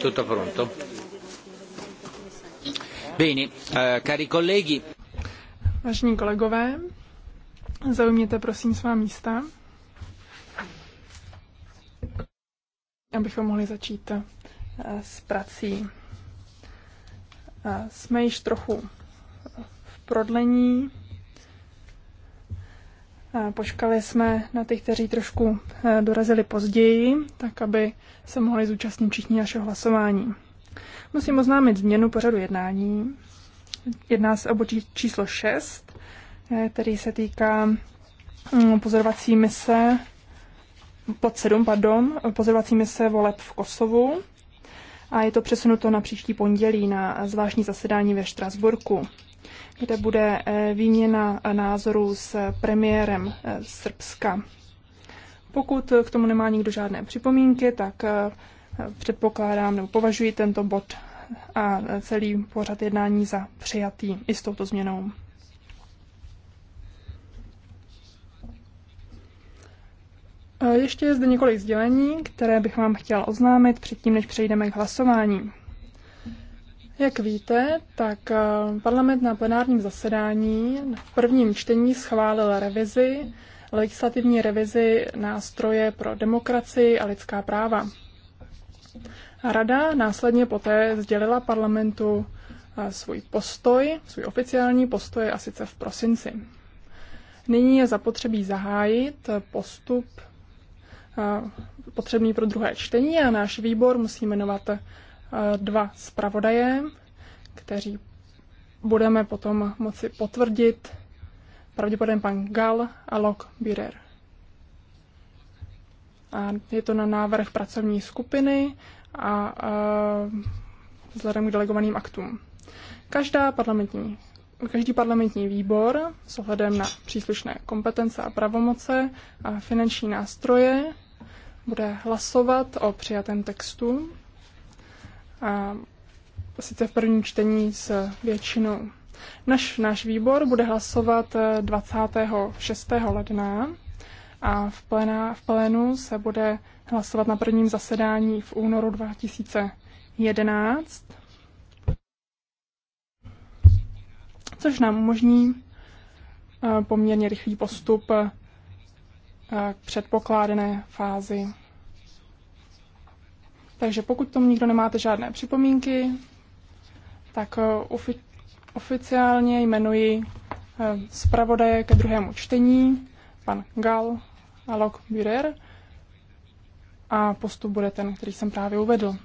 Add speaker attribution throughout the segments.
Speaker 1: Tutto pronto. Bene, eh, cari colleghi.
Speaker 2: Vážení kolegové, zaujměte prosím svá místa, abychom mohli začít eh, s prací. Eh, jsme již trochu v prodlení, Počkali jsme na ty, kteří trošku eh, dorazili později, tak aby se mohli zúčastnit všichni našeho hlasování. Musím oznámit změnu pořadu jednání. Jedná se o bod číslo 6, eh, který se týká mm, pozorovací mise pod 7, pardon, pozorovací mise voleb v Kosovu. A je to přesunuto na příští pondělí na zvláštní zasedání ve Štrasburku kde bude eh, výměna názorů s premiérem eh, Srbska. Pokud k tomu nemá nikdo žádné připomínky, tak eh, předpokládám nebo považuji tento bod a celý pořad jednání za přijatý i s touto změnou. Ještě je zde několik sdělení, které bych vám chtěla oznámit předtím, než přejdeme k hlasování. Jak víte, tak eh, parlament na plenárním zasedání v prvním čtení schválil revizi, legislativní revizi nástroje pro demokracii a lidská práva. Rada následně poté sdělila parlamentu eh, svůj postoj, svůj oficiální postoj a sice v prosinci. Nyní je zapotřebí zahájit postup eh, potřebný pro druhé čtení a náš výbor musí jmenovat Eh, dva zpravodaje, kteří budeme potom moci potvrdit, pravděpodobně pan Gal a Lok Birer. A je to na návrh pracovní skupiny a, a eh, vzhledem k delegovaným aktům. Každá parlamentní, každý parlamentní výbor s ohledem na příslušné kompetence a pravomoce a finanční nástroje bude hlasovat o přijatém textu sice v prvním čtení s většinou. Naš, náš výbor bude hlasovat 26. Eh, ledna a v, plena, v plénu se bude hlasovat na prvním zasedání v únoru 2011, což nám umožní eh, poměrně rychlý postup eh, k předpokládané fázi takže pokud tomu nikdo nemáte žádné připomínky, tak eh, oficiálně jmenuji eh, zpravodaje ke druhému čtení, pan Gal a Bürer, a postup bude ten, který jsem právě uvedl.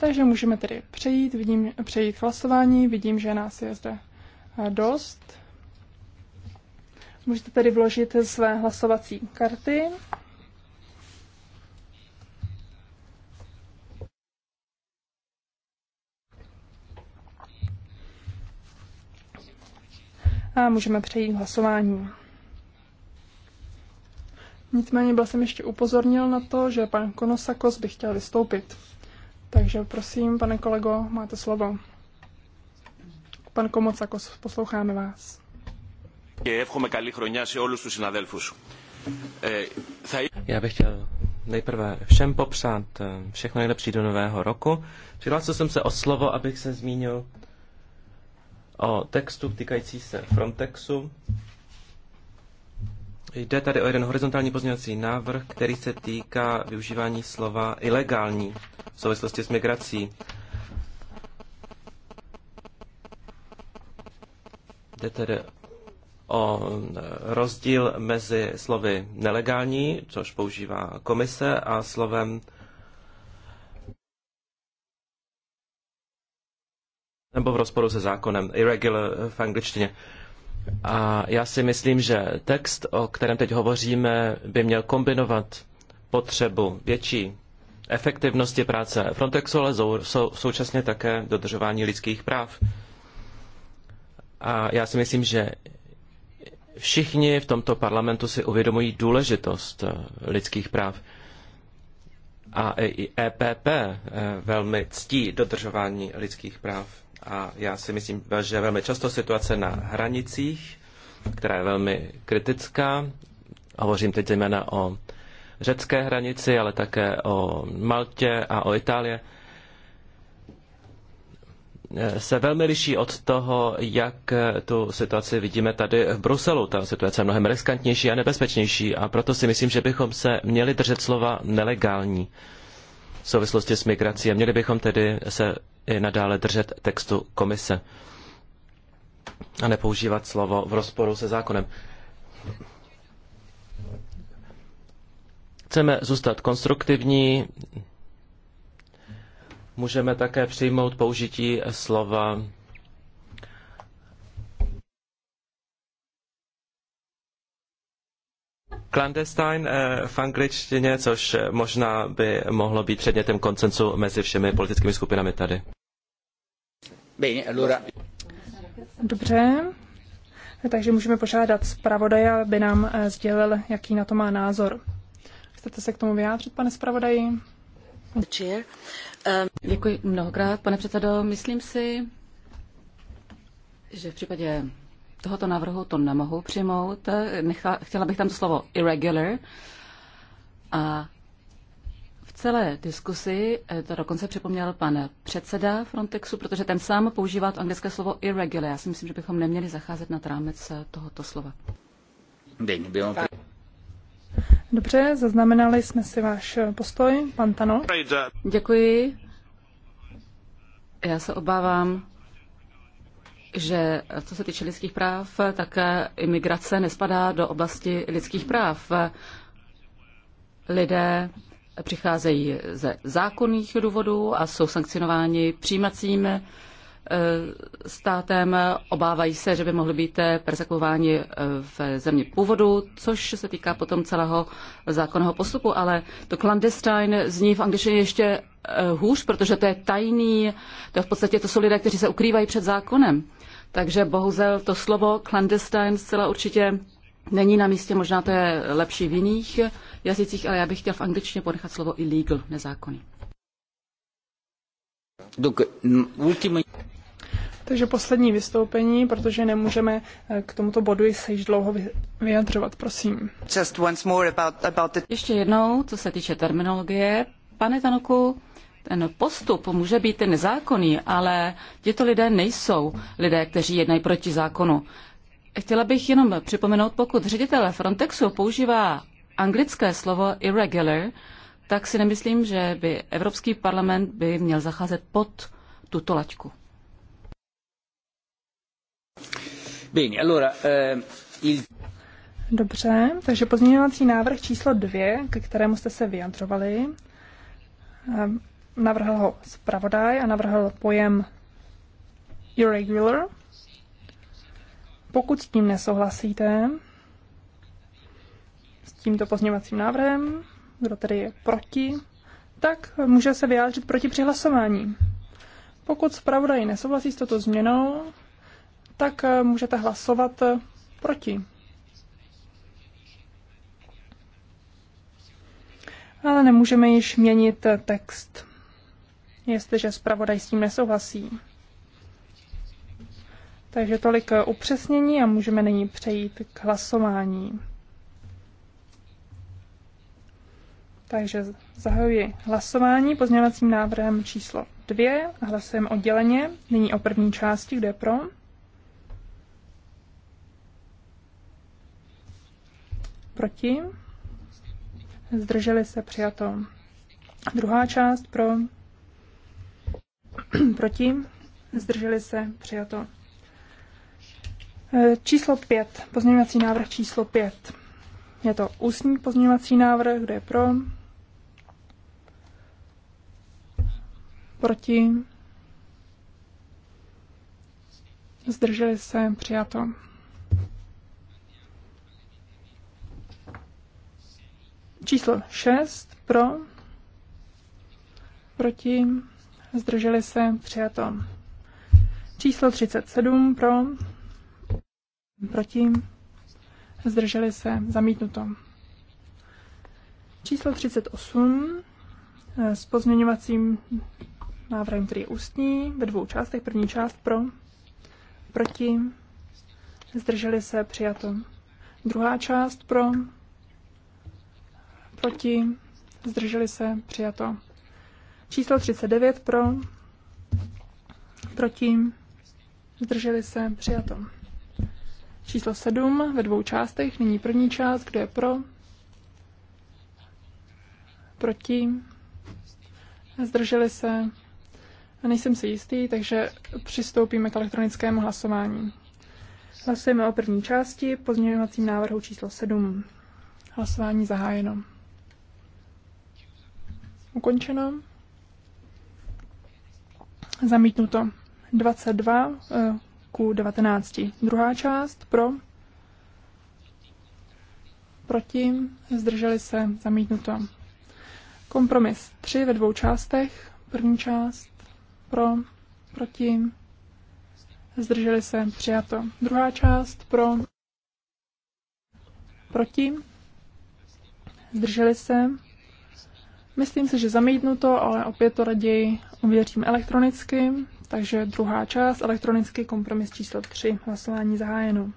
Speaker 2: Takže můžeme tedy přejít, vidím, přejít k hlasování, vidím, že nás je zde eh, dost. Můžete tedy vložit své hlasovací karty. a můžeme přejít k hlasování. Nicméně byl jsem ještě upozornil na to, že pan Konosakos by chtěl vystoupit. Takže prosím, pane kolego, máte slovo. Pan Komocakos, posloucháme vás.
Speaker 3: Já bych chtěl nejprve všem popřát všechno nejlepší do nového roku. Přihlásil jsem se o slovo, abych se zmínil o textu týkající se Frontexu. Jde tady o jeden horizontální pozměňovací návrh, který se týká využívání slova ilegální v souvislosti s migrací. Jde tedy o rozdíl mezi slovy nelegální, což používá komise, a slovem nebo v rozporu se zákonem, irregular eh, v angličtině. A já si myslím, že text, o kterém teď hovoříme, by měl kombinovat potřebu větší efektivnosti práce Frontexu, ale současně také dodržování lidských práv. A já si myslím, že všichni v tomto parlamentu si uvědomují důležitost eh, lidských práv. A i EPP eh, velmi ctí dodržování lidských práv a já si myslím, že velmi často situace na hranicích, která je velmi kritická, hovořím teď zejména o řecké hranici, ale také o Maltě a o Itálie, se velmi liší od toho, jak tu situaci vidíme tady v Bruselu. Ta situace je mnohem riskantnější a nebezpečnější a proto si myslím, že bychom se měli držet slova nelegální v souvislosti s migrací a měli bychom tedy se i nadále držet textu komise a nepoužívat slovo v rozporu se zákonem. Chceme zůstat konstruktivní, můžeme také přijmout použití slova Clandestine eh, v angličtině, což eh, možná by mohlo být předmětem koncensu mezi všemi politickými skupinami tady.
Speaker 2: Dobře, takže můžeme požádat zpravodaje, aby nám eh, sdělil, jaký na to má názor. Chcete se k tomu vyjádřit, pane zpravodaji? Ehm, děkuji mnohokrát, pane předsedo. Myslím si,
Speaker 4: že v případě tohoto návrhu to nemohu přijmout. Nechla, chtěla bych tam to slovo irregular. A v celé diskusi eh, to dokonce připomněl pan předseda Frontexu, protože ten sám používá to anglické slovo irregular. Já si myslím, že bychom neměli zacházet na rámec eh, tohoto slova.
Speaker 2: Dobře, zaznamenali jsme si váš eh, postoj, pan Tano. Děkuji. Já se obávám,
Speaker 4: že co se týče lidských práv, tak imigrace nespadá do oblasti lidských práv. Lidé přicházejí ze zákonných důvodů a jsou sankcionováni přijímacím Eh, státem, obávají se, že by mohli být eh, persekuováni eh, v zemi původu, což se týká potom celého zákonného postupu, ale to clandestine zní v angličtině ještě hůř, protože to je tajný, to je v podstatě to jsou lidé, kteří se ukrývají před zákonem. Takže bohužel to slovo clandestine zcela určitě není na místě, možná to je lepší v jiných jazycích, ale já bych chtěl v angličtině ponechat slovo illegal, nezákonný.
Speaker 2: Takže poslední vystoupení, protože nemůžeme eh, k tomuto bodu se již dlouho vyjadřovat, prosím. Just once more about, about the... Ještě jednou, co se
Speaker 4: týče terminologie.
Speaker 2: Pane Tanoku,
Speaker 4: ten postup může být nezákonný, ale tito lidé nejsou lidé, kteří jednají proti zákonu. Chtěla bych jenom připomenout, pokud ředitele Frontexu používá anglické slovo irregular, tak si nemyslím, že by Evropský parlament by měl zacházet pod tuto laťku.
Speaker 2: Eh, Dobře, takže pozměňovací návrh číslo dvě, ke kterému jste se vyjadřovali, eh, navrhl ho zpravodaj a navrhl pojem irregular. Pokud s tím nesouhlasíte, s tímto pozměňovacím návrhem, kdo tedy je proti, tak může se vyjádřit proti přihlasování. Pokud zpravodaj nesouhlasí s touto změnou, tak eh, můžete hlasovat eh, proti. Ale nemůžeme již měnit eh, text, jestliže zpravodaj s tím nesouhlasí. Takže tolik upřesnění a můžeme nyní přejít k hlasování. Takže zahajuji hlasování pozměňovacím návrhem číslo 2 a hlasujeme odděleně. Nyní o první části, kde je pro. Proti? Zdrželi se přijato. Druhá část pro. Proti? Zdrželi se přijato. E, číslo 5. Pozměňovací návrh číslo 5. Je to ústní pozměňovací návrh, kde je pro. Proti? Zdrželi se přijato. Číslo 6 pro, proti, zdrželi se, přijato. Číslo 37 pro, proti, zdrželi se, zamítnuto. Číslo 38 eh, s pozměňovacím návrhem, který je ústní, ve dvou částech. První část pro, proti, zdrželi se, přijato. Druhá část pro, Proti? Zdrželi se? Přijato. Číslo 39 pro? Proti? Zdrželi se? Přijato. Číslo 7 ve dvou částech. Nyní první část, kdo je pro? Proti? Zdrželi se? Nejsem si jistý, takže přistoupíme k elektronickému hlasování. Hlasujeme o první části pozměňovacím návrhu číslo 7. Hlasování zahájeno. Ukončeno. Zamítnuto. 22 eh, ku 19. Druhá část pro. Proti. Zdrželi se. Zamítnuto. Kompromis 3 ve dvou částech. První část pro. Proti. Zdrželi se. Přijato. Druhá část pro. Proti. Zdrželi se. Myslím si, že zamítnu to, ale opět to raději uvěřím elektronicky. Takže druhá část, elektronický kompromis číslo 3, hlasování zahájeno.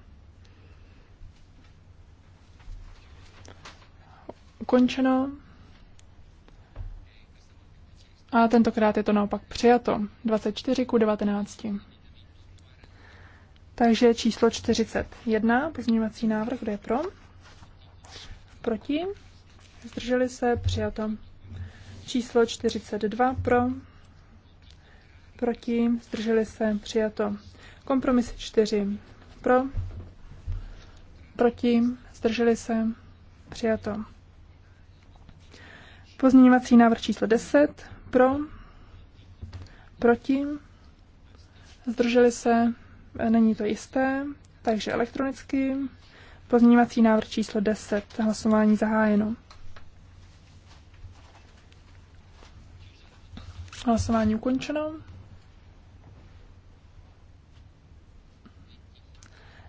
Speaker 2: Ukončeno. A tentokrát je to naopak přijato. 24 ku 19. Takže číslo 41, pozměňovací návrh, kde je pro? Proti? Zdrželi se, přijato. Číslo 42 pro, proti, zdrželi se, přijato. Kompromis 4 pro, proti, zdrželi se, přijato. Pozměňovací návrh číslo 10 pro, proti, zdrželi se, není to jisté, takže elektronicky. Pozměňovací návrh číslo 10, hlasování zahájeno. Hlasování ukončeno.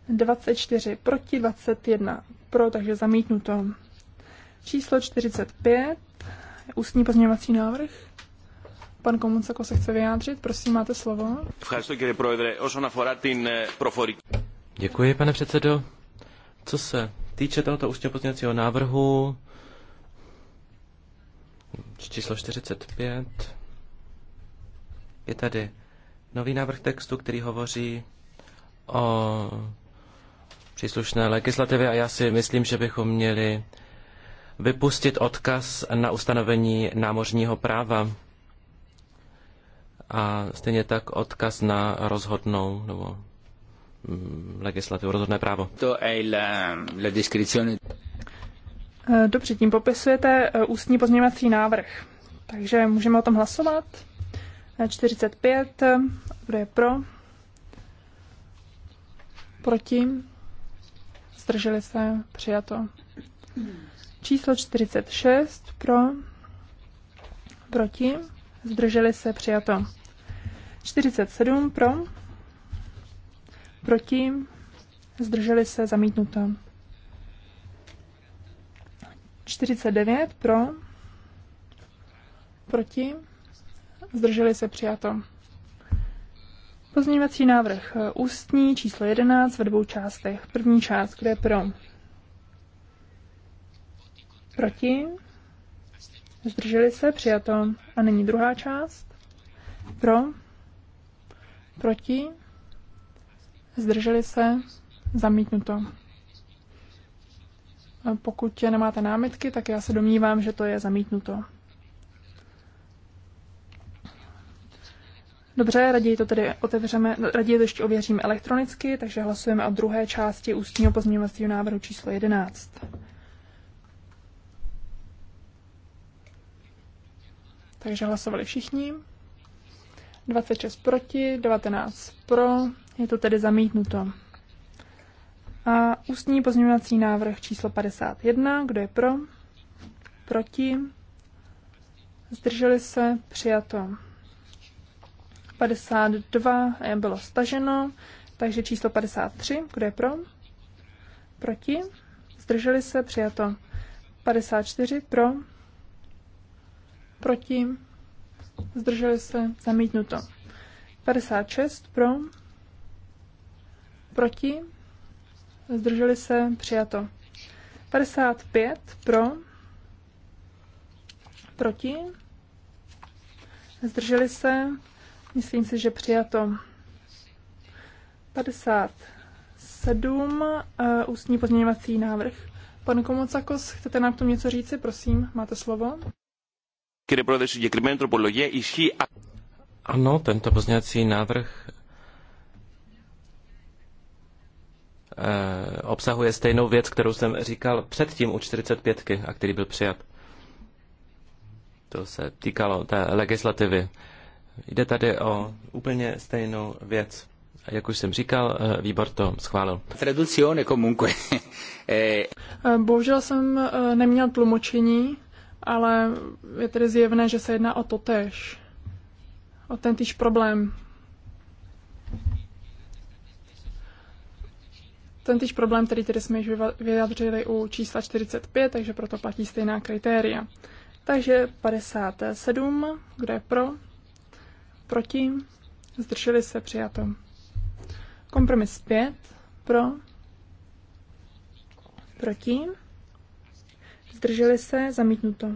Speaker 2: 24 proti 21 pro, takže zamítnuto. Číslo 45, ústní pozměňovací návrh. Pan jako se chce vyjádřit, prosím, máte slovo.
Speaker 3: Děkuji, pane předsedo. Co se týče tohoto ústního pozměňovacího návrhu číslo 45, je tady nový návrh textu, který hovoří o příslušné legislativě a já si myslím, že bychom měli vypustit odkaz na ustanovení námořního práva a stejně tak odkaz na rozhodnou nebo mm, legislativu, rozhodné právo. To je la, la descrizione.
Speaker 2: Dobře, tím popisujete eh, ústní pozměňovací návrh. Takže můžeme o tom hlasovat? 45. Kdo je pro? Proti? Zdrželi se? Přijato. Číslo 46. Pro? Proti? Zdrželi se? Přijato. 47. Pro? Proti? Zdrželi se? Zamítnuto. 49. Pro? Proti? zdrželi se přijato. Pozměňovací návrh eh, ústní číslo 11 ve dvou částech. První část, kde je pro? Proti? Zdrželi se, přijato. A nyní druhá část. Pro? Proti? Zdrželi se, zamítnuto. Eh, pokud nemáte námitky, tak já se domnívám, že to je zamítnuto. Dobře, raději to tedy otevřeme, raději to ještě ověříme elektronicky, takže hlasujeme o druhé části ústního pozměňovacího návrhu číslo 11. Takže hlasovali všichni. 26 proti, 19 pro, je to tedy zamítnuto. A ústní pozměňovací návrh číslo 51, kdo je pro? Proti? Zdrželi se? Přijato. 52 eh, bylo staženo, takže číslo 53, kdo je pro? Proti? Zdrželi se, přijato. 54 pro, proti, zdrželi se, zamítnuto. 56 pro, proti, zdrželi se, přijato. 55 pro, proti, zdrželi se, Myslím si, že přijato 57 uh, eh, ústní pozměňovací návrh. Pan Komocakos, chcete nám k tomu něco říci? Prosím, máte slovo.
Speaker 3: Ano, tento pozměňovací návrh eh, obsahuje stejnou věc, kterou jsem říkal předtím u 45 a který byl přijat. To se týkalo té legislativy Jde tady o úplně stejnou věc. Jak už jsem říkal, eh, výbor to schválil. Eh,
Speaker 2: eh, bohužel jsem neměl tlumočení, ale je tedy zjevné, že se jedná o totéž. O ten týž problém. Ten týž problém, který tedy jsme již vyjadřili u čísla 45, takže proto platí stejná kritéria. Takže 57, kdo je pro, Proti? Zdrželi se přijato. Kompromis 5. Pro? Proti? Zdrželi se zamítnuto.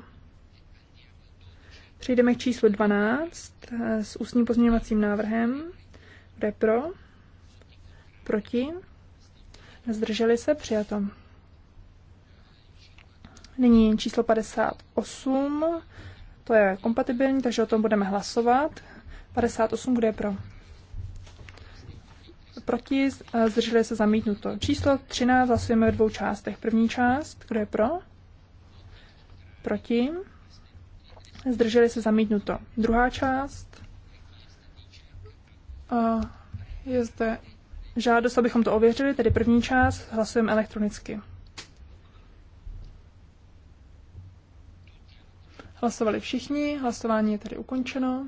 Speaker 2: Přejdeme k číslu 12 eh, s ústním pozměňovacím návrhem. Kdo pro? Proti? Zdrželi se přijato. Nyní číslo 58. To je kompatibilní, takže o tom budeme hlasovat. 58, kdo je pro? Proti, eh, zdrželi se zamítnuto. Číslo 13 hlasujeme ve dvou částech. První část, kdo je pro? Proti, zdrželi se zamítnuto. Druhá část, eh, je zde žádost, abychom to ověřili, tedy první část hlasujeme elektronicky. Hlasovali všichni, hlasování je tedy ukončeno.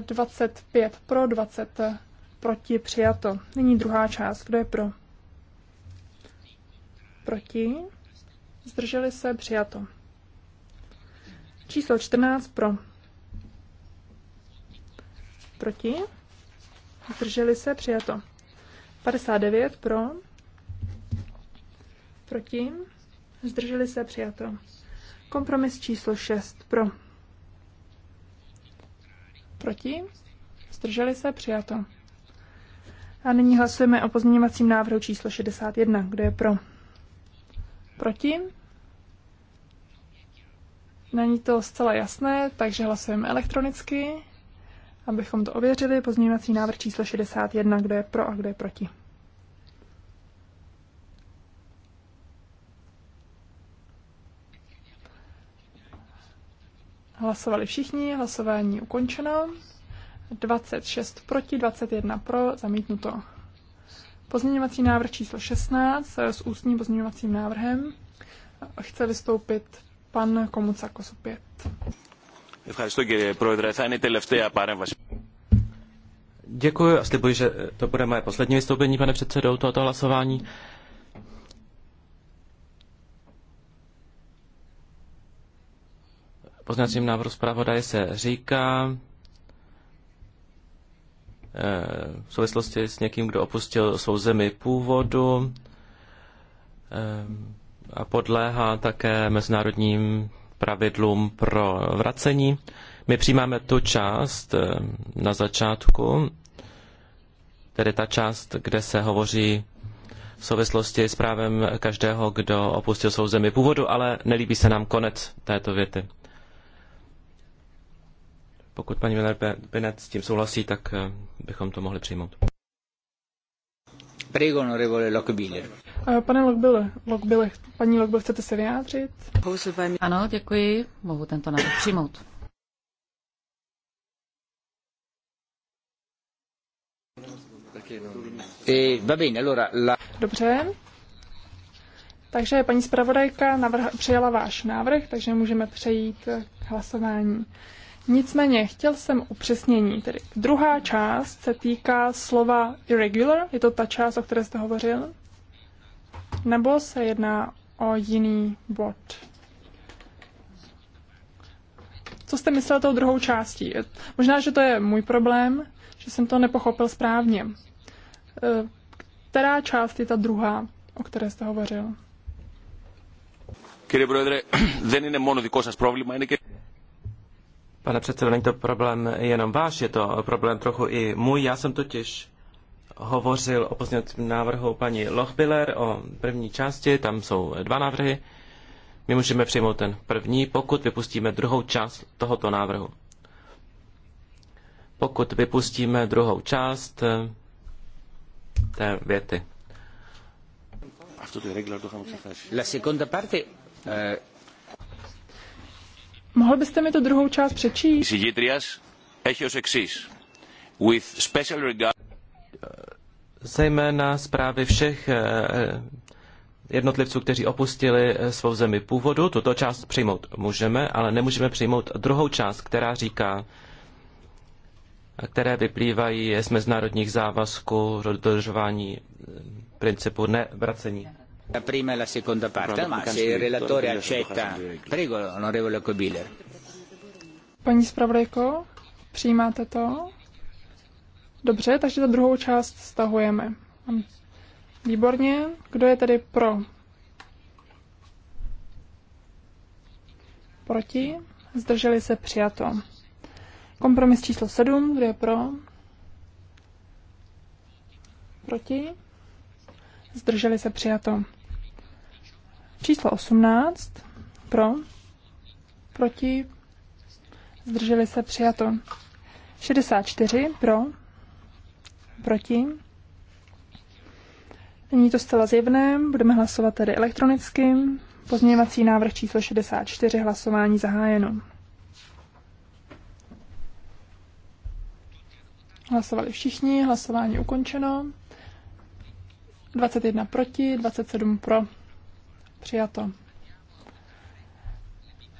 Speaker 2: 25 pro, 20 proti, přijato. Nyní druhá část, kdo je pro? Proti, zdrželi se, přijato. Číslo 14 pro. Proti, zdrželi se, přijato. 59 pro, proti, zdrželi se, přijato. Kompromis číslo 6 pro Proti? Zdrželi se? Přijato. A nyní hlasujeme o pozměňovacím návrhu číslo 61. Kdo je pro? Proti? Není to zcela jasné, takže hlasujeme elektronicky. Abychom to ověřili, pozměňovací návrh číslo 61, kdo je pro a kdo je proti. Hlasovali všichni, hlasování ukončeno. 26 proti, 21 pro, zamítnuto. Pozměňovací návrh číslo 16 eh, s ústním pozměňovacím návrhem. Chce vystoupit pan Komucakos opět.
Speaker 3: Děkuji a slibuji, že to bude moje poslední vystoupení, pane předsedo, tohoto hlasování. poznacím návrhu zpravodaje se říká, eh, v souvislosti s někým, kdo opustil svou zemi původu eh, a podléhá také mezinárodním pravidlům pro vracení. My přijímáme tu část eh, na začátku, tedy ta část, kde se hovoří v souvislosti s právem každého, kdo opustil svou zemi původu, ale nelíbí se nám konec této věty. Pokud paní Miller Benet s tím souhlasí, tak eh, bychom to mohli přijmout. Prego, onorevole Lockbiller.
Speaker 2: Eh, pane Lockbiller, paní Lockbiller, chcete se
Speaker 4: vyjádřit? Ano, děkuji, mohu tento návrh přijmout.
Speaker 2: Eh, Dobře. Takže paní zpravodajka přijala váš návrh, takže můžeme přejít k hlasování. Nicméně chtěl jsem upřesnění. Tedy druhá část se týká slova irregular, je to ta část, o které jste hovořil, nebo se jedná o jiný bod? Co jste myslel tou druhou částí? Možná, že to je můj problém, že jsem to nepochopil správně. E, která část je ta druhá, o které jste hovořil?
Speaker 3: Κύριε Πρόεδρε, δεν
Speaker 1: είναι μόνο δικό σας πρόβλημα, είναι και
Speaker 3: Pane předsedo, není to problém jenom váš, je to problém trochu i můj. Já jsem totiž hovořil o pozměňovacím návrhu paní Lochbiller o první části, tam jsou dva návrhy. My můžeme přijmout ten první, pokud vypustíme druhou část tohoto návrhu. Pokud vypustíme druhou část eh, té věty.
Speaker 2: La seconda parte eh, Mohl byste mi tu druhou část přečíst?
Speaker 3: Zejména zprávy všech eh, eh, jednotlivců, kteří opustili eh, svou zemi původu. Tuto část přijmout můžeme, ale nemůžeme přijmout druhou část, která říká, které vyplývají z mezinárodních závazků dodržování principu nevracení. La prima e la seconda parte, ma se il relatore accetta... Prego, onorevole
Speaker 2: Paní zpravodajko, přijímáte to? Dobře, takže tu druhou část stahujeme. Výborně. Kdo je tedy pro? Proti? Zdrželi se přijato. Kompromis číslo 7. Kdo je pro? Proti? Zdrželi se přijato. Číslo 18. Pro. Proti. Zdrželi se přijato. 64. Pro. Proti. Není to zcela zjevné, budeme hlasovat tedy elektronicky. Pozměňovací návrh číslo 64, hlasování zahájeno. Hlasovali všichni, hlasování ukončeno. 21 proti, 27 pro. Přijato.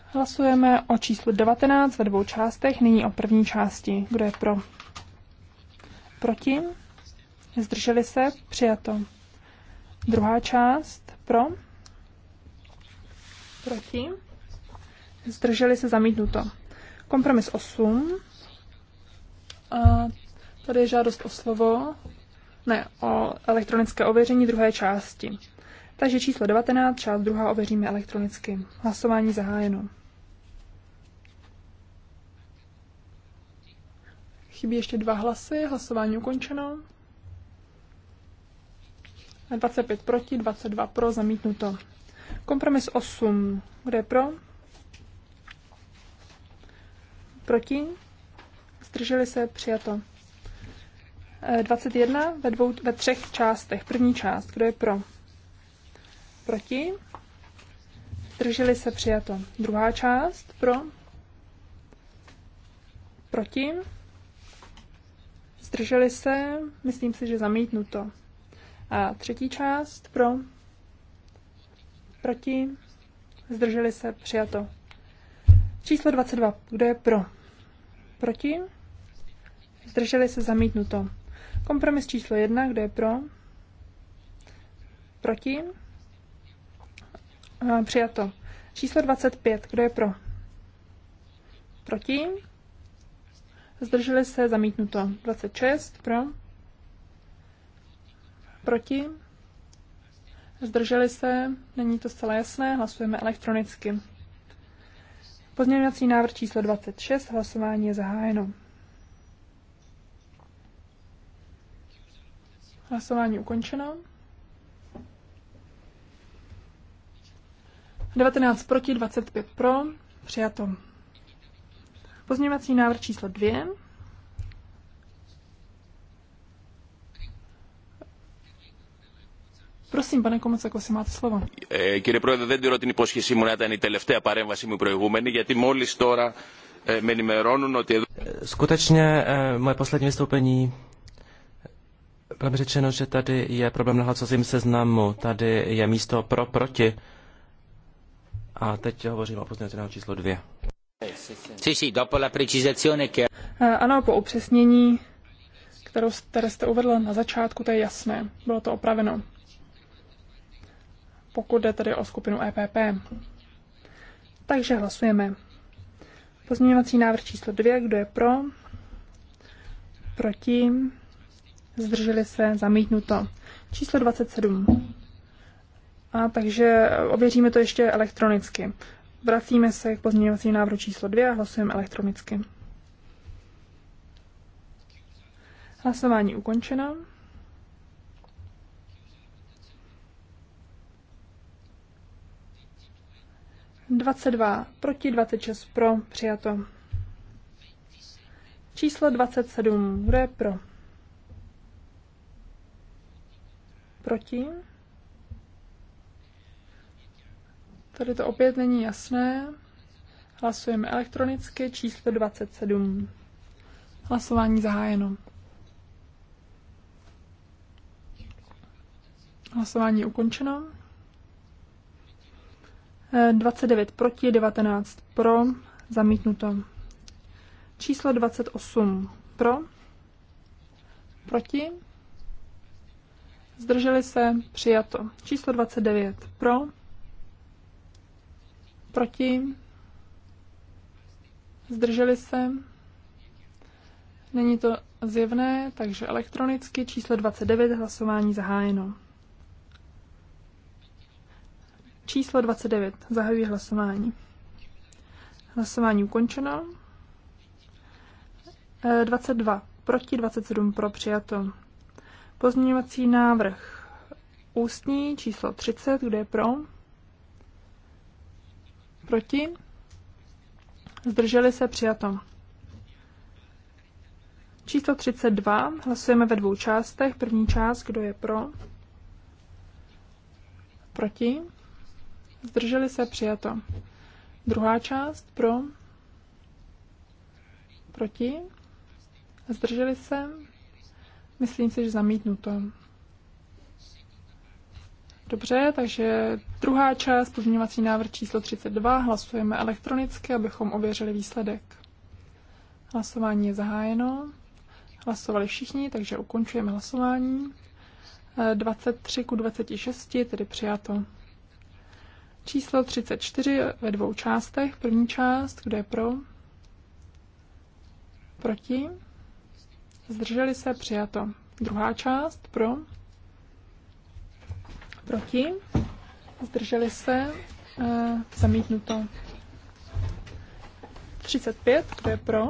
Speaker 2: Hlasujeme o číslu 19 ve dvou částech, nyní o první části. Kdo je pro? Proti? Zdrželi se? Přijato. Druhá část pro? Proti? Zdrželi se zamítnuto. Kompromis 8. A tady je žádost o slovo, ne, o elektronické ověření druhé části. Takže číslo 19, část druhá ověříme elektronicky. Hlasování zahájeno. Chybí ještě dva hlasy, hlasování ukončeno. 25 proti, 22 pro, zamítnuto. Kompromis 8. Kde je pro? Proti? Zdrželi se, přijato. 21 eh, ve, dvou, ve třech částech. První část, kdo je pro? Proti? Zdrželi se přijato. Druhá část pro? Proti? Zdrželi se, myslím si, že zamítnuto. A třetí část pro? Proti? Zdrželi se přijato. Číslo 22. Kdo je pro? Proti? Zdrželi se zamítnuto. Kompromis číslo 1. Kdo je pro? Proti? Eh, přijato. Číslo 25. Kdo je pro? Proti? Zdrželi se zamítnuto. 26. Pro? Proti? Zdrželi se? Není to zcela jasné. Hlasujeme elektronicky. Pozměňovací návrh číslo 26. Hlasování je zahájeno. Hlasování ukončeno. 19 proti, 25 pro, přijato. Pozměňovací návrh číslo 2. Prosím, pane Komocako, si máte slovo.
Speaker 1: Kýre κύριε Πρόεδρε, δεν τηρώ την υπόσχεσή μου να ήταν η τελευταία παρέμβασή μου προηγούμενη, γιατί μόλις τώρα ε, με ενημερώνουν ότι... Εδώ...
Speaker 3: Skutečně moje poslední vystoupení bylo mi řečeno, že tady je problém na hlasovacím seznamu. Tady je místo pro proti. A teď hovořím o na číslo dvě. Sí, sí, dopo che...
Speaker 2: Eh, ano, po upřesnění, kterou, které jste uvedl na začátku, to je jasné. Bylo to opraveno. Pokud jde tedy o skupinu EPP. Takže hlasujeme. Pozměňovací návrh číslo 2. Kdo je pro? Proti? Zdrželi se? Zamítnuto. Číslo 27. A takže ověříme to ještě elektronicky. Vracíme se k pozměňovacímu návrhu číslo 2 a hlasujeme elektronicky. Hlasování ukončeno. Dvacet dva proti, 26 pro, přijato. Číslo 27, kdo je pro? Proti? Tady to opět není jasné. Hlasujeme elektronicky číslo 27. Hlasování zahájeno. Hlasování je ukončeno. 29 eh, proti, 19 pro, zamítnuto. Číslo 28 pro, proti, zdrželi se, přijato. Číslo 29 pro, Proti? Zdrželi se? Není to zjevné, takže elektronicky číslo 29 hlasování zahájeno. Číslo 29 zahájí hlasování. Hlasování ukončeno. 22 eh, proti 27 pro přijato. Pozměňovací návrh ústní číslo 30, kde je pro? Proti? Zdrželi se přijato. Číslo 32. Hlasujeme ve dvou částech. První část, kdo je pro? Proti? Zdrželi se přijato. Druhá část pro? Proti? Zdrželi se? Myslím si, že zamítnuto. Dobře, takže druhá část, pozměňovací návrh číslo 32, hlasujeme elektronicky, abychom ověřili výsledek. Hlasování je zahájeno. Hlasovali všichni, takže ukončujeme hlasování. 23 eh, ku 26, tedy přijato. Číslo 34 ve dvou částech. První část, kde je pro? Proti? Zdrželi se, přijato. Druhá část, pro? Proti? Zdrželi se? uh, zamítnuto. 35, kdo je pro?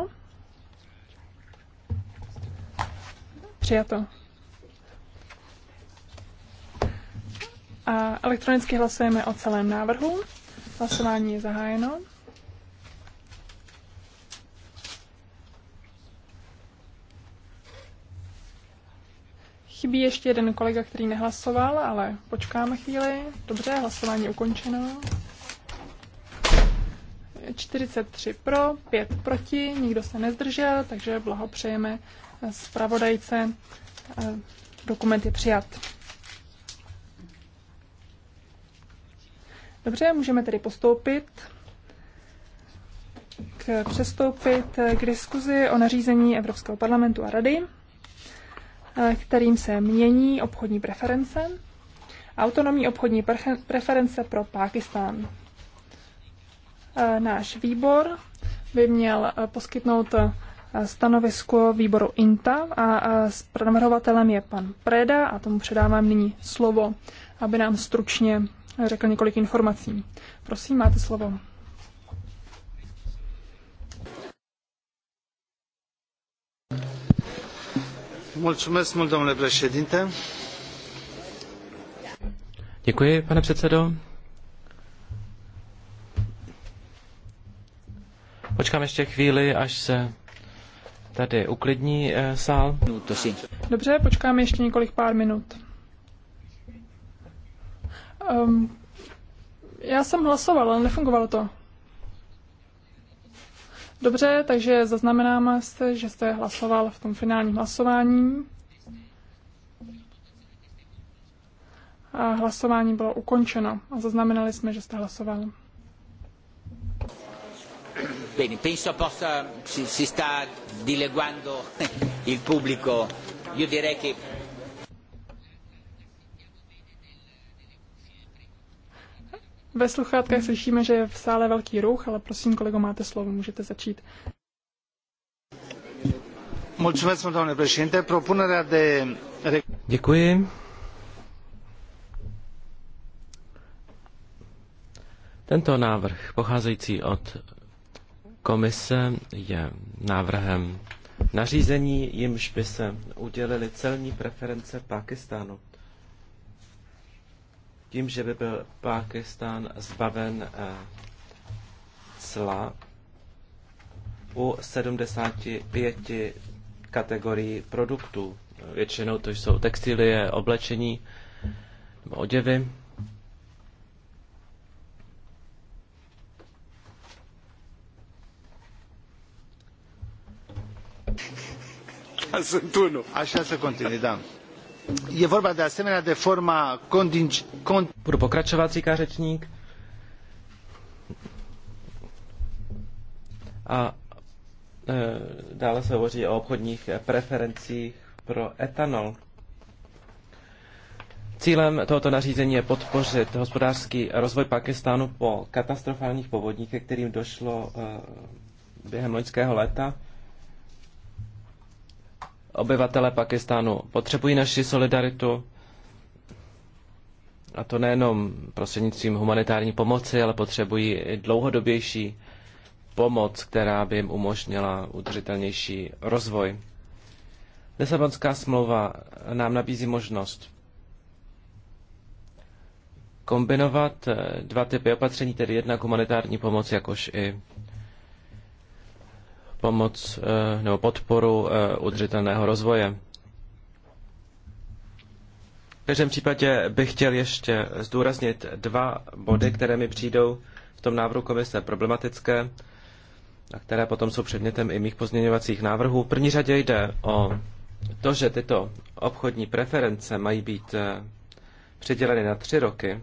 Speaker 2: Přijato. A elektronicky hlasujeme o celém návrhu. Hlasování je zahájeno. Chybí ještě jeden kolega, který nehlasoval, ale počkáme chvíli. Dobře, hlasování ukončeno. 43 pro, 5 proti, nikdo se nezdržel, takže blahopřejeme zpravodajce. Dokument je přijat. Dobře, můžeme tedy postoupit k přestoupit k diskuzi o nařízení Evropského parlamentu a rady. Eh, kterým se mění obchodní preference, autonomní obchodní preference pro Pákistán. Eh, náš výbor by měl eh, poskytnout stanovisko výboru INTA a s navrhovatelem je pan Preda a tomu předávám nyní slovo, aby nám stručně řekl několik informací. Prosím, máte slovo.
Speaker 3: Děkuji, pane předsedo. Počkám ještě chvíli, až se tady uklidní e, sál.
Speaker 2: Dobře, počkáme ještě několik pár minut. Um, já jsem hlasoval, ale nefungovalo to. Dobře, takže zaznamenáme se, že jste hlasoval v tom finálním hlasování. A hlasování bylo ukončeno a zaznamenali jsme, že jste hlasoval.
Speaker 1: Bene, penso possa, si, si sta dileguando il pubblico. Io direi che
Speaker 2: Ve sluchátkách slyšíme, že je v sále velký ruch, ale prosím, kolego, máte slovo, můžete začít.
Speaker 3: Děkuji. Tento návrh, pocházející od komise, je návrhem nařízení, jimž by se udělily celní preference Pakistánu tím, že by byl Pákistán zbaven eh, cla u 75 kategorií produktů. Většinou to jsou textilie, oblečení nebo oděvy.
Speaker 1: Sunt unul. Așa
Speaker 3: je vorba de asemenea de forma conting... Budu pokračovat, říká řečník. A e, dále se hovoří o obchodních preferencích pro etanol. Cílem tohoto nařízení je podpořit hospodářský rozvoj Pakistánu po katastrofálních povodních, ke kterým došlo e, během loňského léta. Obyvatele Pakistánu potřebují naši solidaritu, a to nejenom prostřednictvím humanitární pomoci, ale potřebují i dlouhodobější pomoc, která by jim umožnila udržitelnější rozvoj. Lisabonská smlouva nám nabízí možnost kombinovat eh, dva typy opatření, tedy jednak humanitární pomoc, jakož i pomoc eh, nebo podporu eh, udržitelného rozvoje. V každém případě bych chtěl ještě zdůraznit dva body, které mi přijdou v tom návrhu komise problematické a které potom jsou předmětem i mých pozměňovacích návrhů. V první řadě jde o to, že tyto obchodní preference mají být eh, přiděleny na tři roky,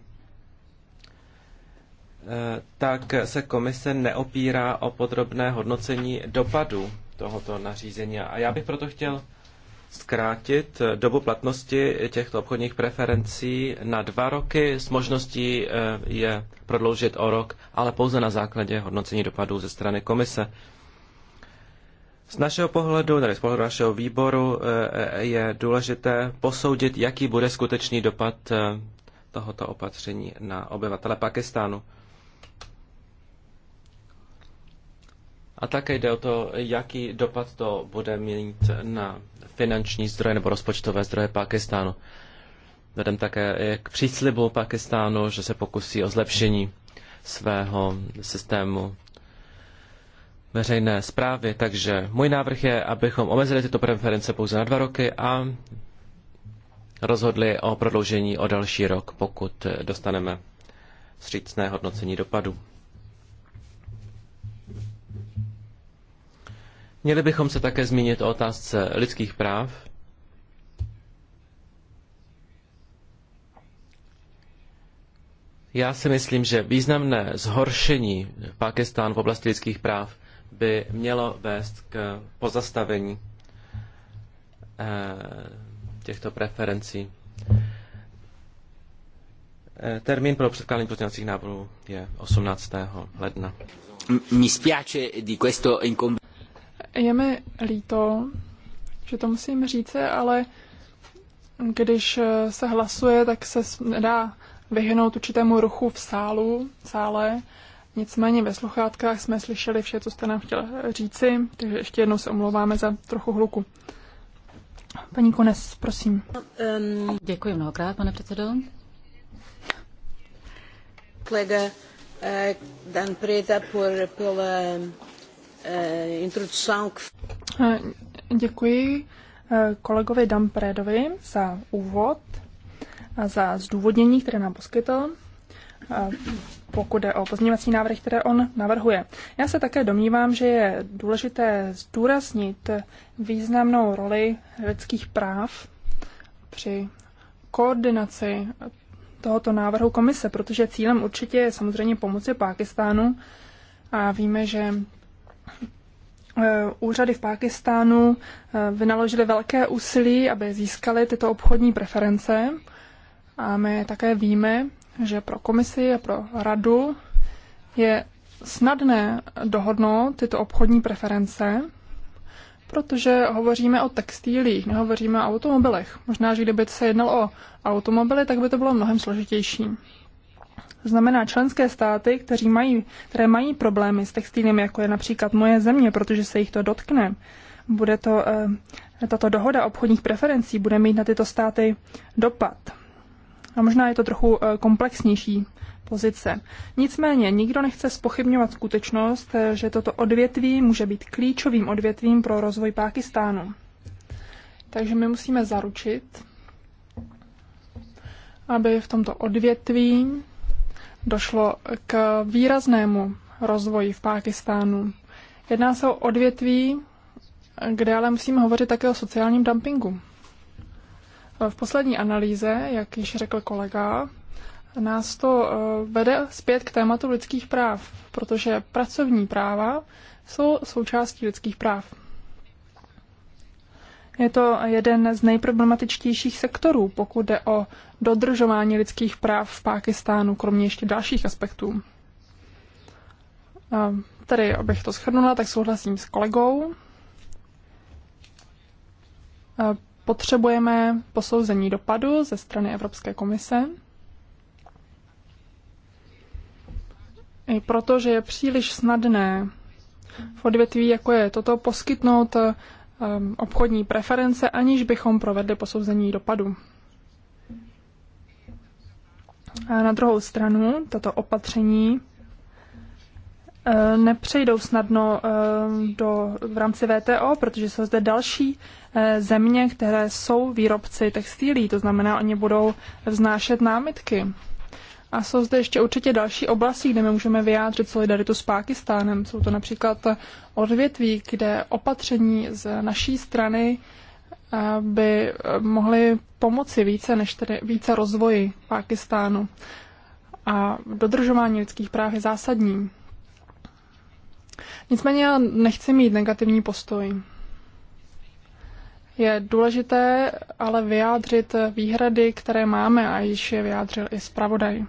Speaker 3: Eh, tak se komise neopírá o podrobné hodnocení dopadu tohoto nařízení. A já bych proto chtěl zkrátit dobu platnosti těchto obchodních preferencí na dva roky s možností eh, je prodloužit o rok, ale pouze na základě hodnocení dopadů ze strany komise. Z našeho pohledu, tedy z pohledu našeho výboru, eh, je důležité posoudit, jaký bude skutečný dopad tohoto opatření na obyvatele Pakistánu. A také jde o to, jaký dopad to bude mít na finanční zdroje nebo rozpočtové zdroje Pakistánu. Vedem také k příslibu Pakistánu, že se pokusí o zlepšení svého systému veřejné zprávy. Takže můj návrh je, abychom omezili tyto preference pouze na dva roky a rozhodli o prodloužení o další rok, pokud dostaneme střícné hodnocení dopadu. Měli bychom se také zmínit o otázce lidských práv. Já si myslím, že významné zhoršení Pakistánu v oblasti lidských práv by mělo vést k pozastavení eh, těchto preferencí. Eh, termín pro předkládání pozměňovacích návrhů je 18. ledna. Mi spiace di questo
Speaker 2: je mi líto, že to musím říct, ale když se hlasuje, tak se nedá vyhnout určitému ruchu v sálu, v sále. Nicméně ve sluchátkách jsme slyšeli vše, co jste nám chtěla říci, takže ještě jednou se omlouváme za trochu hluku. Paní Kones, prosím. Děkuji mnohokrát,
Speaker 4: pane předsedo. Kolega eh, Dan Preda por, Eh, eh,
Speaker 2: děkuji eh, kolegovi Damprédovi za úvod a za zdůvodnění, které nám poskytl, pokud je o pozměňovací návrh, které on navrhuje. Já se také domnívám, že je důležité zdůraznit významnou roli lidských práv při koordinaci tohoto návrhu komise, protože cílem určitě je samozřejmě pomoci Pákistánu a víme, že Eh, úřady v Pákistánu eh, vynaložily velké úsilí, aby získaly tyto obchodní preference. A my také víme, že pro komisi a pro radu je snadné dohodnout tyto obchodní preference, protože hovoříme o textílích, nehovoříme o automobilech. Možná, že kdyby se jednalo o automobily, tak by to bylo mnohem složitější. To znamená členské státy, kteří mají, které mají problémy s textilem, jako je například moje země, protože se jich to dotkne. Bude to, eh, tato dohoda obchodních preferencí bude mít na tyto státy dopad. A možná je to trochu eh, komplexnější pozice. Nicméně nikdo nechce spochybňovat skutečnost, eh, že toto odvětví může být klíčovým odvětvím pro rozvoj Pákistánu. Takže my musíme zaručit, aby v tomto odvětví došlo k výraznému rozvoji v Pákistánu. Jedná se o odvětví, kde ale musíme hovořit také o sociálním dumpingu. V poslední analýze, jak již řekl kolega, nás to eh, vede zpět k tématu lidských práv, protože pracovní práva jsou součástí lidských práv. Je to jeden z nejproblematičtějších sektorů, pokud jde o dodržování lidských práv v Pákistánu, kromě ještě dalších aspektů. Tady abych to shrnula, tak souhlasím s kolegou. Potřebujeme posouzení dopadu ze strany Evropské komise. I protože je příliš snadné v odvětví, jako je toto, poskytnout Ehm, obchodní preference, aniž bychom provedli posouzení dopadu. A na druhou stranu, tato opatření eh, nepřejdou snadno eh, do, v rámci VTO, protože jsou zde další eh, země, které jsou výrobci textilí, to znamená, oni budou vznášet námitky. A jsou zde ještě určitě další oblasti, kde my můžeme vyjádřit solidaritu s Pákistánem. Jsou to například odvětví, kde opatření z naší strany eh, by eh, mohly pomoci více než tedy více rozvoji Pákistánu. A dodržování lidských práv je zásadní. Nicméně já nechci mít negativní postoj. Je důležité ale vyjádřit výhrady, které máme a již je vyjádřil i zpravodaj.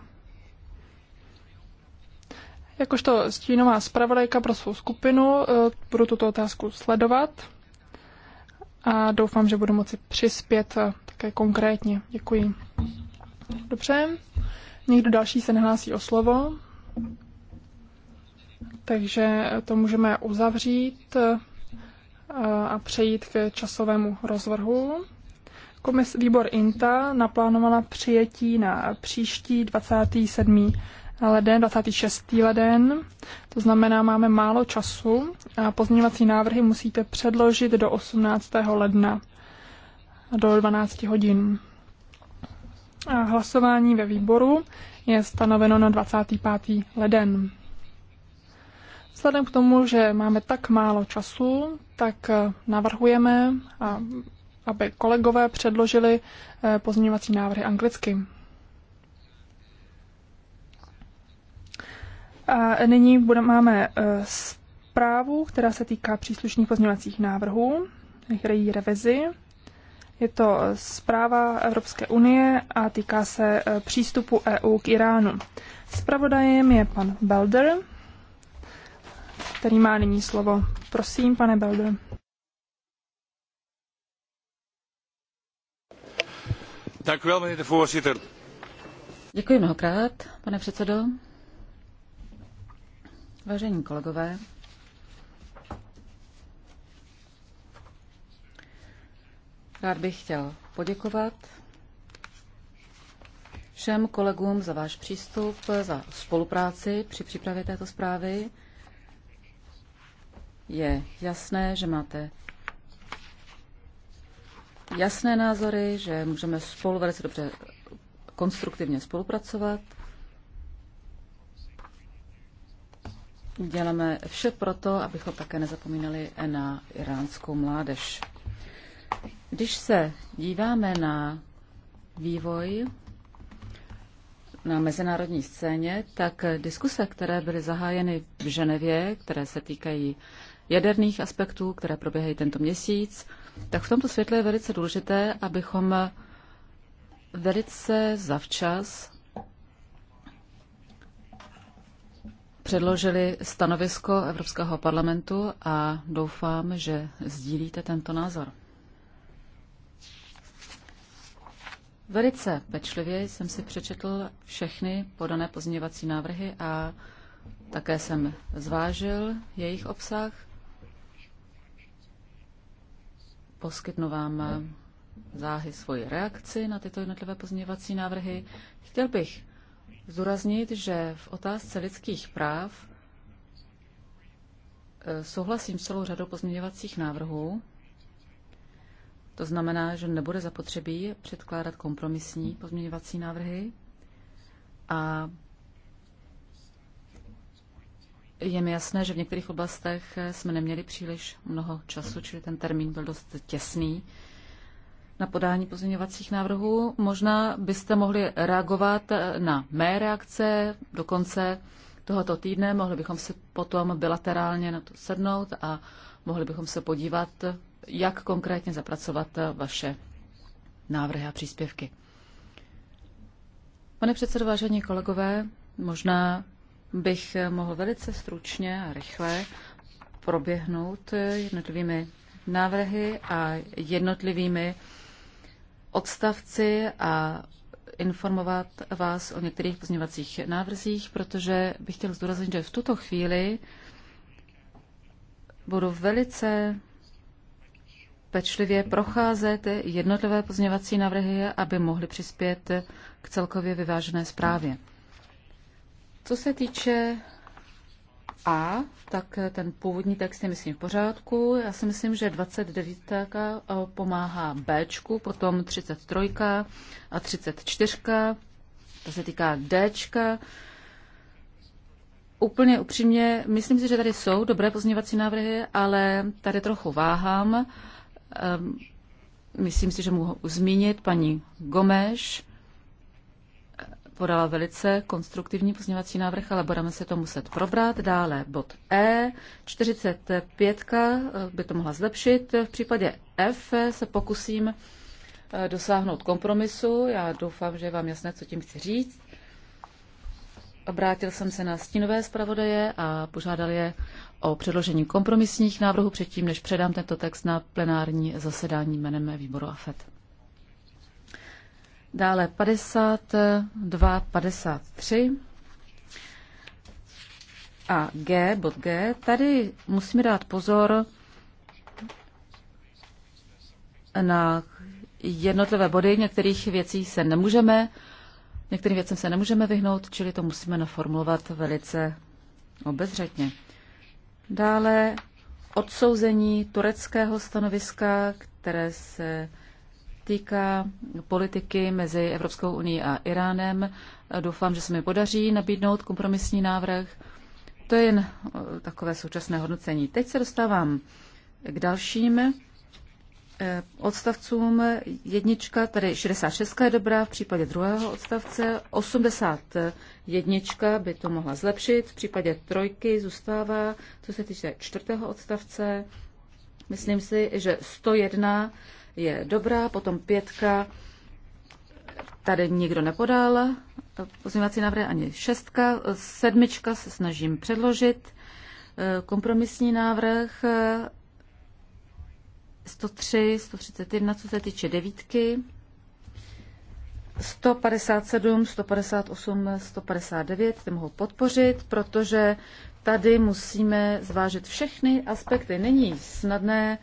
Speaker 2: Jakožto stínová zpravodajka pro svou skupinu e, budu tuto otázku sledovat a doufám, že budu moci přispět e, také konkrétně. Děkuji. Dobře. Někdo další se nehlásí o slovo, takže to můžeme uzavřít e, a přejít k časovému rozvrhu. Komis, výbor INTA naplánovala přijetí na příští 27 leden, 26. leden, to znamená, máme málo času a pozměňovací návrhy musíte předložit do 18. ledna do 12 hodin. A hlasování ve výboru je stanoveno na 25. leden. Vzhledem k tomu, že máme tak málo času, tak eh, navrhujeme, aby kolegové předložili eh, pozměňovací návrhy anglicky. A nyní budeme, máme eh, zprávu, která se týká příslušných pozměňovacích návrhů, její revizi. Je to eh, zpráva Evropské unie a týká se eh, přístupu EU k Iránu. Spravodajem je pan Belder, který má nyní slovo. Prosím, pane Belder.
Speaker 4: Děkuji mnohokrát, pane předsedo. Vážení kolegové, rád bych chtěl poděkovat všem kolegům za váš přístup, za spolupráci při přípravě této zprávy. Je jasné, že máte jasné názory, že můžeme spolu velice dobře konstruktivně spolupracovat. Děláme vše proto, abychom také nezapomínali na iránskou mládež. Když se díváme na vývoj na mezinárodní scéně, tak diskuse, které byly zahájeny v Ženevě, které se týkají jaderných aspektů, které proběhají tento měsíc, tak v tomto světle je velice důležité, abychom velice zavčas předložili stanovisko Evropského parlamentu a doufám, že sdílíte tento názor. Velice pečlivě jsem si přečetl všechny podané pozměňovací návrhy a také jsem zvážil jejich obsah. Poskytnu vám záhy svoji reakci na tyto jednotlivé pozměňovací návrhy. Chtěl bych zdůraznit, že v otázce lidských práv e, souhlasím s celou řadou pozměňovacích návrhů. To znamená, že nebude zapotřebí předkládat kompromisní pozměňovací návrhy. A je mi jasné, že v některých oblastech jsme neměli příliš mnoho času, čili ten termín byl dost těsný na podání pozměňovacích návrhů. Možná byste mohli reagovat na mé reakce do konce tohoto týdne. Mohli bychom si potom bilaterálně na to sednout a mohli bychom se podívat, jak konkrétně zapracovat vaše návrhy a příspěvky. Pane předsedo, vážení kolegové, možná bych mohl velice stručně a rychle proběhnout jednotlivými návrhy a jednotlivými odstavci a informovat vás o některých pozměňovacích návrzích, protože bych chtěl zdůraznit, že v tuto chvíli budu velice pečlivě procházet jednotlivé pozměňovací návrhy, aby mohly přispět k celkově vyvážené zprávě. Co se týče a, tak ten původní text je, myslím, v pořádku. Já si myslím, že 29 pomáhá B, potom 33 a 34. To se týká D. Úplně upřímně, myslím si, že tady jsou dobré pozměňovací návrhy, ale tady trochu váhám. Ehm, myslím si, že mohu zmínit paní Gomeš, podala velice konstruktivní pozměňovací návrh, ale budeme se to muset probrat. Dále bod E, 45 by to mohla zlepšit. V případě F se pokusím eh, dosáhnout kompromisu. Já doufám, že je vám jasné, co tím chci říct. Obrátil jsem se na stínové zpravodaje a požádal je o předložení kompromisních návrhů předtím, než předám tento text na plenární zasedání jménem výboru AFET. Dále 52, 53 a G, bod G. Tady musíme dát pozor na jednotlivé body. Některých věcí se nemůžeme, některým věcem se nemůžeme vyhnout, čili to musíme naformulovat velice obezřetně. Dále odsouzení tureckého stanoviska, které se týká politiky mezi Evropskou unii a Iránem. Doufám, že se mi podaří nabídnout kompromisní návrh. To je jen eh, takové současné hodnocení. Teď se dostávám k dalším eh, odstavcům. Jednička, tady 66 je dobrá v případě druhého odstavce, 81 by to mohla zlepšit, v případě trojky zůstává, co se týče čtvrtého odstavce, myslím si, že 101 je dobrá, potom pětka, tady nikdo nepodal pozměňovací návrhy ani šestka, sedmička se snažím předložit, eh, kompromisní návrh 103, eh, 131, co se týče devítky, 157, 158, 159, ty mohou podpořit, protože tady musíme zvážit všechny aspekty. Není snadné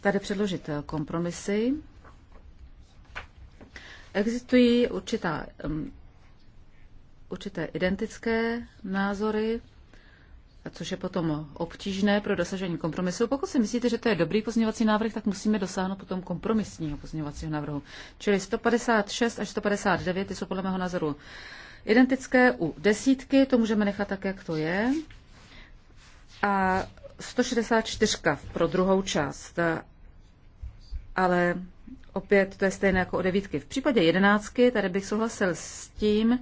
Speaker 4: tady předložit eh, kompromisy. Existují určitá, určité identické názory, což je potom obtížné pro dosažení kompromisu. Pokud si myslíte, že to je dobrý pozměňovací návrh, tak musíme dosáhnout potom kompromisního pozměňovacího návrhu. Čili 156 až 159 ty jsou podle mého názoru identické u desítky, to můžeme nechat tak, jak to je. A 164 pro druhou část, ale opět to je stejné jako o devítky. V případě jedenáctky, tady bych souhlasil s tím,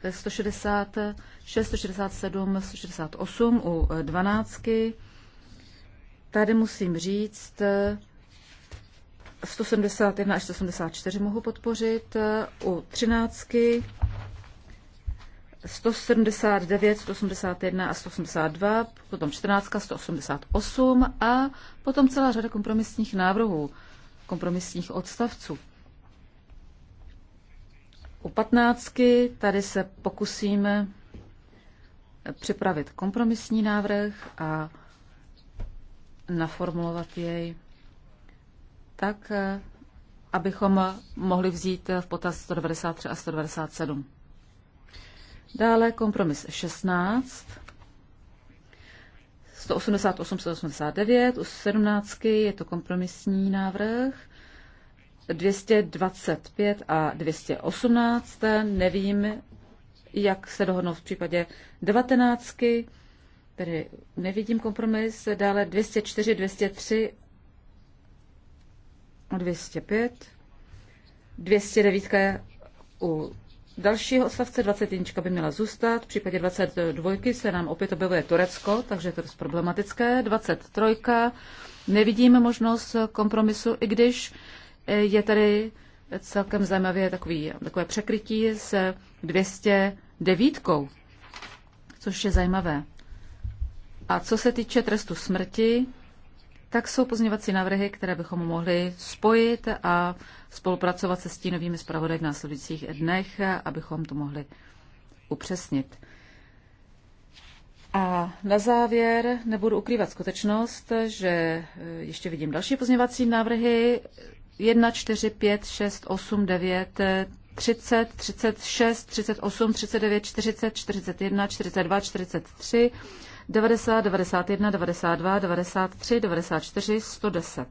Speaker 4: to je 166, 167, 168 u eh, dvanáctky. Tady musím říct, 171 eh, až 174 mohu podpořit. Eh, u třináctky 179, 181 a 182, potom 14, 188 a potom celá řada kompromisních návrhů, kompromisních odstavců. U 15 tady se pokusíme připravit kompromisní návrh a naformulovat jej tak, abychom mohli vzít v potaz 193 a 197. Dále kompromis 16. 188, 189, u 17 je to kompromisní návrh, 225 a 218, nevím, jak se dohodnou v případě 19, tedy nevidím kompromis, dále 204, 203 a 205, 209 u dalšího odstavce 21 by měla zůstat, v případě 22 se nám opět objevuje Turecko, takže to je dost problematické. 23 nevidíme možnost kompromisu, i když eh, je tady celkem zajímavě takový, takové překrytí s 209, což je zajímavé. A co se týče trestu smrti, tak jsou pozměňovací návrhy, které bychom mohli spojit a spolupracovat se stínovými zpravodaj v následujících dnech, abychom to mohli upřesnit. A na závěr nebudu ukrývat skutečnost, že eh, ještě vidím další pozměňovací návrhy 1, 4, 5, 6, 8, 9, 30, 36, 38, 39, 40, 41, 42, 43, 90, 91, 92, 93, 94, 110.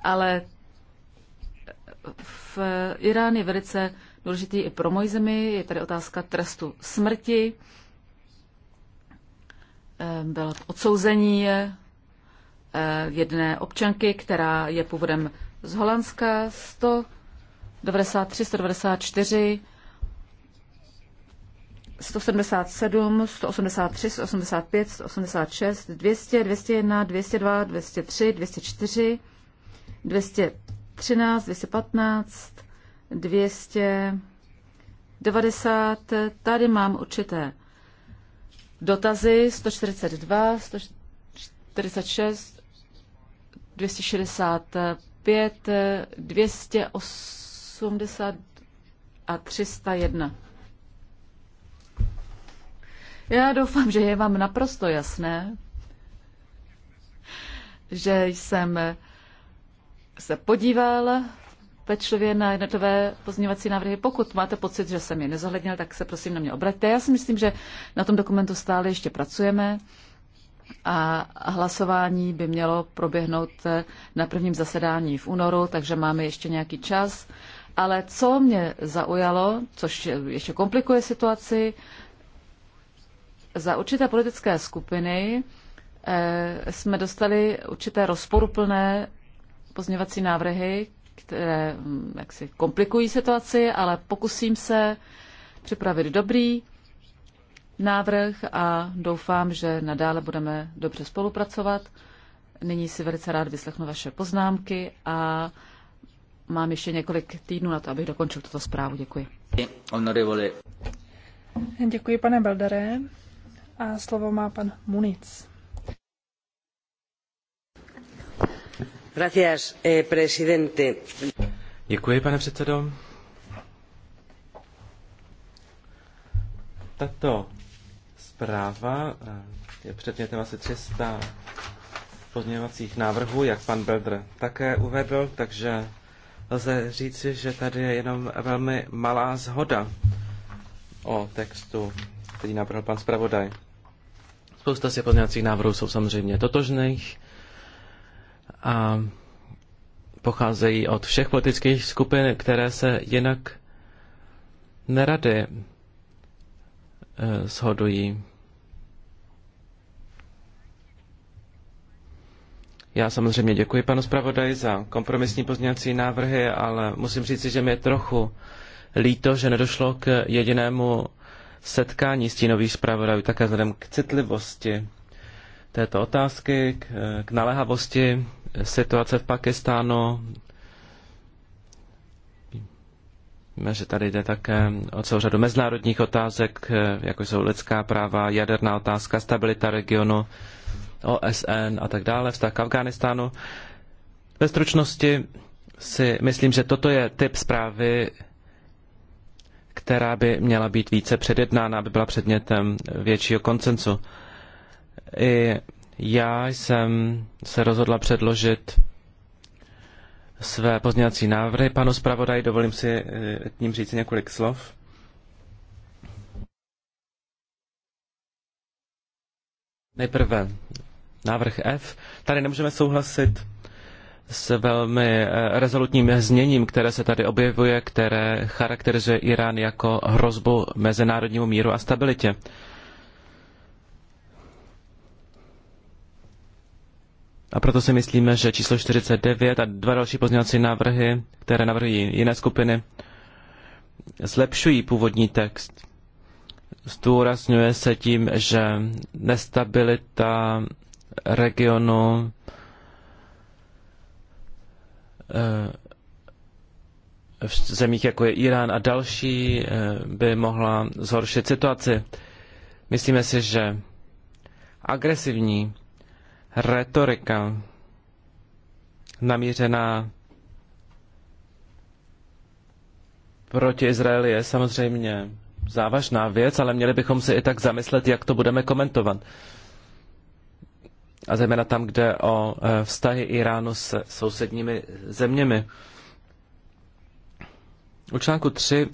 Speaker 4: Ale v Iránu je velice důležitý i pro moji zemi. Je tady otázka trestu smrti. Ehm, bylo odsouzení eh, jedné občanky, která je původem z Holandska, 193, 194 177, 183, 185, 186, 200, 201, 202, 203, 204, 213, 215, 290. Tady mám určité dotazy 142, 146, 265, 280 a 301. Já doufám, že je vám naprosto jasné, že jsem se podíval pečlivě na jednotlivé pozměňovací návrhy. Pokud máte pocit, že jsem je nezohlednil, tak se prosím na mě obraťte. Já si myslím, že na tom dokumentu stále ještě pracujeme a hlasování by mělo proběhnout na prvním zasedání v únoru, takže máme ještě nějaký čas. Ale co mě zaujalo, což ještě komplikuje situaci, za určité politické skupiny eh, jsme dostali určité rozporuplné pozměvací návrhy, které mm, jaksi komplikují situaci, ale pokusím se připravit dobrý návrh a doufám, že nadále budeme dobře spolupracovat. Nyní si velice rád vyslechnu vaše poznámky a mám ještě několik týdnů na to, abych dokončil tuto zprávu. Děkuji.
Speaker 2: Děkuji, pane Beldere. A slovo má pan Munic.
Speaker 1: Gracias, eh, presidente.
Speaker 3: Děkuji, pane předsedo. Tato zpráva eh, je předmětem asi 300 pozměňovacích návrhů, jak pan Belder také uvedl, takže lze říci, že tady je jenom velmi malá zhoda o textu, který navrhl pan zpravodaj. Spousta si pozměňovacích návrhů jsou samozřejmě totožných a pocházejí od všech politických skupin, které se jinak nerady eh, shodují. Já samozřejmě děkuji panu zpravodaji za kompromisní pozměňovací návrhy, ale musím říct, že mi je trochu líto, že nedošlo k jedinému setkání stínových zpravodajů, také vzhledem k citlivosti této otázky, k, k naléhavosti situace v Pakistánu. Víme, že tady jde také o celou řadu mezinárodních otázek, jako jsou lidská práva, jaderná otázka, stabilita regionu, OSN a tak dále, vztah k Afganistánu. Ve stručnosti si myslím, že toto je typ zprávy, která by měla být více předjednána, aby byla předmětem většího koncensu. I já jsem se rozhodla předložit své pozměňovací návrhy. Panu zpravodaj, dovolím si eh, k ním říct několik slov. Nejprve návrh F. Tady nemůžeme souhlasit s velmi eh, rezolutním zněním, které se tady objevuje, které charakterizuje Irán jako hrozbu mezinárodnímu míru a stabilitě. A proto si myslíme, že číslo 49 a dva další pozměňovací návrhy, které navrhují jiné skupiny, zlepšují původní text. Zdůrazňuje se tím, že nestabilita regionu Eh, v zemích jako je Irán a další eh, by mohla zhoršit situaci. Myslíme si, že agresivní retorika namířená proti Izraeli je samozřejmě závažná věc, ale měli bychom si i tak zamyslet, jak to budeme komentovat a zejména tam, kde o e, vztahy Iránu s sousedními zeměmi. U článku 3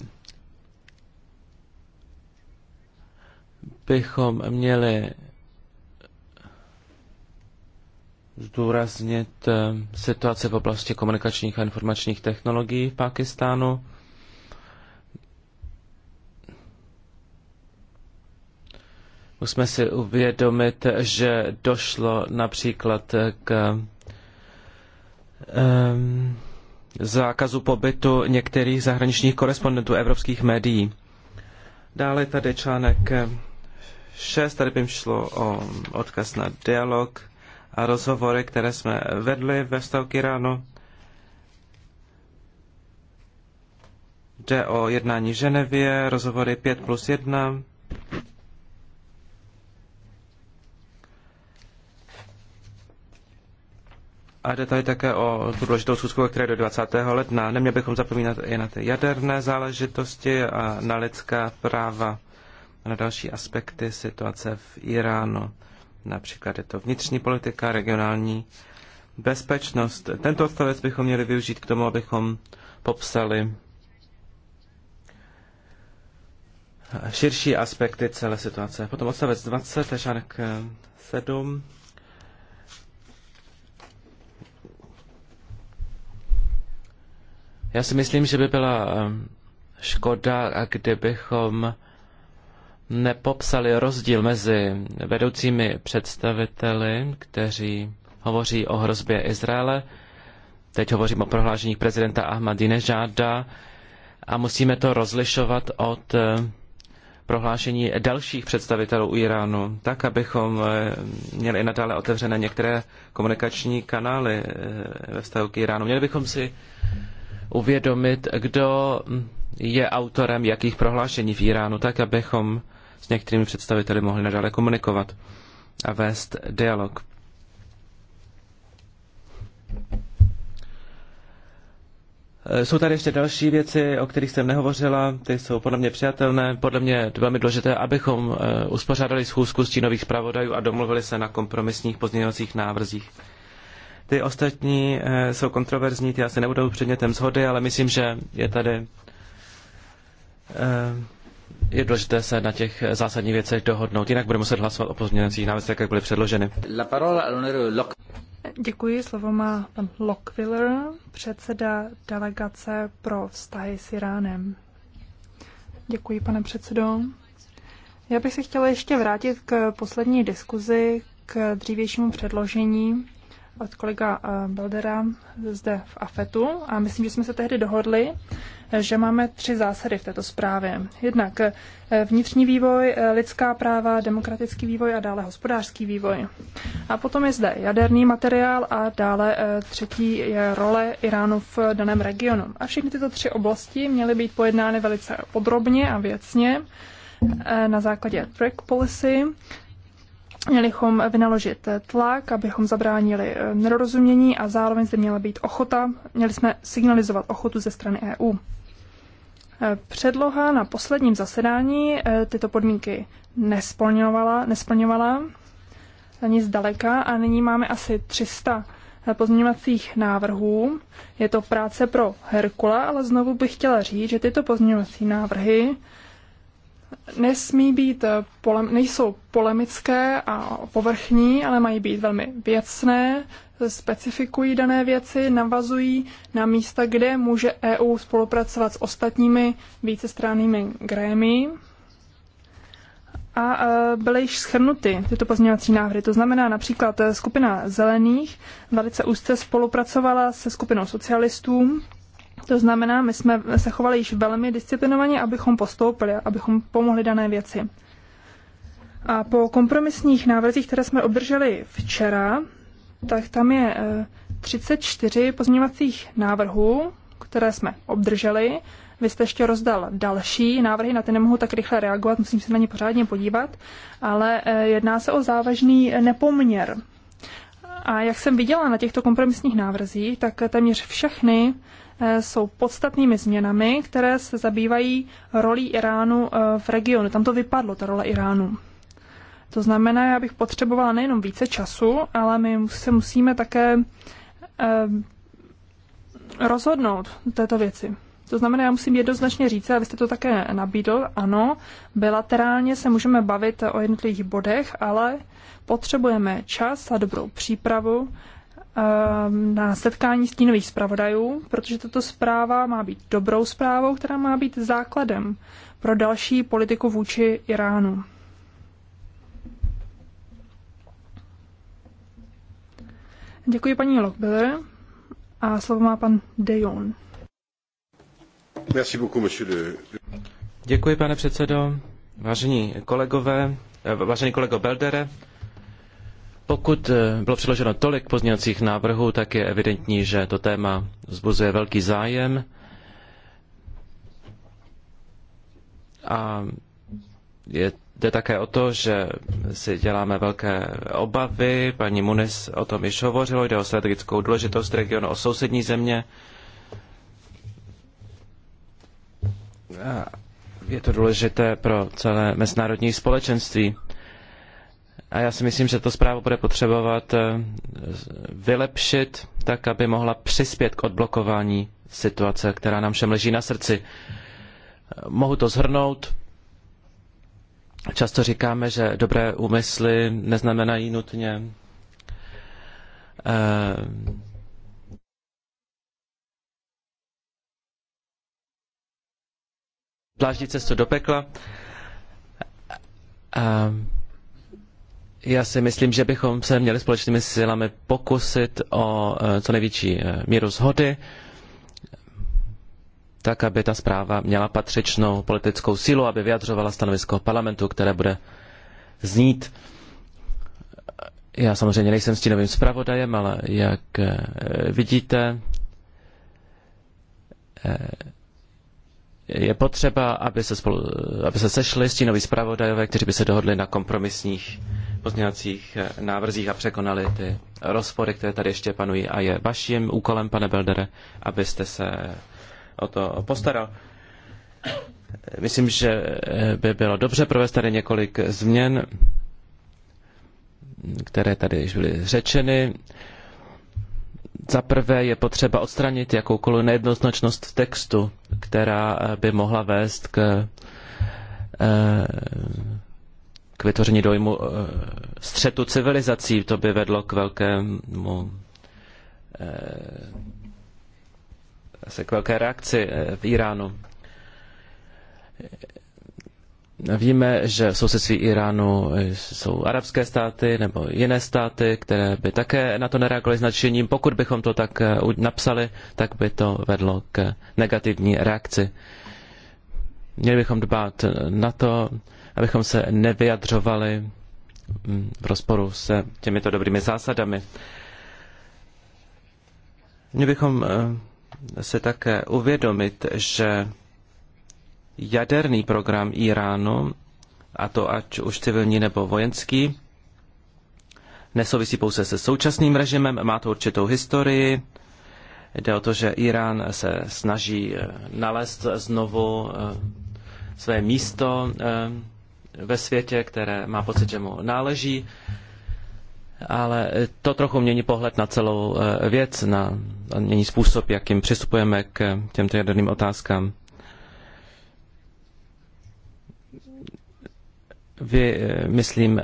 Speaker 3: bychom měli zdůraznit e, situace v oblasti komunikačních a informačních technologií v Pakistánu. Musíme si uvědomit, že došlo například k um, zákazu pobytu některých zahraničních korespondentů evropských médií. Dále tady článek 6, tady by šlo o odkaz na dialog a rozhovory, které jsme vedli ve stavky ráno. Jde o jednání Ženevě, rozhovory 5 plus 1 A jde tady také o tu důležitou schůzku, která je do 20. ledna. Neměli bychom zapomínat i na ty jaderné záležitosti a na lidská práva, na další aspekty situace v Iránu. Například je to vnitřní politika, regionální bezpečnost. Tento odstavec bychom měli využít k tomu, abychom popsali širší aspekty celé situace. Potom odstavec 20, žánek 7. Já si myslím, že by byla škoda, kdybychom nepopsali rozdíl mezi vedoucími představiteli, kteří hovoří o hrozbě Izraele, teď hovořím o prohlášení prezidenta Ahmadinežáda, a musíme to rozlišovat od prohlášení dalších představitelů Iránu, tak, abychom měli i nadále otevřené některé komunikační kanály ve vztahu k Iránu. Měli bychom si uvědomit, kdo je autorem jakých prohlášení v Iránu, tak abychom s některými představiteli mohli nadále komunikovat a vést dialog. Jsou tady ještě další věci, o kterých jsem nehovořila, ty jsou podle mě přijatelné, podle mě velmi důležité, abychom eh, uspořádali schůzku čínových zpravodajů a domluvili se na kompromisních pozměňovacích návrzích ty ostatní eh, jsou kontroverzní, ty asi nebudou předmětem shody, ale myslím, že je tady eh, je důležité se na těch zásadních věcech dohodnout. Jinak budeme muset hlasovat o pozměňovacích návrzích, jak byly předloženy. La parola, Lok.
Speaker 2: Děkuji, slovo má pan Lockwiller, předseda delegace pro vztahy s Iránem. Děkuji, pane předsedo. Já bych se chtěla ještě vrátit k poslední diskuzi, k dřívějšímu předložení od kolega eh, Beldera zde v AFETu a myslím, že jsme se tehdy dohodli, eh, že máme tři zásady v této zprávě. Jednak eh, vnitřní vývoj, lidská práva, demokratický vývoj a dále hospodářský vývoj. A potom je zde jaderný materiál a dále třetí je role Iránu v daném regionu. A všechny tyto tři oblasti měly být pojednány velice podrobně a věcně na základě track policy Měli bychom vynaložit tlak, abychom zabránili eh, nerozumění a zároveň zde měla být ochota. Měli jsme signalizovat ochotu ze strany EU. Eh, předloha na posledním zasedání eh, tyto podmínky nesplňovala, nesplňovala ani zdaleka a nyní máme asi 300 pozměňovacích návrhů. Je to práce pro Herkula, ale znovu bych chtěla říct, že tyto pozměňovací návrhy nesmí být, eh, polem, nejsou polemické a povrchní, ale mají být velmi věcné, specifikují dané věci, navazují na místa, kde může EU spolupracovat s ostatními vícestrannými grémy. A eh, byly již schrnuty tyto pozměňovací návrhy. To znamená například eh, skupina zelených velice úzce spolupracovala se skupinou socialistů to znamená, my jsme se chovali již velmi disciplinovaně, abychom postoupili, abychom pomohli dané věci. A po kompromisních návrzích, které jsme obdrželi včera, tak tam je 34 eh, pozměňovacích návrhů, které jsme obdrželi. Vy jste ještě rozdal další návrhy, na ty nemohu tak rychle reagovat, musím se na ně pořádně podívat, ale eh, jedná se o závažný nepoměr. A jak jsem viděla na těchto kompromisních návrzích, tak téměř všechny Eh, jsou podstatnými změnami, které se zabývají rolí Iránu eh, v regionu. Tam to vypadlo, ta role Iránu. To znamená, já bych potřebovala nejenom více času, ale my se musíme také eh, rozhodnout této věci. To znamená, já musím jednoznačně říct, a vy jste to také nabídl, ano, bilaterálně se můžeme bavit o jednotlivých bodech, ale potřebujeme čas a dobrou přípravu Ehm, na setkání stínových zpravodajů, protože tato zpráva má být dobrou zprávou, která má být základem pro další politiku vůči Iránu. Děkuji paní Lockbiller a slovo má pan Dejon.
Speaker 3: Děkuji, pane předsedo. Vážení kolegové, eh, vážený kolego Beldere, pokud eh, bylo předloženo tolik pozměňovacích návrhů, tak je evidentní, že to téma vzbuzuje velký zájem. A je, jde také o to, že si děláme velké obavy. Paní Munis o tom již hovořilo, jde o strategickou důležitost regionu, o sousední země. Je to důležité pro celé mezinárodní společenství. A já si myslím, že to zpráva bude potřebovat eh, vylepšit tak, aby mohla přispět k odblokování situace, která nám všem leží na srdci. Mohu to zhrnout. Často říkáme, že dobré úmysly neznamenají nutně dláždí eh, cestu do pekla. Já si myslím, že bychom se měli společnými silami pokusit o e, co největší e, míru zhody, tak aby ta zpráva měla patřičnou politickou sílu, aby vyjadřovala stanovisko parlamentu, které bude znít. Já samozřejmě nejsem stínovým zpravodajem, ale jak e, vidíte, je potřeba, aby se, spolu, aby se sešli stínoví zpravodajové, kteří by se dohodli na kompromisních pozměňovacích eh, návrzích a překonali ty rozpory, které tady ještě panují. A je vaším úkolem, pane Beldere, abyste se o to postaral. Myslím, že eh, by bylo dobře provést tady několik změn, které tady již byly řečeny. Za prvé je potřeba odstranit jakoukoliv nejednoznačnost v textu, která eh, by mohla vést k k vytvoření dojmu eh, střetu civilizací. To by vedlo k velkému eh, se k velké reakci eh, v Iránu. Víme, že v sousedství Iránu jsou arabské státy nebo jiné státy, které by také na to nereagovaly značením. Pokud bychom to tak napsali, tak by to vedlo k negativní reakci. Měli bychom dbát eh, na to, abychom se nevyjadřovali mm, v rozporu se těmito dobrými zásadami. Měli bychom eh, se také uvědomit, že jaderný program Iránu, a to ať už civilní nebo vojenský, nesouvisí pouze se současným režimem, má to určitou historii. Jde o to, že Irán se snaží eh, nalézt znovu své místo eh, ve světě, které má pocit, že mu náleží. Ale to trochu mění pohled na celou eh, věc, na, mění způsob, jakým přistupujeme k těmto jaderným otázkám. Vy, eh, myslím,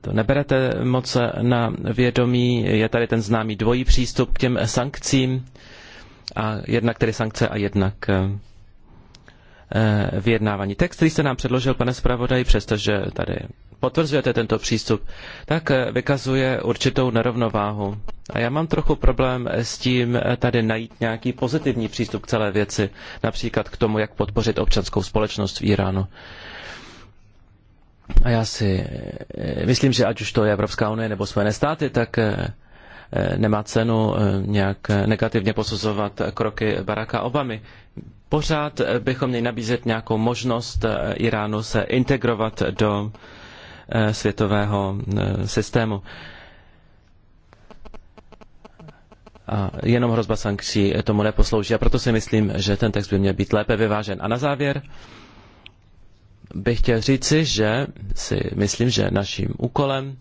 Speaker 3: to neberete moc na vědomí. Je tady ten známý dvojí přístup k těm sankcím. A jednak tedy sankce a jednak Eh, vyjednávání. Text, který jste nám předložil, pane zpravodaj, přestože tady potvrzujete tento přístup, tak eh, vykazuje určitou nerovnováhu. A já mám trochu problém s tím eh, tady najít nějaký pozitivní přístup k celé věci, například k tomu, jak podpořit občanskou společnost v Iránu. A já si myslím, že ať už to je Evropská unie nebo Spojené státy, tak nemá cenu nějak negativně posuzovat kroky Baracka Obamy. Pořád bychom měli nabízet nějakou možnost eh, Iránu se integrovat do eh, světového eh, systému. A jenom hrozba sankcí tomu neposlouží a proto si myslím, že ten text by měl být lépe vyvážen. A na závěr bych chtěl říci, že si myslím, že naším úkolem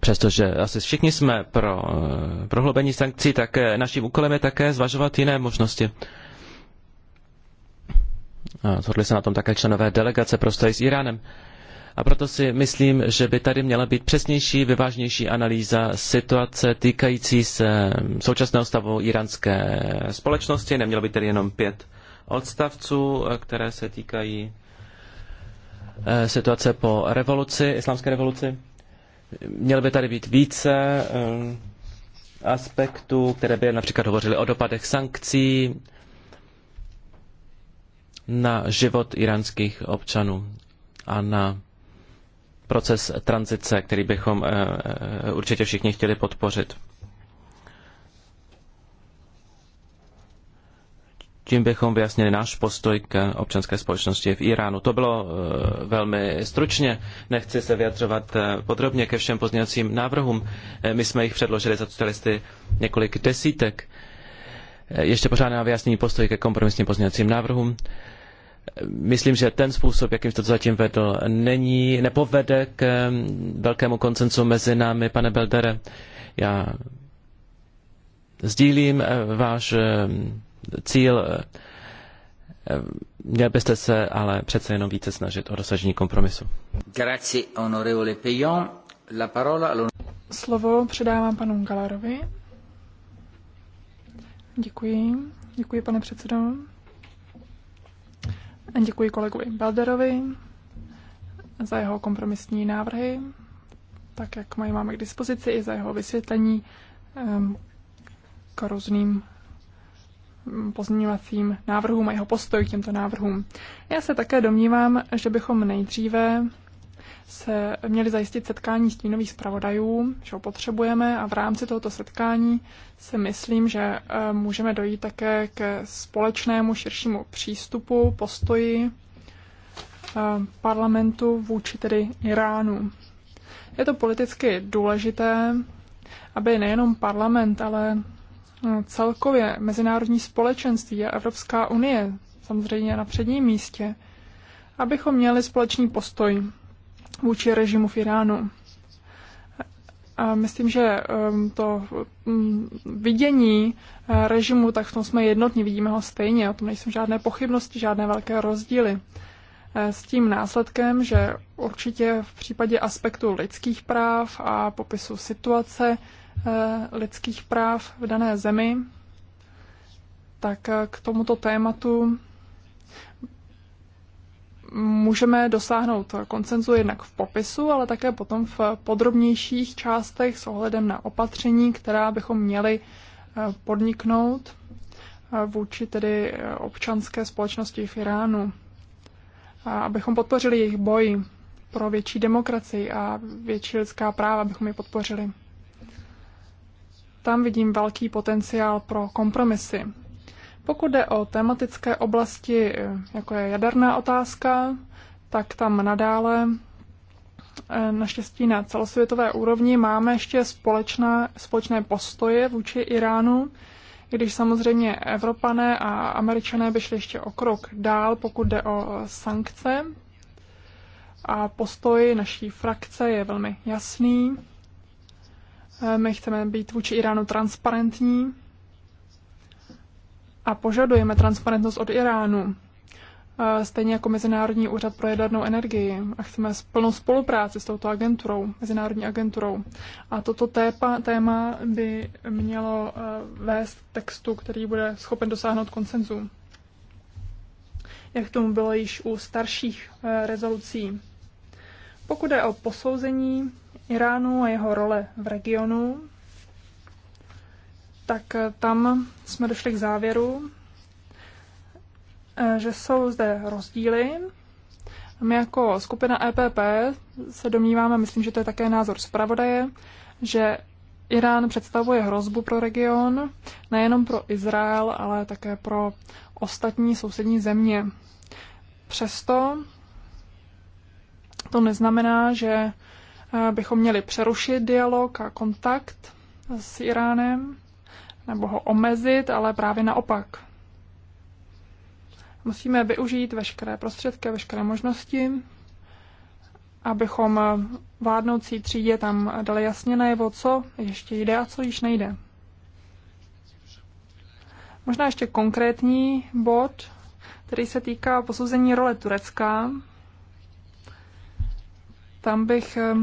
Speaker 3: Přestože asi všichni jsme pro eh, prohloubení sankcí, tak eh, naším úkolem je také zvažovat jiné možnosti. A se na tom také členové delegace pro s Iránem. A proto si myslím, že by tady měla být přesnější, vyvážnější analýza situace týkající se mm, současného stavu iránské společnosti. Nemělo by tedy jenom pět odstavců, eh, které se týkají situace po revoluci, islámské revoluci. Měl by tady být více eh, aspektů, které by například hovořily o dopadech sankcí na život iránských občanů a na proces tranzice, který bychom eh, eh, určitě všichni chtěli podpořit. tím bychom vyjasnili náš postoj k občanské společnosti v Iránu. To bylo eh, velmi stručně, nechci se vyjadřovat eh, podrobně ke všem pozměňovacím návrhům. Eh, my jsme jich předložili za socialisty několik desítek. Ještě pořád na vyjasnění postoj ke kompromisním pozměňovacím návrhům. Myslím, že ten způsob, jakým jste to zatím vedl, není, nepovede k velkému koncensu mezi námi, pane Beldere. Já sdílím váš cíl. Eh, eh, Měl byste se ale přece jenom více snažit o dosažení kompromisu. Grazie, onorevole
Speaker 1: La parola...
Speaker 2: Slovo předávám panu Galarovi. Děkuji. Děkuji, pane předsedo. děkuji kolegovi Belderovi za jeho kompromisní návrhy, tak jak mají máme k dispozici, i za jeho vysvětlení ehm, k různým pozměňovacím návrhům a jeho postoj k těmto návrhům. Já se také domnívám, že bychom nejdříve se měli zajistit setkání stínových zpravodajů, že ho potřebujeme a v rámci tohoto setkání si myslím, že eh, můžeme dojít také k společnému širšímu přístupu, postoji eh, parlamentu vůči tedy Iránu. Je to politicky důležité, aby nejenom parlament, ale celkově mezinárodní společenství a Evropská unie, samozřejmě na předním místě, abychom měli společný postoj vůči režimu v Iránu. A myslím, že um, to um, vidění uh, režimu, tak v tom jsme jednotní, vidíme ho stejně, o tom nejsou žádné pochybnosti, žádné velké rozdíly. Uh, s tím následkem, že určitě v případě aspektu lidských práv a popisu situace Eh, lidských práv v dané zemi, tak eh, k tomuto tématu můžeme dosáhnout koncenzu jednak v popisu, ale také potom v podrobnějších částech s ohledem na opatření, která bychom měli eh, podniknout vůči tedy občanské společnosti v Iránu. A abychom podpořili jejich boj pro větší demokracii a větší lidská práva, abychom je podpořili. Tam vidím velký potenciál pro kompromisy. Pokud jde o tematické oblasti, jako je jaderná otázka, tak tam nadále eh, naštěstí na celosvětové úrovni máme ještě společná, společné postoje vůči Iránu, když samozřejmě Evropané a Američané by šli ještě o krok dál, pokud jde o eh, sankce. A postoj naší frakce je velmi jasný. Eh, my chceme být vůči Iránu transparentní a požadujeme transparentnost od Iránu, eh, stejně jako Mezinárodní úřad pro jadernou energii a chceme plnou spolupráci s touto agenturou, Mezinárodní agenturou. A toto téma, téma by mělo eh, vést textu, který bude schopen dosáhnout konsenzu. Jak tomu bylo již u starších rezolucí. Pokud je o posouzení Iránu a jeho role v regionu, tak eh, tam jsme došli k závěru, eh, že jsou zde rozdíly. My jako skupina EPP se domníváme, myslím, že to je také názor zpravodaje, že Irán představuje hrozbu pro region, nejenom pro Izrael, ale také pro ostatní sousední země. Přesto to neznamená, že bychom měli přerušit dialog a kontakt s Iránem, nebo ho omezit, ale právě naopak. Musíme využít veškeré prostředky, veškeré možnosti, abychom vládnoucí třídě tam dali jasně najevo, co ještě jde a co již nejde. Možná ještě konkrétní bod, který se týká posouzení role Turecka tam bych eh,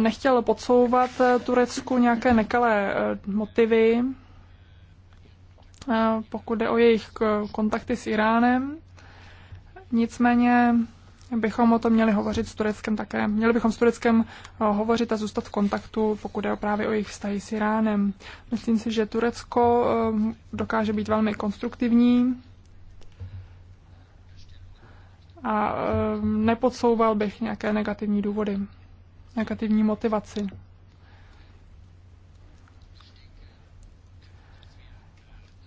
Speaker 2: nechtěl podsouvat eh, Turecku nějaké nekalé eh, motivy, pokud jde o jejich kontakty s Iránem. Nicméně bychom o tom měli hovořit s Tureckem také. Měli bychom s Tureckem hovořit a zůstat v kontaktu, pokud jde právě o jejich vztahy s Iránem. Myslím si, že Turecko dokáže být velmi konstruktivní a nepodsouval bych nějaké negativní důvody, negativní motivaci.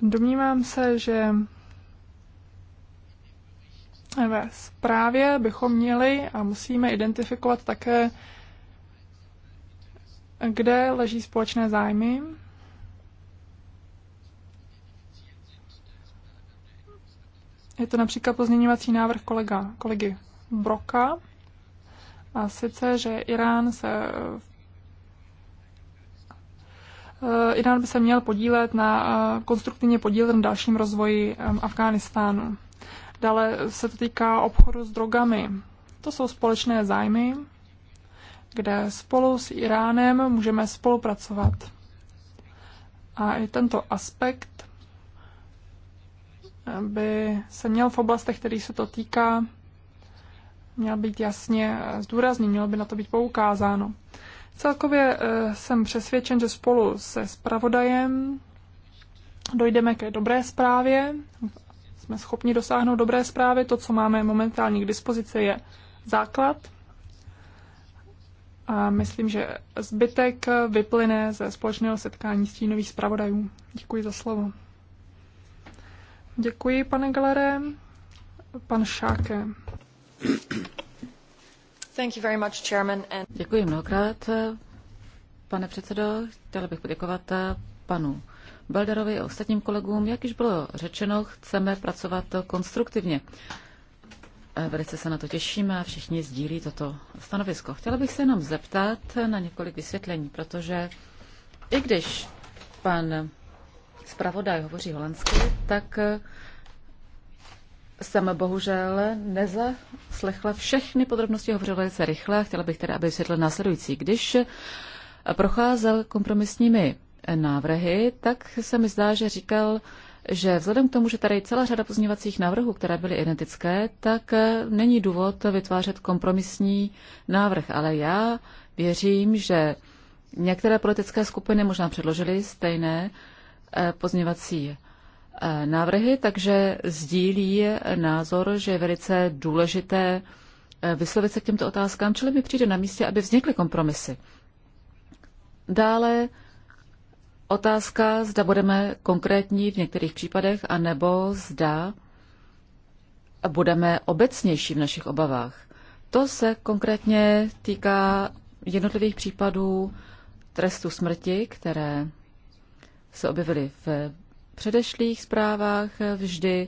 Speaker 2: Domnívám se, že ve zprávě bychom měli a musíme identifikovat také, kde leží společné zájmy Je to například pozměňovací návrh kolega, kolegy Broka, a sice, že Irán se eh, Irán by se měl podílet na, eh, konstruktivně podílet na dalším rozvoji Afghánistánu. Dále se to týká obchodu s drogami. To jsou společné zájmy, kde spolu s Iránem můžeme spolupracovat. A i tento aspekt by se měl v oblastech, který se to týká, měl být jasně zdůrazněn, mělo by na to být poukázáno. Celkově eh, jsem přesvědčen, že spolu se spravodajem dojdeme ke dobré zprávě. Jsme schopni dosáhnout dobré zprávy. To, co máme momentálně k dispozici, je základ. A myslím, že zbytek vyplyne ze společného setkání stínových zpravodajů. Děkuji za slovo. Děkuji, pane Galere. Pan Šáke. Thank you very much, chairman,
Speaker 4: and... Děkuji mnohokrát, pane předsedo. Chtěla bych poděkovat panu Belderovi a ostatním kolegům. Jak již bylo řečeno, chceme pracovat konstruktivně. Velice se na to těšíme a všichni sdílí toto stanovisko. Chtěla bych se jenom zeptat na několik vysvětlení, protože i když pan zpravodaj hovoří holandsky, tak eh, jsem bohužel nezaslechla všechny podrobnosti, hovořil velice rychle. Chtěla bych tedy, aby vysvětlil následující. Když eh, procházel kompromisními eh, návrhy, tak se mi zdá, že říkal, že vzhledem k tomu, že tady je celá řada pozměňovacích návrhů, které byly identické, tak není důvod vytvářet kompromisní návrh. Ale já věřím, že některé politické skupiny možná předložily stejné Eh, pozměvací eh, návrhy, takže sdílí názor, že je velice důležité eh, vyslovit se k těmto otázkám, čili mi přijde na místě, aby vznikly kompromisy. Dále otázka, zda budeme konkrétní v některých případech, anebo zda budeme obecnější v našich obavách. To se konkrétně týká jednotlivých případů trestu smrti, které se objevily v předešlých zprávách. Vždy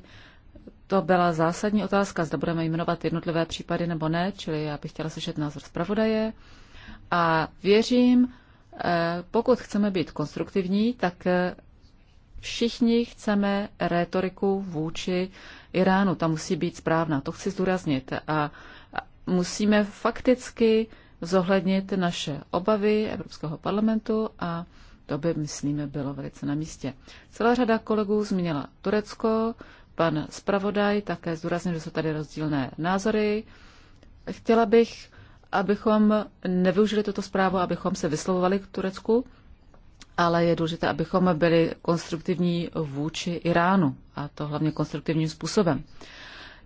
Speaker 4: to byla zásadní otázka, zda budeme jmenovat jednotlivé případy nebo ne, čili já bych chtěla slyšet názor zpravodaje. A věřím, eh, pokud chceme být konstruktivní, tak eh, všichni chceme rétoriku vůči Iránu. Ta musí být správná, to chci zdůraznit. A musíme fakticky zohlednit naše obavy Evropského parlamentu a to by, myslíme, bylo velice na místě. Celá řada kolegů zmínila Turecko, pan zpravodaj také zdůraznil, že jsou tady rozdílné názory. Chtěla bych, abychom nevyužili tuto zprávu, abychom se vyslovovali k Turecku, ale je důležité, abychom byli konstruktivní vůči Iránu a to hlavně konstruktivním způsobem.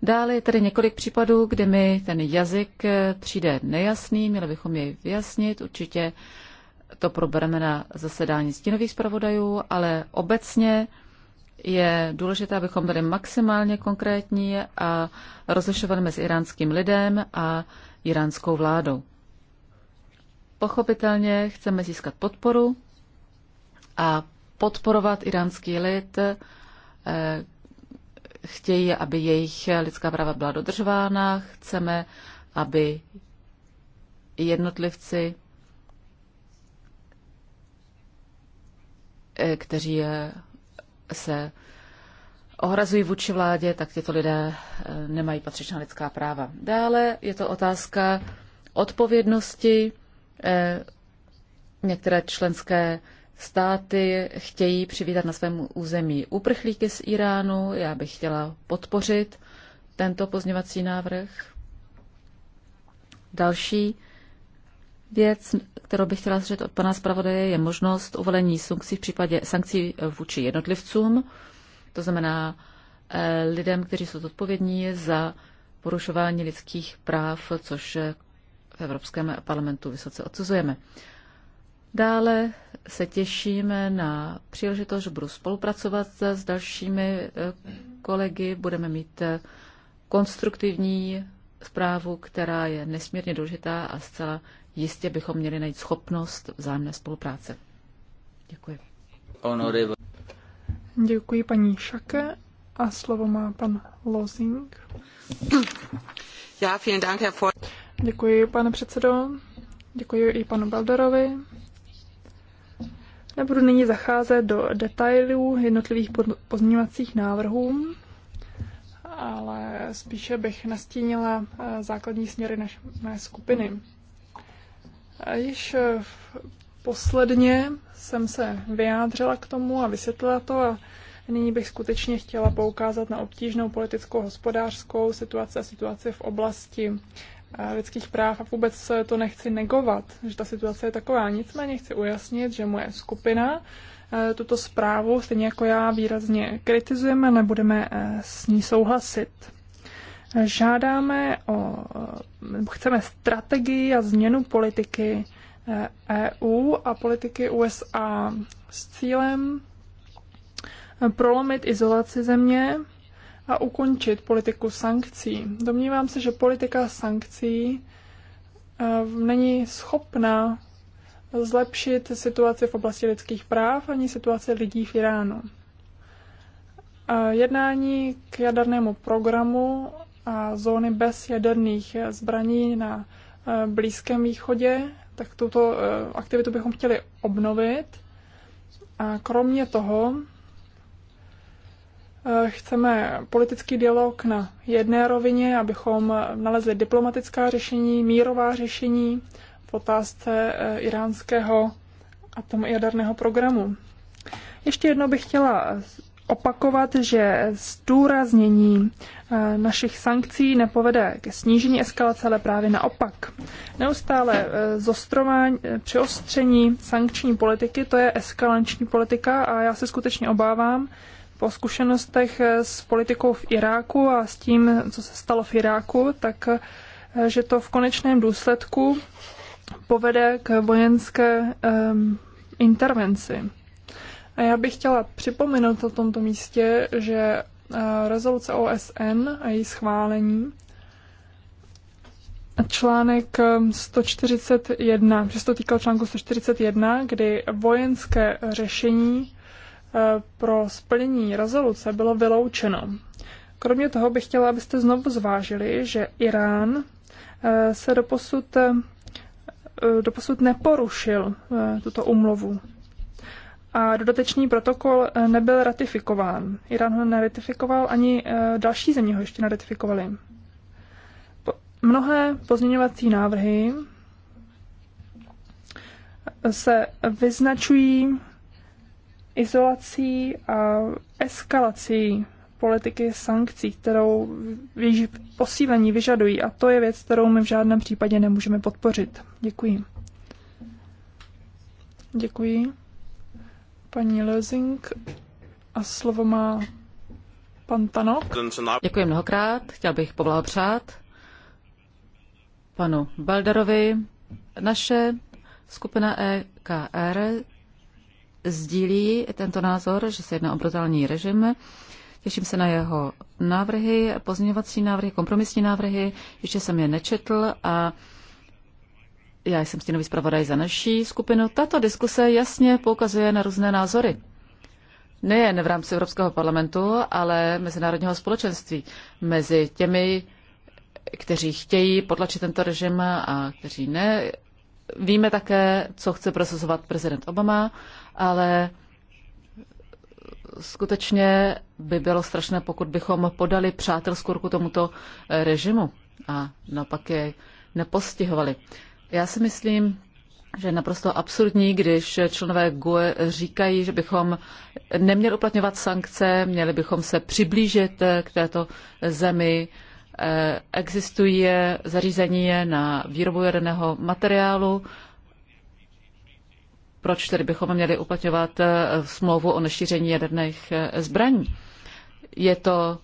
Speaker 4: Dále je tady několik případů, kde mi ten jazyk eh, přijde nejasný, měli bychom jej vyjasnit. Určitě to probereme na zasedání stínových zpravodajů, ale obecně je důležité, abychom byli maximálně konkrétní a rozlišovali mezi iránským lidem a iránskou vládou. Pochopitelně chceme získat podporu a podporovat iránský lid. Eh, chtějí, aby jejich lidská práva byla dodržována. Chceme, aby jednotlivci Eh, kteří eh, se ohrazují vůči vládě, tak tyto lidé eh, nemají patřičná lidská práva. Dále je to otázka odpovědnosti. Některé členské státy chtějí přivítat na svém území uprchlíky z Iránu. Já bych chtěla podpořit tento pozněvací návrh. Další věc kterou bych chtěla slyšet od pana zpravodaje, je možnost uvolení sankcí v případě sankcí vůči jednotlivcům, to znamená eh, lidem, kteří jsou odpovědní za porušování lidských práv, což eh, v Evropském parlamentu vysoce odsuzujeme. Dále se těšíme na příležitost, že budu spolupracovat s dalšími eh, kolegy, budeme mít konstruktivní zprávu, která je nesmírně důležitá a zcela jistě bychom měli najít schopnost vzájemné spolupráce. Děkuji.
Speaker 2: Děkuji paní Šake a slovo má pan Lozing. vielen Dank, Herr Děkuji, pane předsedo. Děkuji i panu Balderovi. Nebudu nyní zacházet do detailů jednotlivých pozměňovacích návrhů ale spíše bych nastínila eh, základní směry naš, mé skupiny. Eh, již eh, posledně jsem se vyjádřila k tomu a vysvětlila to a nyní bych skutečně chtěla poukázat na obtížnou politickou hospodářskou situaci a situaci v oblasti lidských práv a vůbec to nechci negovat, že ta situace je taková. Nicméně chci ujasnit, že moje skupina Eh, tuto zprávu, stejně jako já, výrazně kritizujeme, nebudeme eh, s ní souhlasit. Žádáme o, eh, chceme strategii a změnu politiky EU e a politiky USA s cílem prolomit izolaci země a ukončit politiku sankcí. Domnívám se, že politika sankcí není schopna zlepšit situaci v oblasti lidských práv ani situaci lidí v Iránu. Jednání k jadernému programu a zóny bez jaderných zbraní na e, Blízkém východě, tak tuto e, aktivitu bychom chtěli obnovit. A kromě toho e, chceme politický dialog na jedné rovině, abychom nalezli diplomatická řešení, mírová řešení v otázce eh, iránského atomojaderného programu. Ještě jedno bych chtěla eh, opakovat, že zdůraznění eh, našich sankcí nepovede ke snížení eskalace, ale právě naopak. Neustále zostrování, přiostření sankční politiky, to je eskalanční politika a já se skutečně obávám, po zkušenostech s politikou v Iráku a s tím, co se stalo v Iráku, tak že to v konečném důsledku povede k vojenské um, intervenci. A já bych chtěla připomenout na tomto místě, že uh, rezoluce OSN a její schválení článek 141, že se to týkal článku 141, kdy vojenské řešení eh, pro splnění rezoluce bylo vyloučeno. Kromě toho bych chtěla, abyste znovu zvážili, že Irán eh, se doposud Eh, doposud neporušil eh, tuto umluvu. A dodatečný protokol eh, nebyl ratifikován. Irán ho neratifikoval, ani další země ho ještě neratifikovali. Mnohé pozměňovací návrhy se vyznačují izolací a eskalací politiky sankcí, kterou posílení vyžadují. A to je věc, kterou my v žádném případě nemůžeme podpořit. Děkuji. Děkuji. Paní Lezing a slovo má pan Tanok. Děkuji mnohokrát.
Speaker 4: Chtěl bych poblahopřát panu Balderovi. Naše skupina EKR sdílí tento názor, že se jedná o brutální režim, Těším se na jeho návrhy, pozměňovací návrhy, kompromisní návrhy. Ještě jsem je nečetl a já jsem stínový zpravodaj za naší skupinu. Tato diskuse jasně poukazuje na různé názory. Nejen v rámci Evropského parlamentu, ale mezinárodního společenství. Mezi těmi, kteří chtějí potlačit tento režim a kteří ne. Víme také, co chce prosazovat prezident Obama, ale skutečně by bylo strašné, pokud bychom podali přátelskou ruku tomuto eh, režimu a naopak je nepostihovali. Já si myslím, že je naprosto absurdní, když členové GUE říkají, že bychom neměli uplatňovat sankce, měli bychom se přiblížit eh, k této zemi. Eh, existuje zařízení na výrobu jaderného materiálu proč tedy bychom měli uplatňovat eh, smlouvu o nešíření jaderných eh, zbraní. Je to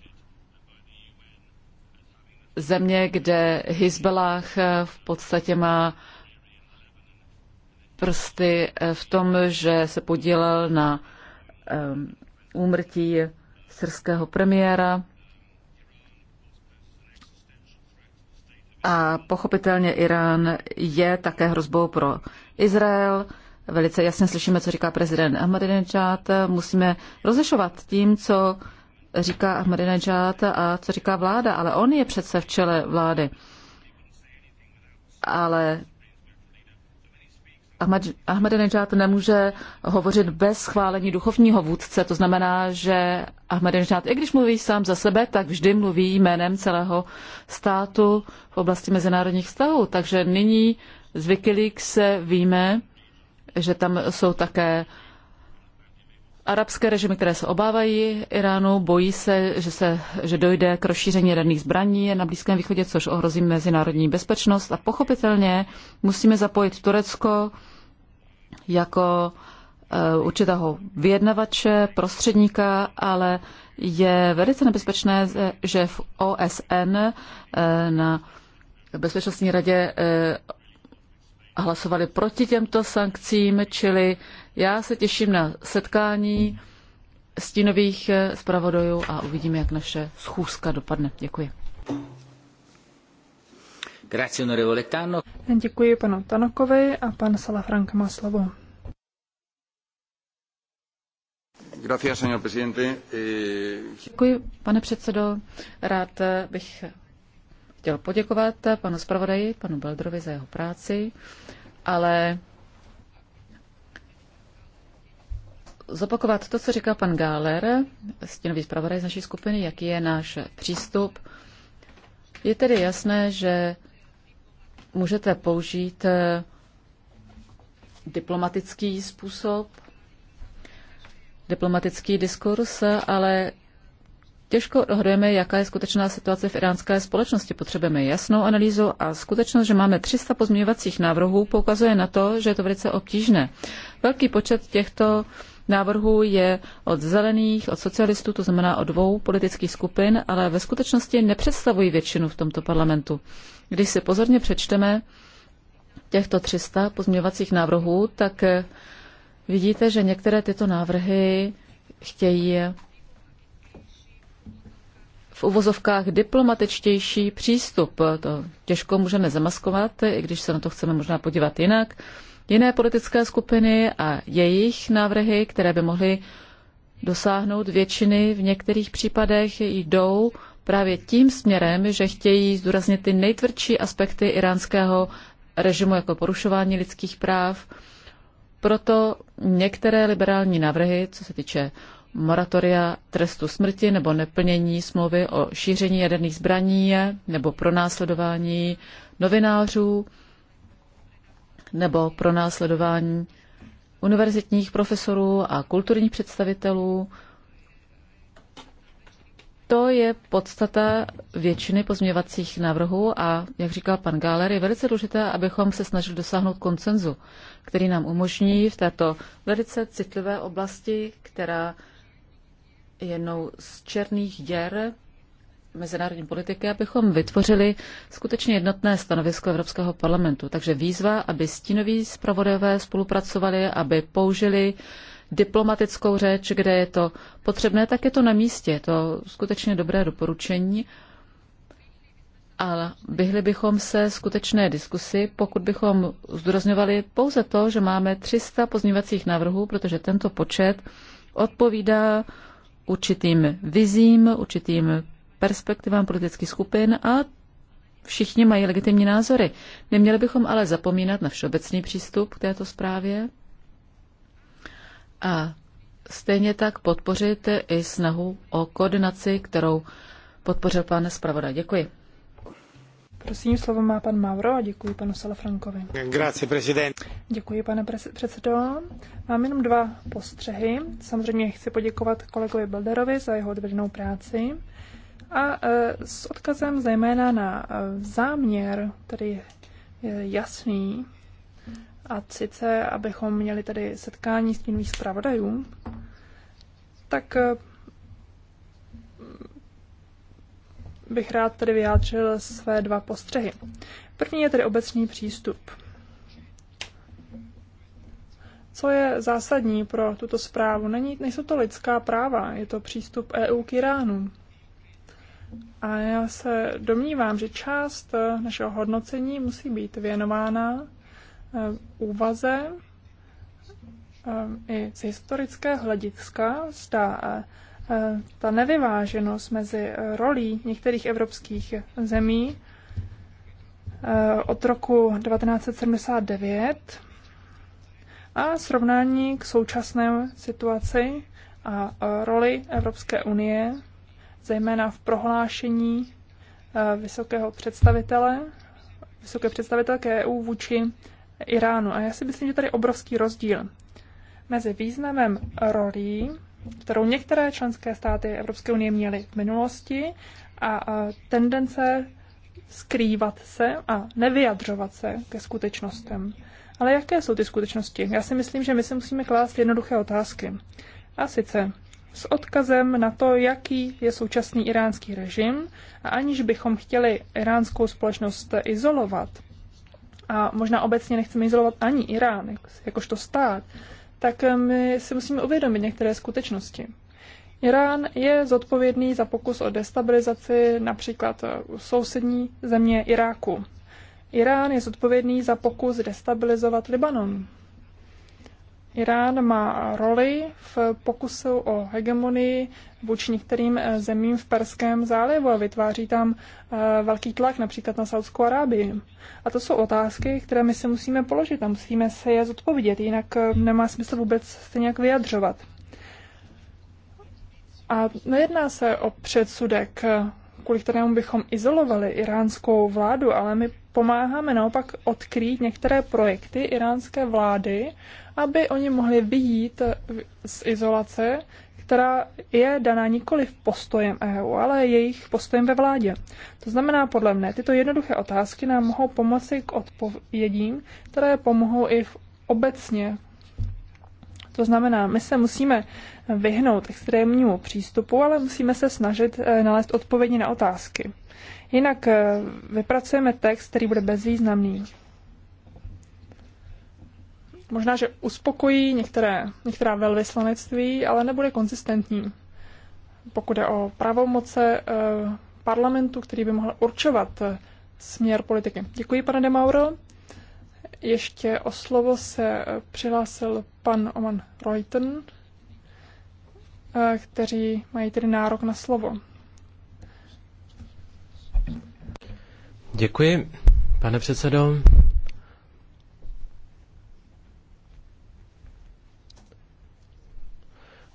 Speaker 4: země, kde Hezbollah eh, v podstatě má prsty v tom, že se podílel na úmrtí srského premiéra a pochopitelně Irán je také hrozbou pro Izrael velice jasně slyšíme, co říká prezident Ahmadinejad. Musíme rozlišovat tím, co říká Ahmadinejad a co říká vláda, ale on je přece v čele vlády. Ale Ahmadinejad nemůže hovořit bez schválení duchovního vůdce. To znamená, že Ahmadinejad, i když mluví sám za sebe, tak vždy mluví jménem celého státu v oblasti mezinárodních vztahů. Takže nyní z Wikileaks víme, že tam jsou také arabské režimy, které se obávají Iránu, bojí se, že, se, že dojde k rozšíření jaderných zbraní na Blízkém východě, což ohrozí mezinárodní bezpečnost. A pochopitelně musíme zapojit Turecko jako eh, určitého vyjednavače, prostředníka, ale je velice nebezpečné, eh, že v OSN eh, na Bezpečnostní radě hlasovali proti těmto sankcím, čili já se těším na setkání stínových eh, zpravodajů a uvidíme, jak naše schůzka dopadne. Děkuji.
Speaker 2: Děkuji panu Tanokovi a pan Salafrank má slovo.
Speaker 1: Eh, Děkuji,
Speaker 4: pane předsedo. Rád eh, bych chtěl poděkovat panu zpravodaji, panu Beldrovi za jeho práci, ale zopakovat to, co říká pan Gáler, stínový zpravodaj z naší skupiny, jaký je náš přístup. Je tedy jasné, že můžete použít eh, diplomatický způsob, diplomatický diskurs, ale Těžko odhadujeme, jaká je skutečná situace v iránské společnosti. Potřebujeme jasnou analýzu a skutečnost, že máme 300 pozměňovacích návrhů, poukazuje na to, že je to velice obtížné. Velký počet těchto návrhů je od zelených, od socialistů, to znamená od dvou politických skupin, ale ve skutečnosti nepředstavují většinu v tomto parlamentu. Když si pozorně přečteme těchto 300 pozměňovacích návrhů, tak vidíte, že některé tyto návrhy chtějí uvozovkách diplomatičtější přístup. To těžko můžeme zamaskovat, i když se na to chceme možná podívat jinak. Jiné politické skupiny a jejich návrhy, které by mohly dosáhnout většiny v některých případech, jdou právě tím směrem, že chtějí zdůraznit ty nejtvrdší aspekty iránského režimu jako porušování lidských práv. Proto některé liberální návrhy, co se týče moratoria trestu smrti nebo neplnění smlouvy o šíření jaderných zbraní nebo pronásledování novinářů nebo pronásledování univerzitních profesorů a kulturních představitelů. To je podstata většiny pozměňovacích návrhů a, jak říkal pan Gáler, je velice důležité, abychom se snažili dosáhnout koncenzu, který nám umožní v této velice citlivé oblasti, která jednou z černých děr mezinárodní politiky, abychom vytvořili skutečně jednotné stanovisko Evropského parlamentu. Takže výzva, aby stínoví zpravodajové spolupracovali, aby použili diplomatickou řeč, kde je to potřebné, tak je to na místě. Je to skutečně dobré doporučení. Ale byhli bychom se skutečné diskusy, pokud bychom zdůrazňovali pouze to, že máme 300 pozměňovacích návrhů, protože tento počet odpovídá určitým vizím, určitým perspektivám politických skupin a všichni mají legitimní názory. Neměli bychom ale zapomínat na všeobecný přístup k této zprávě a stejně tak podpořit i snahu o koordinaci, kterou podpořil pan zpravodaj.
Speaker 2: Děkuji. Prosím, slovo má pan Mauro a děkuji panu Salafrankovi. Grazie, prezident. Děkuji, pane předsedo. Mám jenom dva postřehy. Samozřejmě chci poděkovat kolegovi Belderovi za jeho odvedenou práci a e, s odkazem zejména na e, záměr, který je jasný, a sice, abychom měli tady setkání s tím zpravodajů, tak e, bych rád tedy vyjádřil své dva postřehy. První je tedy obecný přístup. Co je zásadní pro tuto zprávu? Není, nejsou to lidská práva, je to přístup EU k Iránu. A já se domnívám, že část eh, našeho hodnocení musí být věnována eh, úvaze eh, i z historického hlediska, zda Eh, ta nevyváženost mezi eh, rolí některých evropských zemí eh, od roku 1979 a srovnání k současné situaci a roli Evropské unie, zejména v prohlášení vysokého představitele, vysoké představitelky EU vůči Iránu. A já si myslím, že tady je obrovský rozdíl mezi významem rolí kterou některé členské státy Evropské unie měly v minulosti a tendence skrývat se a nevyjadřovat se ke skutečnostem. Ale jaké jsou ty skutečnosti? Já si myslím, že my si musíme klást jednoduché otázky. A sice s odkazem na to, jaký je současný iránský režim, a aniž bychom chtěli iránskou společnost izolovat, a možná obecně nechceme izolovat ani Irán jakožto stát, tak eh, my si musíme uvědomit některé skutečnosti. Irán je zodpovědný za pokus o destabilizaci například eh, sousední země Iráku. Irán je zodpovědný za pokus destabilizovat Libanon. Irán má roli v pokusu o hegemonii vůči některým eh, zemím v Perském zálivu a vytváří tam eh, velký tlak například na Saudskou Arábii. A to jsou otázky, které my si musíme položit a musíme se je zodpovědět, jinak eh, nemá smysl vůbec se nějak vyjadřovat. A nejedná se o předsudek, kvůli kterému bychom izolovali iránskou vládu, ale my pomáháme naopak odkrýt některé projekty iránské vlády, aby oni mohli vyjít z izolace, která je daná nikoli v postojem EU, ale jejich postojem ve vládě. To znamená, podle mne, tyto jednoduché otázky nám mohou pomoci k odpovědím, které pomohou i v obecně. To znamená, my se musíme vyhnout extrémnímu přístupu, ale musíme se snažit eh, nalézt odpovědi na otázky. Jinak eh, vypracujeme text, který bude bezvýznamný možná, že uspokojí některé, některá velvyslanectví, ale nebude konzistentní. Pokud je o pravomoce eh, parlamentu, který by mohl určovat eh, směr politiky. Děkuji, pane de Mauro. Ještě o slovo se eh, přihlásil pan Oman Reuten, kteří mají tedy nárok na slovo.
Speaker 3: Děkuji, pane předsedo.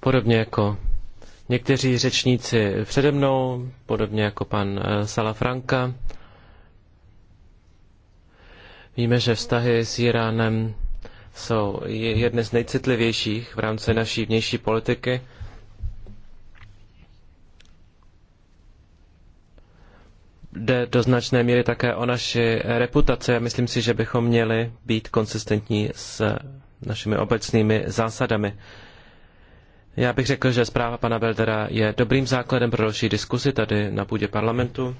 Speaker 3: Podobně jako někteří řečníci přede mnou, podobně jako pan eh, Salafranka, víme, že vztahy s Iránem jsou jedny z nejcitlivějších v rámci naší vnější politiky. Jde do značné míry také o naši reputaci a myslím si, že bychom měli být konsistentní s našimi obecnými zásadami. Já bych řekl, že zpráva pana Beldera je dobrým základem pro další diskusi tady na půdě parlamentu.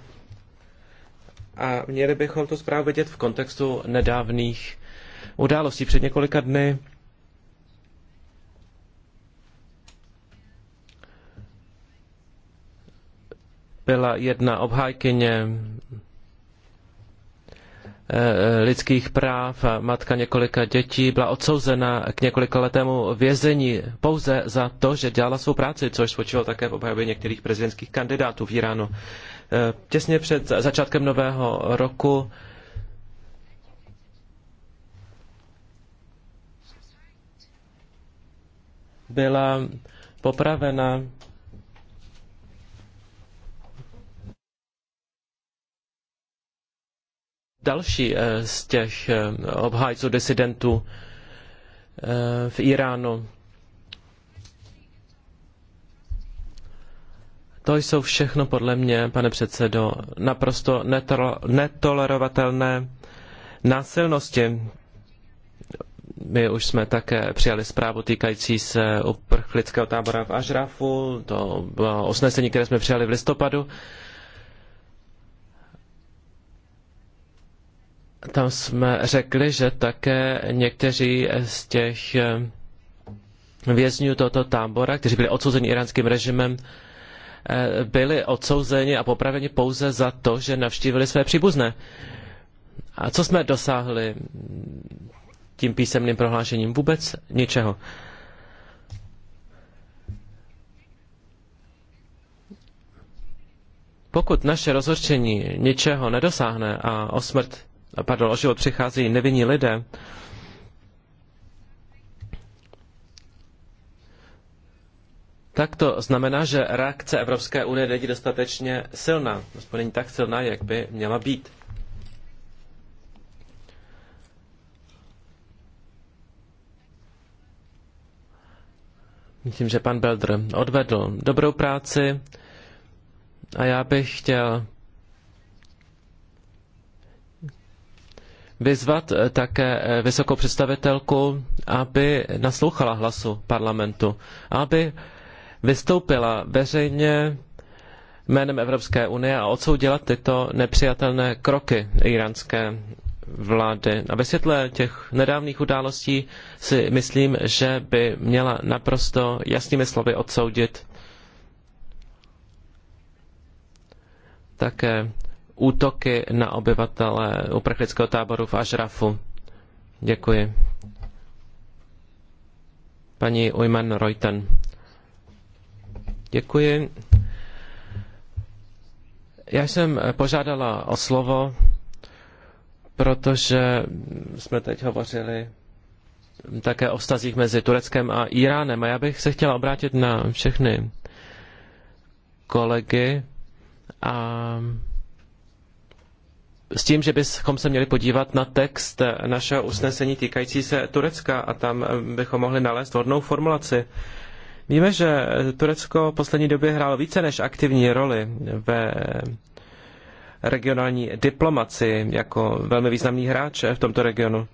Speaker 3: A měli bychom tu zprávu vidět v kontextu nedávných událostí před několika dny. Byla jedna obhájkyně Eh, lidských práv, matka několika dětí, byla odsouzena k několikaletému vězení pouze za to, že dělala svou práci, což spočívalo také v obhajobě některých prezidentských kandidátů v Iránu. Eh, těsně před začátkem nového roku byla popravena další eh, z těch eh, obhájců disidentů eh, v Iránu. To jsou všechno podle mě, pane předsedo, naprosto netolerovatelné násilnosti. My už jsme také přijali zprávu týkající se uprchlického tábora v Ažrafu, to bylo usnesení, které jsme přijali v listopadu. tam jsme řekli, že také někteří z těch eh, vězňů tohoto tábora, kteří byli odsouzeni iránským režimem, eh, byli odsouzeni a popraveni pouze za to, že navštívili své příbuzné. A co jsme dosáhli tím písemným prohlášením? Vůbec ničeho. Pokud naše rozhorčení ničeho nedosáhne a o smrt pardon, o život přicházejí nevinní lidé, tak to znamená, že reakce Evropské unie není dostatečně silná, aspoň není tak silná, jak by měla být. Myslím, že pan Beldr odvedl dobrou práci a já bych chtěl vyzvat eh, také eh, vysokou představitelku, aby naslouchala hlasu parlamentu, aby vystoupila veřejně jménem Evropské unie a odsoudila tyto nepřijatelné kroky iránské vlády. A ve světle těch nedávných událostí si myslím, že by měla naprosto jasnými slovy odsoudit také útoky na obyvatele uprchlického táboru v Ažrafu. Děkuji. Paní Ujman Reuten. Děkuji. Já jsem požádala o slovo, protože jsme teď hovořili také o vztazích mezi Tureckem a Iránem. A já bych se chtěla obrátit na všechny kolegy a s tím, že bychom se měli podívat na text našeho usnesení týkající se Turecka a tam bychom mohli nalézt vhodnou formulaci. Víme, že Turecko v poslední době hrálo více než aktivní roli ve regionální diplomaci jako velmi významný hráč v tomto regionu.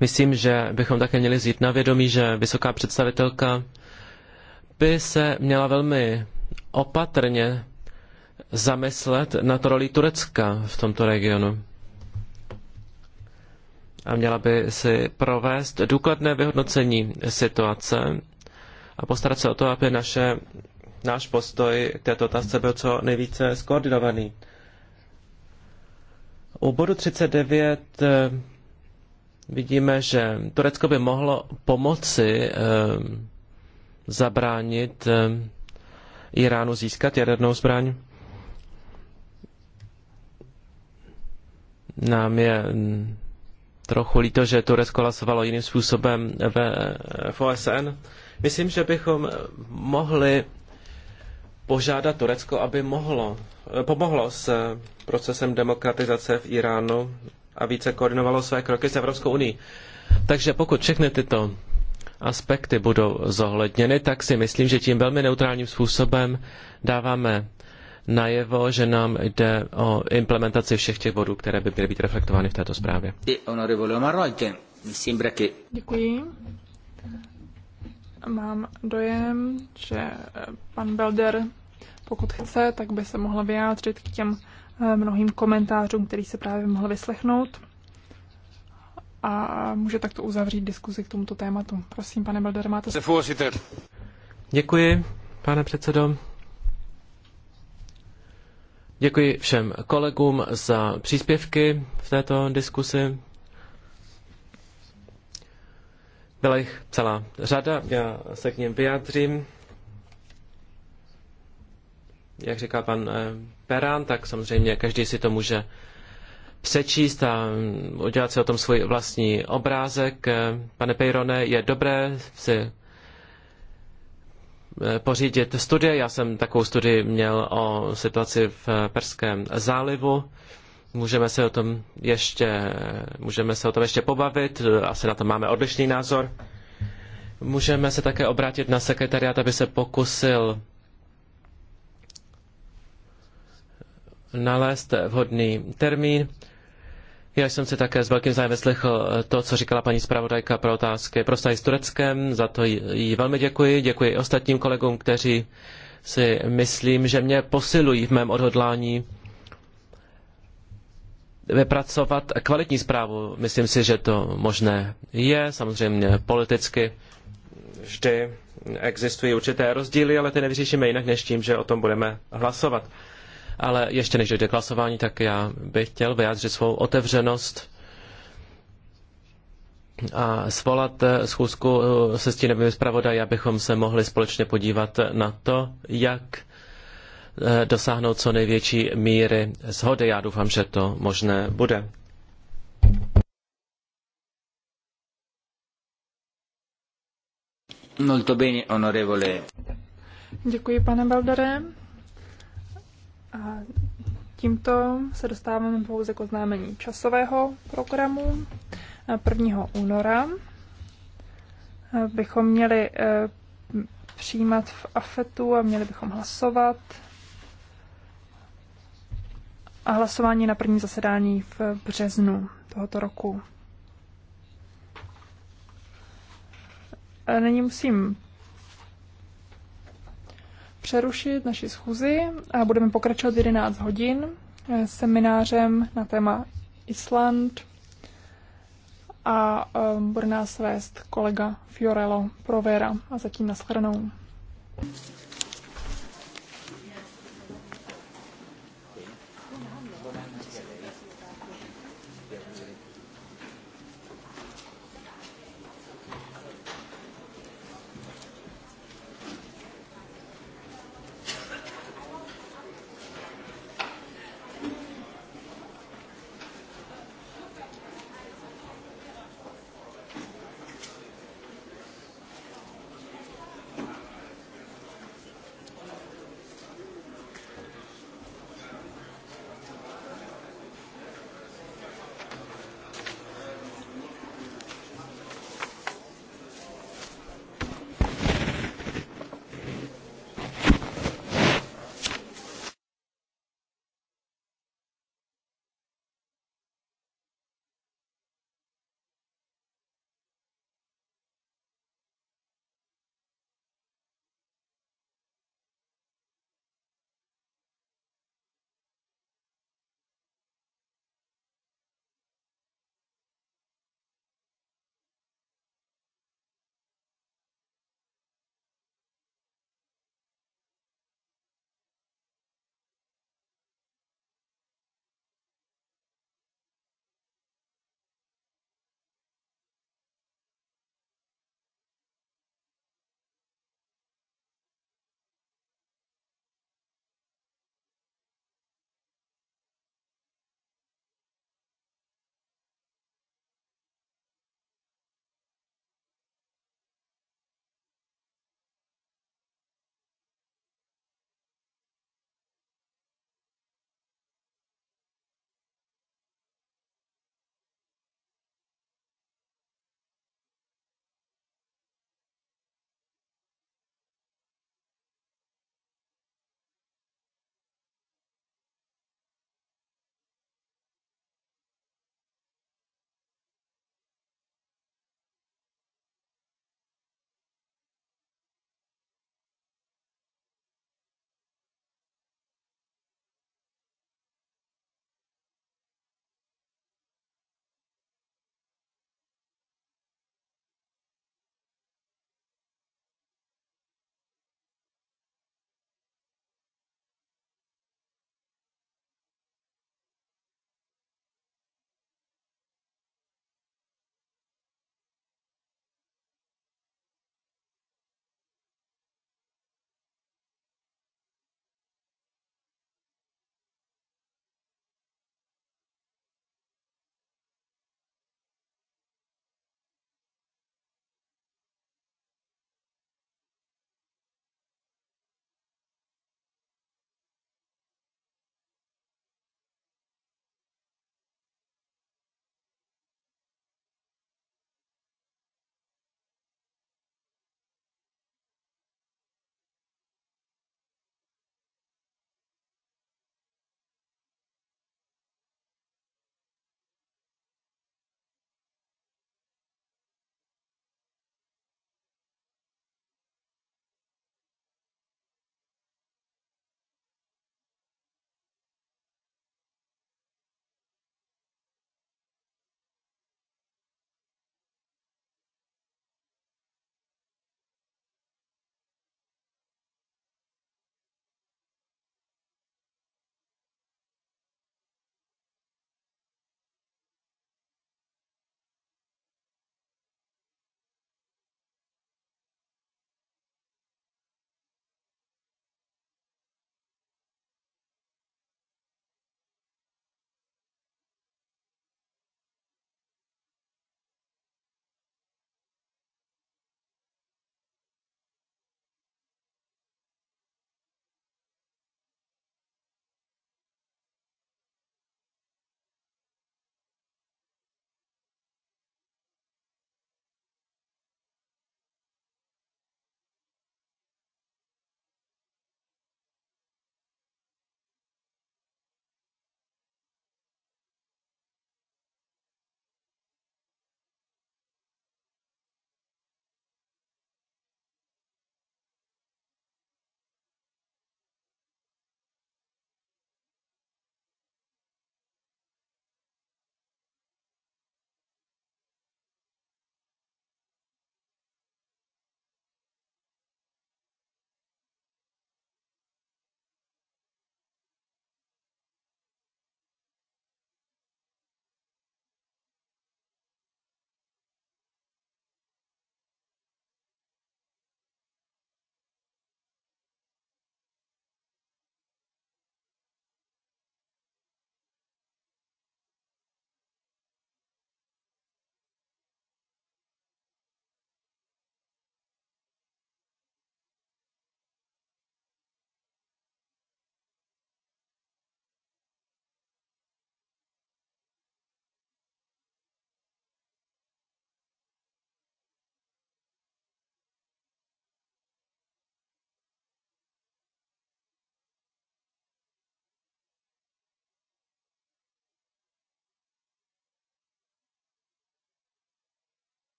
Speaker 3: Myslím, že bychom také měli vzít na vědomí, že vysoká představitelka by se měla velmi opatrně zamyslet nad roli Turecka v tomto regionu. A měla by si provést důkladné vyhodnocení situace a postarat se o to, aby naše, náš postoj k této otázce byl co nejvíce skoordinovaný. U bodu 39 eh, vidíme, že Turecko by mohlo pomoci eh, zabránit eh, Iránu získat jadernou zbraň. nám je mm, trochu líto, že Turecko hlasovalo jiným způsobem ve, v OSN. Myslím, že bychom mohli požádat Turecko, aby mohlo, pomohlo s procesem demokratizace v Iránu a více koordinovalo své kroky s Evropskou unii. Takže pokud všechny tyto aspekty budou zohledněny, tak si myslím, že tím velmi neutrálním způsobem dáváme najevo, že nám jde o implementaci všech těch bodů, které by měly být reflektovány v této zprávě. Eh,
Speaker 2: eh, Děkuji. Mám dojem, že eh, pan Belder, pokud chce, tak by se mohl vyjádřit k těm mnohým komentářům, který se právě mohl vyslechnout. A může takto uzavřít diskuzi k tomuto tématu. Prosím, pane Belder, máte...
Speaker 3: Děkuji, pane předsedo. Děkuji všem kolegům za příspěvky v této diskusi. Byla jich celá řada, já se k něm vyjádřím. Jak říká pan eh, Perán, tak samozřejmě každý si to může přečíst a mm, udělat si o tom svůj vlastní obrázek. Eh, Pane Pejrone, je dobré si Eh, pořídit studie. Já jsem takovou studii měl o situaci v Perském zálivu. Můžeme se o tom ještě, můžeme se o tom ještě pobavit, asi na to máme odlišný názor. Můžeme se také obrátit na sekretariát, aby se pokusil nalézt vhodný termín. Já jsem si také s velkým zájem vyslechl eh, to, co říkala paní zpravodajka pro otázky pro s Tureckem. Za to jí velmi děkuji. Děkuji i ostatním kolegům, kteří si myslím, že mě posilují v mém odhodlání vypracovat kvalitní zprávu. Myslím si, že to možné je. Samozřejmě politicky vždy existují určité rozdíly, ale ty nevyřešíme jinak než tím, že o tom budeme hlasovat ale ještě než dojde k hlasování, tak já bych chtěl vyjádřit svou otevřenost a svolat eh, schůzku eh, se stínovým zpravodaji, abychom se mohli společně podívat na to, jak eh, dosáhnout co největší míry shody. Já doufám, že to možné bude. Molto bene, onorevole.
Speaker 2: Děkuji, pane Baldarem. A tímto se dostáváme pouze k oznámení časového programu 1. února. Bychom měli eh, přijímat v AFETu a měli bychom hlasovat. A hlasování na první zasedání v březnu tohoto roku. Nyní musím přerušit naši schůzi a budeme pokračovat v 11 hodin seminářem na téma Island a um, bude nás vést kolega Fiorello Provera a zatím nashledanou.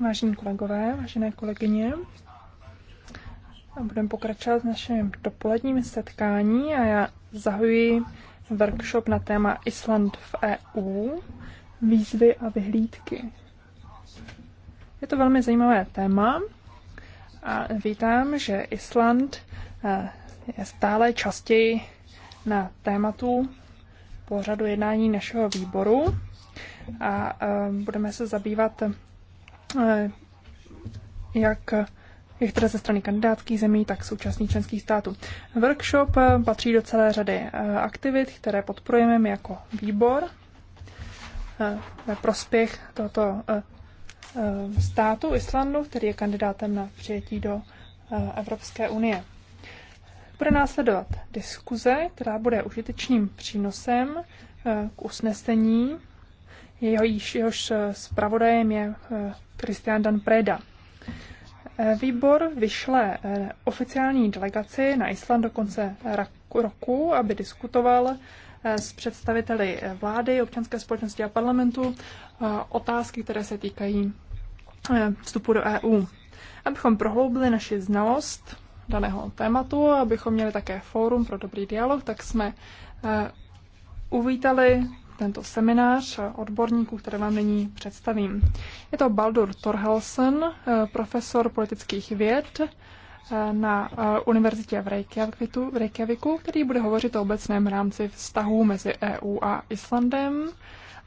Speaker 2: Vážení kolegové, vážené kolegyně, budeme pokračovat s naším dopoledním setkání a já zahuji workshop na téma Island v EU, výzvy a vyhlídky. Je to velmi zajímavé téma a vítám, že Island eh, je stále častěji na tématu pořadu jednání našeho výboru a eh, budeme se zabývat, eh, jak jak teda ze strany kandidátských zemí, tak současných členských států. Workshop eh, patří do celé řady aktivit, které podporujeme my jako výbor ve prospěch tohoto státu Islandu, který je kandidátem na přijetí do Evropské unie. Bude následovat diskuze, která bude užitečným přínosem k usnesení jeho, jehož eh, zpravodajem je eh, Christian Dan Preda. Eh, výbor vyšle oficiální delegaci na Island do konce roku, aby diskutoval s představiteli vlády, občanské společnosti a parlamentu otázky, které se týkají vstupu do EU. Abychom prohloubili naši znalost daného tématu a abychom měli také fórum pro dobrý dialog, tak jsme uvítali tento seminář odborníků, které vám nyní představím. Je to Baldur Thorhelsen, eh, profesor politických věd eh, na eh, univerzitě v Reykjaviku, v Reykjaviku, který bude hovořit o obecném rámci vztahů mezi EU a Islandem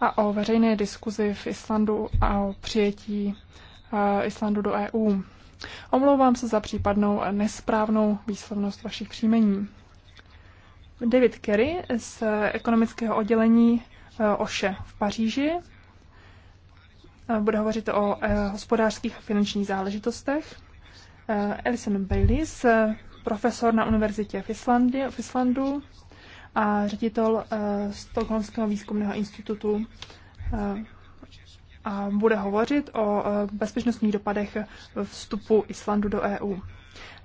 Speaker 2: a o veřejné diskuzi v Islandu a o přijetí Islandu do EU. Omlouvám se za případnou nesprávnou výslovnost vašich příjmení. David Kerry z ekonomického oddělení Eh, OŠE v Paříži. Eh, bude hovořit o eh, hospodářských a finančních záležitostech. Alison Baylis, profesor na univerzitě v, Islandi, v Islandu a ředitel Stockholmského výzkumného institutu a bude hovořit o bezpečnostních dopadech vstupu Islandu do EU.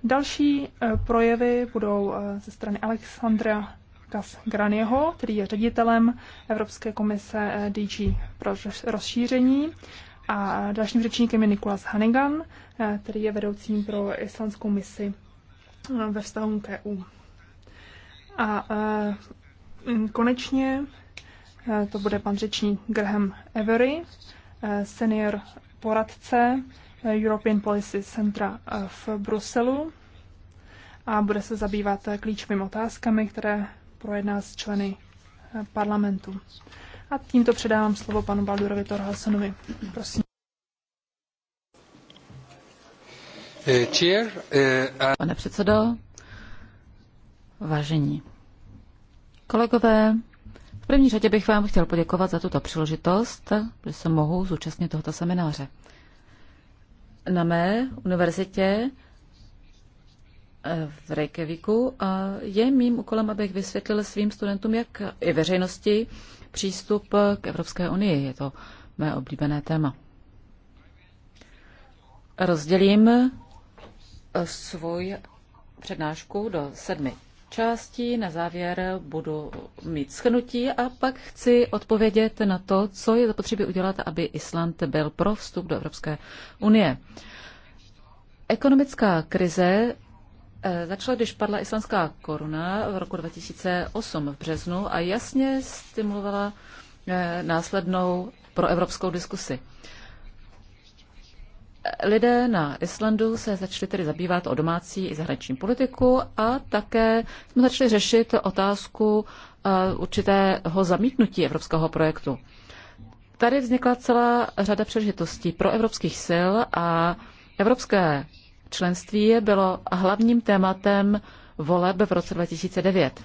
Speaker 2: Další projevy budou ze strany Alexandra Kas Granieho, který je ředitelem Evropské komise eh, DG pro rozšíření. A dalším řečníkem je Nikolas Hannigan, eh, který je vedoucím pro islandskou misi eh, ve vztahu k EU. A konečně to bude pan řečník Graham Avery, senior poradce European Policy Centra v Bruselu a bude se zabývat klíčovými otázkami, které projednal s členy eh, parlamentu. A tímto předávám slovo panu Baldurovi Torhalsonovi. Prosím.
Speaker 4: Eh, eh, Pane předsedo, vážení kolegové, v první řadě bych vám chtěl poděkovat za tuto příležitost, že se mohu zúčastnit tohoto semináře. Na mé univerzitě v Reykjavíku a je mým úkolem, abych vysvětlil svým studentům, jak i veřejnosti přístup k Evropské unii. Je to mé oblíbené téma. Rozdělím eh, svůj přednášku do sedmi částí. Na závěr budu mít schnutí a pak chci odpovědět na to, co je zapotřebí udělat, aby Island byl pro vstup do Evropské unie. Ekonomická krize Eh, začala, když padla islandská koruna v roku 2008 v březnu a jasně stimulovala eh, následnou proevropskou diskusi. Lidé na Islandu se začali tedy zabývat o domácí i zahraniční politiku a také jsme začali řešit otázku eh, určitého zamítnutí evropského projektu. Tady vznikla celá řada příležitostí pro evropských sil a evropské členství bylo hlavním tématem voleb v roce 2009.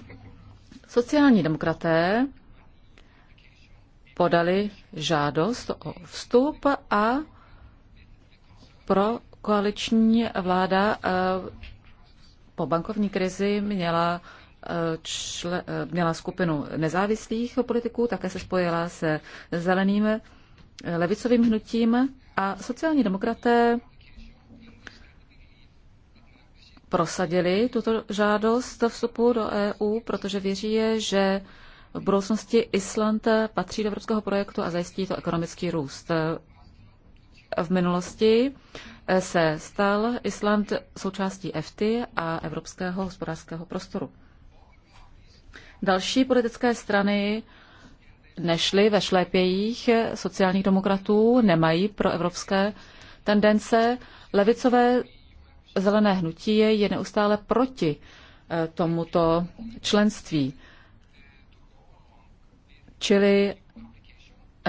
Speaker 4: Sociální demokraté podali žádost o vstup a pro koaliční vláda eh, po bankovní krizi měla, eh, čle, eh, měla skupinu nezávislých politiků, také se spojila se zeleným levicovým hnutím a sociální demokraté prosadili tuto žádost vstupu do EU, protože věří, že v budoucnosti Island patří do evropského projektu a zajistí to ekonomický růst. V minulosti se stal Island součástí EFT a Evropského hospodářského prostoru. Další politické strany nešly ve šlépějích sociálních demokratů, nemají pro evropské tendence. Levicové zelené hnutí je je neustále proti e, tomuto členství. Čili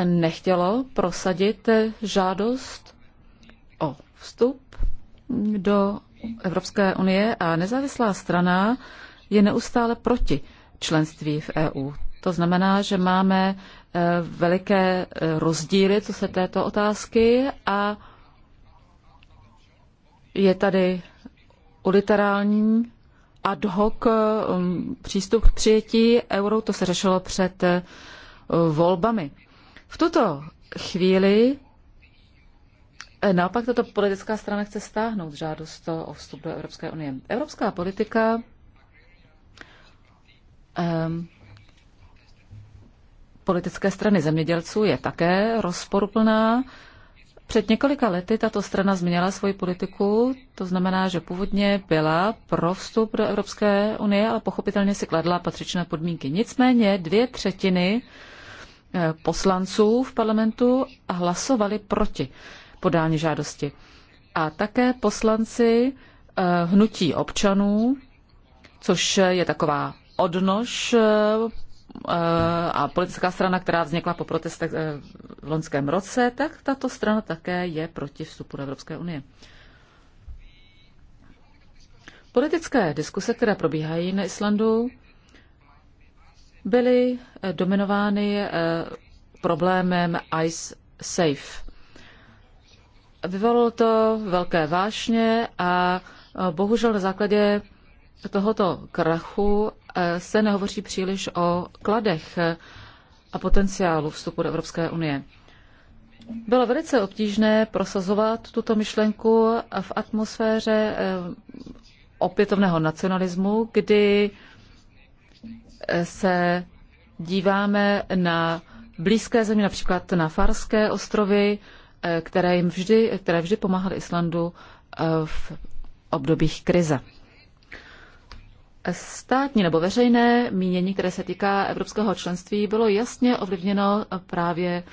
Speaker 4: nechtělo prosadit žádost o vstup do Evropské unie a nezávislá strana je neustále proti členství v EU. To znamená, že máme e, veliké e, rozdíly, co se této otázky a je tady uliterální ad hoc um, přístup k přijetí euro, to se řešilo před eh, volbami. V tuto chvíli eh, naopak tato politická strana chce stáhnout žádost o vstup do Evropské unie. Evropská politika um, politické strany zemědělců je také rozporuplná. Před několika lety tato strana změnila svoji politiku, to znamená, že původně byla pro vstup do Evropské unie, ale pochopitelně si kladla patřičné podmínky. Nicméně dvě třetiny eh, poslanců v parlamentu hlasovali proti podání žádosti. A také poslanci eh, hnutí občanů, což je taková odnož eh, Eh, a politická strana, která vznikla po protestech eh, v loňském roce, tak tato strana také je proti vstupu do Evropské unie. Politické diskuse, které probíhají na Islandu, byly eh, dominovány problémem Ice Safe. Vyvolalo to velké vášně a bohužel na základě tohoto krachu Eh, se nehovoří příliš o kladech eh, a potenciálu vstupu do Evropské unie. Bylo velice obtížné prosazovat tuto myšlenku v atmosféře eh, opětovného nacionalismu, kdy se díváme na blízké země, například na Farské ostrovy, které jim vždy, které vždy pomáhaly Islandu v obdobích krize státní nebo veřejné mínění, které se týká evropského členství, bylo jasně ovlivněno právě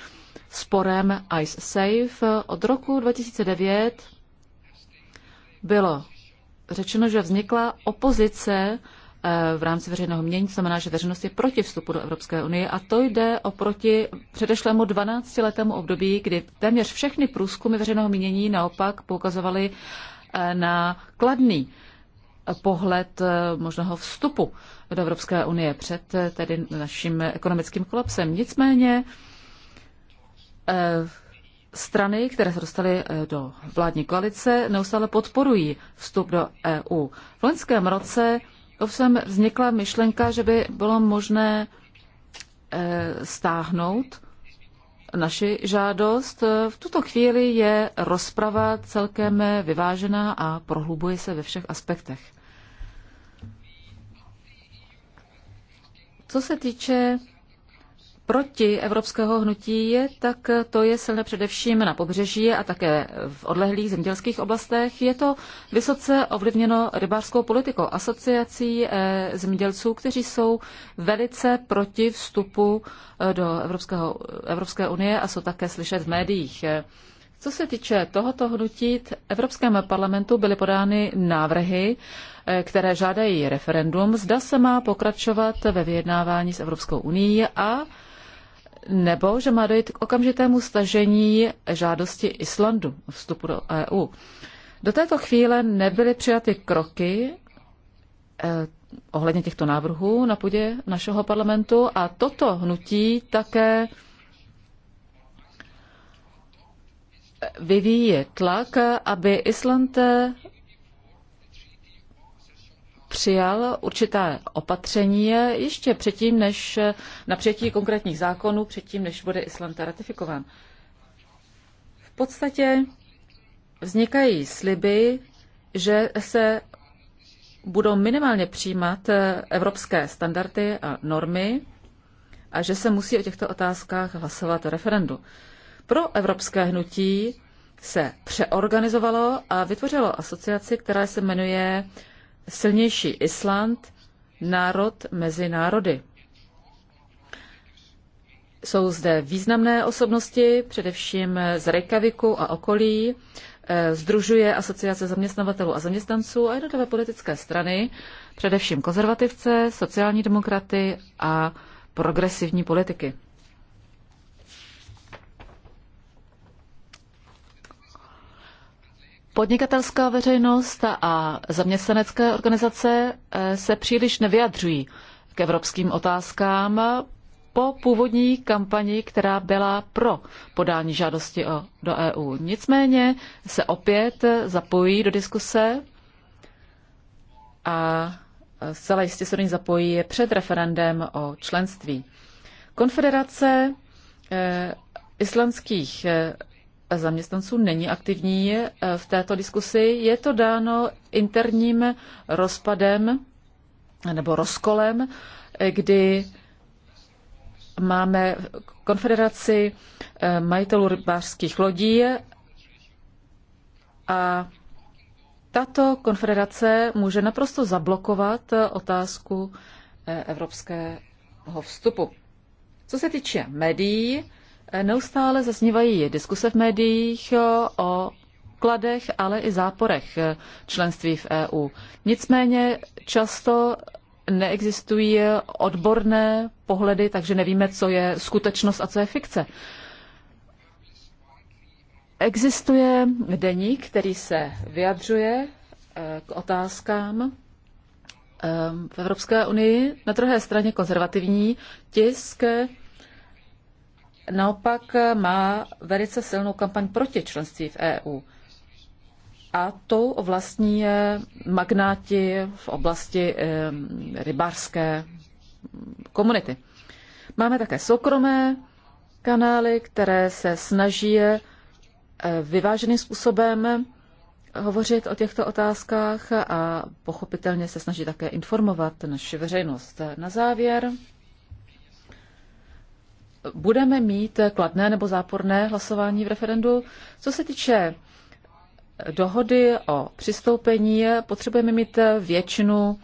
Speaker 4: sporem Ice Safe. Od roku 2009 bylo řečeno, že vznikla opozice eh, v rámci veřejného mění, to znamená, že veřejnost je proti vstupu do Evropské unie a to jde oproti předešlému 12-letému období, kdy téměř všechny průzkumy veřejného mínění naopak poukazovaly eh, na kladný pohled eh, možného vstupu do Evropské unie před eh, tedy naším ekonomickým kolapsem. Nicméně eh, strany, které se dostaly do vládní koalice, neustále podporují vstup do EU. V loňském roce ovšem vznikla myšlenka, že by bylo možné stáhnout naši žádost. V tuto chvíli je rozprava celkem vyvážená a prohlubuje se ve všech aspektech. Co se týče proti evropského hnutí, tak to je silné především na pobřeží a také v odlehlých zemědělských oblastech. Je to vysoce ovlivněno rybářskou politikou, asociací eh, zemědělců, kteří jsou velice proti vstupu eh, do Evropského, Evropské unie a jsou také slyšet v médiích. Eh, co se týče tohoto hnutí, Evropském parlamentu byly podány návrhy, eh, které žádají referendum, zda se má pokračovat ve vyjednávání s Evropskou unii a nebo že má dojít k okamžitému stažení žádosti Islandu o vstupu do EU. Do této chvíle nebyly přijaty kroky eh, ohledně těchto návrhů na půdě našeho parlamentu a toto hnutí také vyvíje tlak, aby Island eh, přijal určité opatření eh, ještě předtím, než eh, na přijetí konkrétních zákonů, předtím, než bude Island ratifikován. V podstatě vznikají sliby, že se budou minimálně přijímat evropské standardy a normy a že se musí o těchto otázkách hlasovat referendu. Pro evropské hnutí se přeorganizovalo a vytvořilo asociaci, která se jmenuje Silnější Island, národ mezi národy. Jsou zde významné osobnosti, především z Reykjaviku a okolí. Eh, združuje asociace zaměstnavatelů a zaměstnanců a jednotlivé politické strany, především konzervativce, sociální demokraty a progresivní politiky. podnikatelská veřejnost a zaměstnanecké organizace eh, se příliš nevyjadřují k evropským otázkám po původní kampani, která byla pro podání žádosti o, do EU. Nicméně se opět zapojí do diskuse a eh, zcela jistě se do ní zapojí před referendem o členství. Konfederace eh, islandských zaměstnanců není aktivní e, v této diskusi. Je to dáno interním rozpadem nebo rozkolem, e, kdy máme konfederaci e, majitelů rybářských lodí a tato konfederace může naprosto zablokovat otázku evropského vstupu. Co se týče médií, Neustále zasnívají diskuse v médiích eh, o kladech, ale i záporech eh, členství v EU. Nicméně často neexistují odborné pohledy, takže nevíme, co je skutečnost a co je fikce. Existuje deník, který se vyjadřuje eh, k otázkám v Evropské unii. Na druhé straně konzervativní tisk, naopak eh, má velice silnou kampaň proti členství v EU. A to vlastní eh, magnáti v oblasti eh, rybářské mm, komunity. Máme také soukromé kanály, které se snaží vyváženým způsobem hovořit o těchto otázkách a pochopitelně se snaží také informovat naši veřejnost. Na závěr budeme mít kladné nebo záporné hlasování v referendu. Co se týče dohody o přistoupení, potřebujeme mít většinu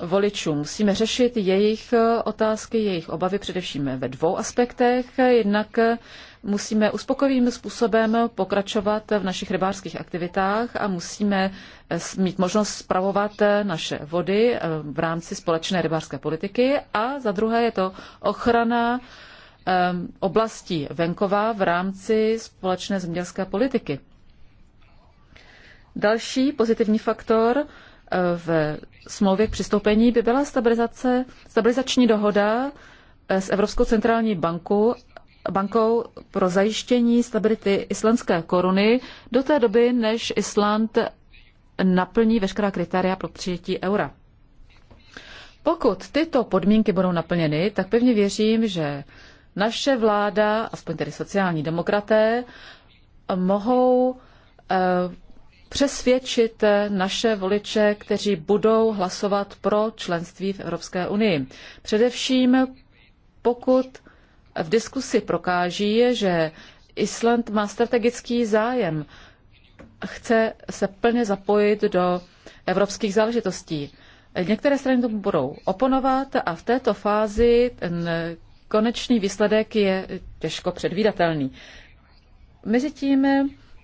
Speaker 4: voličů. Musíme řešit jejich otázky, jejich obavy především ve dvou aspektech. Jednak musíme uspokojivým způsobem pokračovat v našich rybářských aktivitách a musíme mít možnost spravovat naše vody eh, v rámci společné rybářské politiky. A za druhé je to ochrana Um, oblastí venkova v rámci společné zemědělské politiky. Další pozitivní faktor uh, v smlouvě k přistoupení by byla stabilizace, stabilizační dohoda uh, s Evropskou centrální banku, bankou pro zajištění stability islandské koruny do té doby, než Island naplní veškerá kritéria pro přijetí eura. Pokud tyto podmínky budou naplněny, tak pevně věřím, že naše vláda, aspoň tedy sociální demokraté, mohou eh, přesvědčit naše voliče, kteří budou hlasovat pro členství v Evropské unii. Především pokud v diskusi prokáží, že Island má strategický zájem, chce se plně zapojit do evropských záležitostí. Některé strany tomu budou oponovat a v této fázi ten konečný výsledek je těžko předvídatelný. Mezitím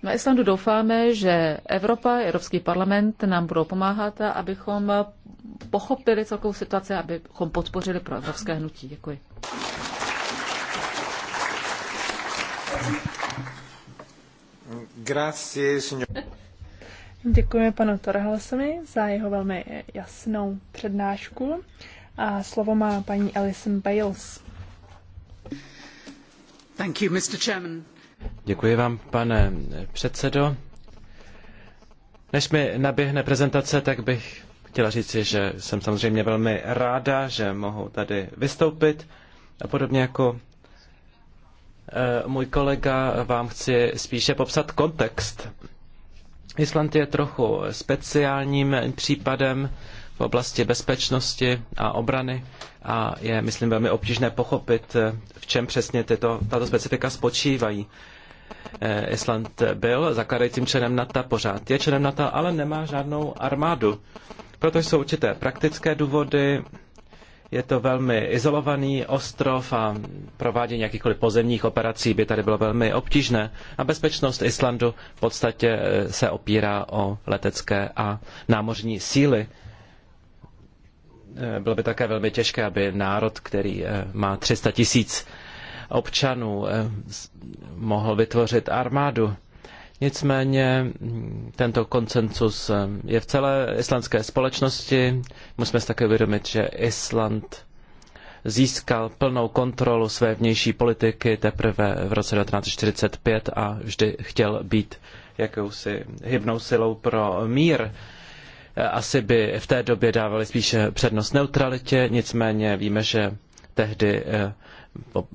Speaker 4: na Islandu doufáme, že Evropa, Evropský parlament nám budou pomáhat, abychom pochopili celkovou situaci, abychom podpořili pro
Speaker 1: evropské hnutí.
Speaker 2: Děkuji. Děkujeme panu Torhalsovi za jeho velmi jasnou přednášku a slovo má paní Alison Bales.
Speaker 3: Děkuji vám, pane předsedo. Než mi naběhne prezentace, tak bych chtěla říci, že jsem samozřejmě velmi ráda, že mohu tady vystoupit a podobně jako eh, můj kolega vám chci spíše popsat kontext. Island je trochu speciálním případem, v oblasti bezpečnosti a obrany a je, myslím, velmi obtížné pochopit, eh, v čem přesně tyto, tato specifika spočívají. Eh, Island byl zakladajícím členem NATO, pořád je členem NATO, ale nemá žádnou armádu. Proto jsou určité praktické důvody, je to velmi izolovaný ostrov a provádění jakýchkoliv pozemních operací by tady bylo velmi obtížné. A bezpečnost Islandu v podstatě eh, se opírá o letecké a námořní síly Eh, bylo by také velmi těžké, aby národ, který eh, má 300 tisíc občanů, eh, mohl vytvořit armádu. Nicméně mm, tento koncensus je v celé islandské společnosti. Musíme si také uvědomit, že Island získal plnou kontrolu své vnější politiky teprve v roce 1945 a vždy chtěl být jakousi hybnou silou pro mír. Eh, asi by v té době dávali spíše přednost neutralitě, nicméně víme, že tehdy eh,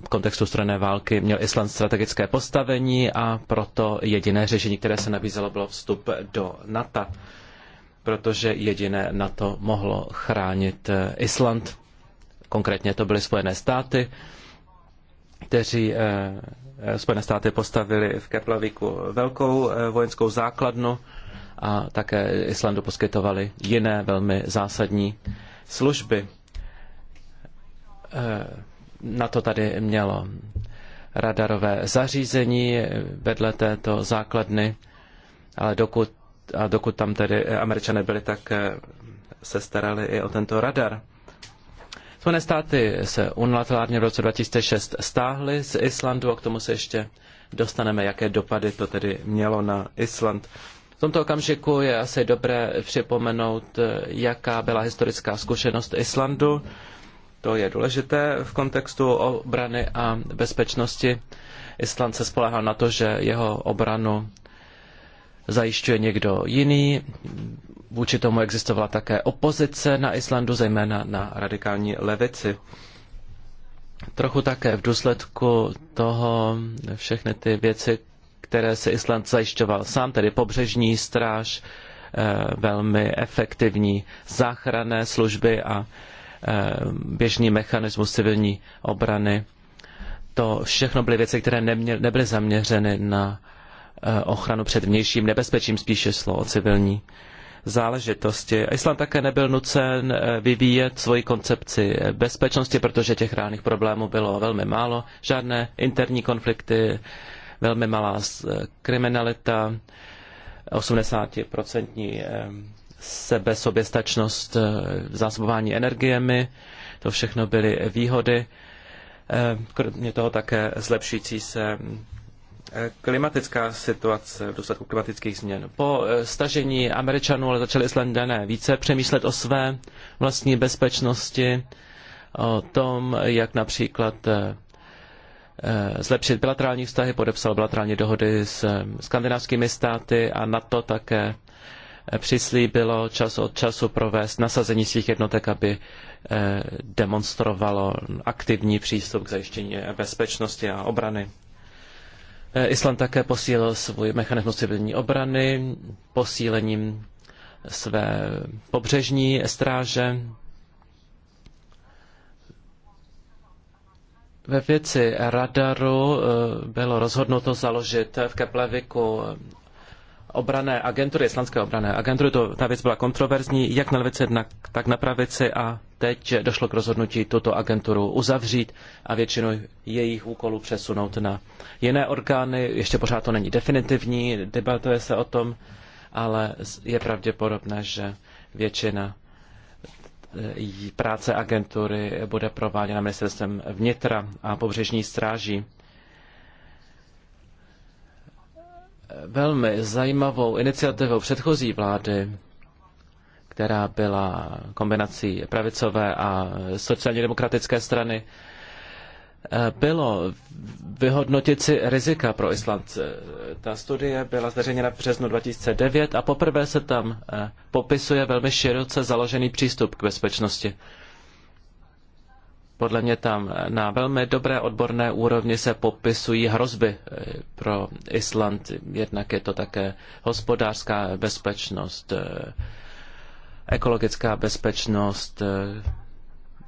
Speaker 3: v kontextu strané války měl Island strategické postavení a proto jediné řešení, které se nabízelo, bylo vstup do NATO, protože jediné NATO mohlo chránit eh, Island. Konkrétně to byly Spojené státy, kteří Spojené státy postavili v Keplaviku velkou vojenskou základnu a také Islandu poskytovali jiné velmi zásadní služby. Eh, na to tady mělo radarové zařízení vedle této základny, ale dokud, a dokud tam tedy američané byli, tak eh, se starali i o tento radar. Spojené státy se unilaterálně v roce 2006 stáhly z Islandu a k tomu se ještě dostaneme, jaké dopady to tedy mělo na Island. V tomto okamžiku je asi dobré připomenout, eh, jaká byla historická zkušenost Islandu. To je důležité v kontextu obrany a bezpečnosti. Island se spoléhal na to, že jeho obranu zajišťuje někdo jiný. Vůči tomu existovala také opozice na Islandu, zejména na radikální levici. Trochu také v důsledku toho všechny ty věci, které se Island zajišťoval sám, tedy pobřežní stráž, eh, velmi efektivní záchranné služby a eh, běžný mechanismus civilní obrany. To všechno byly věci, které nebyly zaměřeny na eh, ochranu před vnějším nebezpečím, spíše šlo o civilní záležitosti. Island také nebyl nucen vyvíjet svoji koncepci bezpečnosti, protože těch reálných problémů bylo velmi málo. Žádné interní konflikty, velmi malá eh, kriminalita, 80% eh, sebe soběstačnost v eh, zásobování energiemi, to všechno byly výhody. Kromě toho také zlepšující se klimatická situace v důsledku klimatických změn. Po stažení Američanů ale začali Islandané více přemýšlet o své vlastní bezpečnosti, o tom, jak například Eh, zlepšit bilaterální vztahy, podepsal bilaterální dohody s eh, skandinávskými státy a na to také eh, přislíbilo čas od času provést nasazení svých jednotek, aby demonstrovalo aktivní přístup k zajištění bezpečnosti a obrany. Island také posílil svůj mechanismus civilní obrany posílením své pobřežní stráže Ve věci radaru eh, bylo rozhodnuto založit v Keplaviku eh, obrané agentury, islandské obrané agentury, to, ta věc byla kontroverzní, jak na levici, tak na pravici a teď došlo k rozhodnutí tuto agenturu uzavřít a většinu jejich úkolů přesunout na jiné orgány. Ještě pořád to není definitivní, debatuje se o tom, ale je pravděpodobné, že většina Eh, práce agentury bude prováděna ministerstvem vnitra a pobřežní stráží. Velmi zajímavou iniciativou předchozí vlády, která byla kombinací pravicové a sociálně demokratické strany, Eh, bylo vyhodnotit si rizika pro Island. Eh, ta studie byla zveřejněna v březnu 2009 a poprvé se tam eh, popisuje velmi široce založený přístup k bezpečnosti. Podle mě tam na velmi dobré odborné úrovni se popisují hrozby pro Island. Jednak je to také hospodářská bezpečnost, ekologická bezpečnost,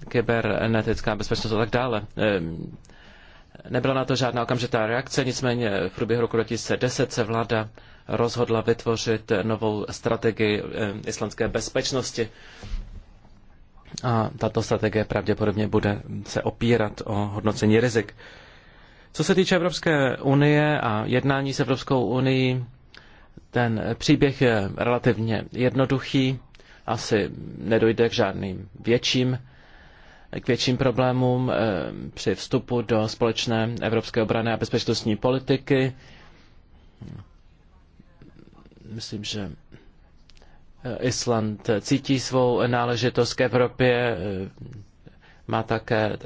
Speaker 3: kybernetická bezpečnost a tak dále. Ehm, nebyla na to žádná okamžitá reakce, nicméně v průběhu roku 2010 se vláda rozhodla vytvořit novou strategii ehm, islandské bezpečnosti. A tato strategie pravděpodobně bude se opírat o hodnocení rizik. Co se týče Evropské unie a jednání s Evropskou unii, ten příběh je relativně jednoduchý, asi nedojde k žádným větším k větším problémům eh, při vstupu do společné evropské obrany a bezpečnostní politiky. Myslím, že eh, Island cítí svou náležitost k Evropě, eh, má také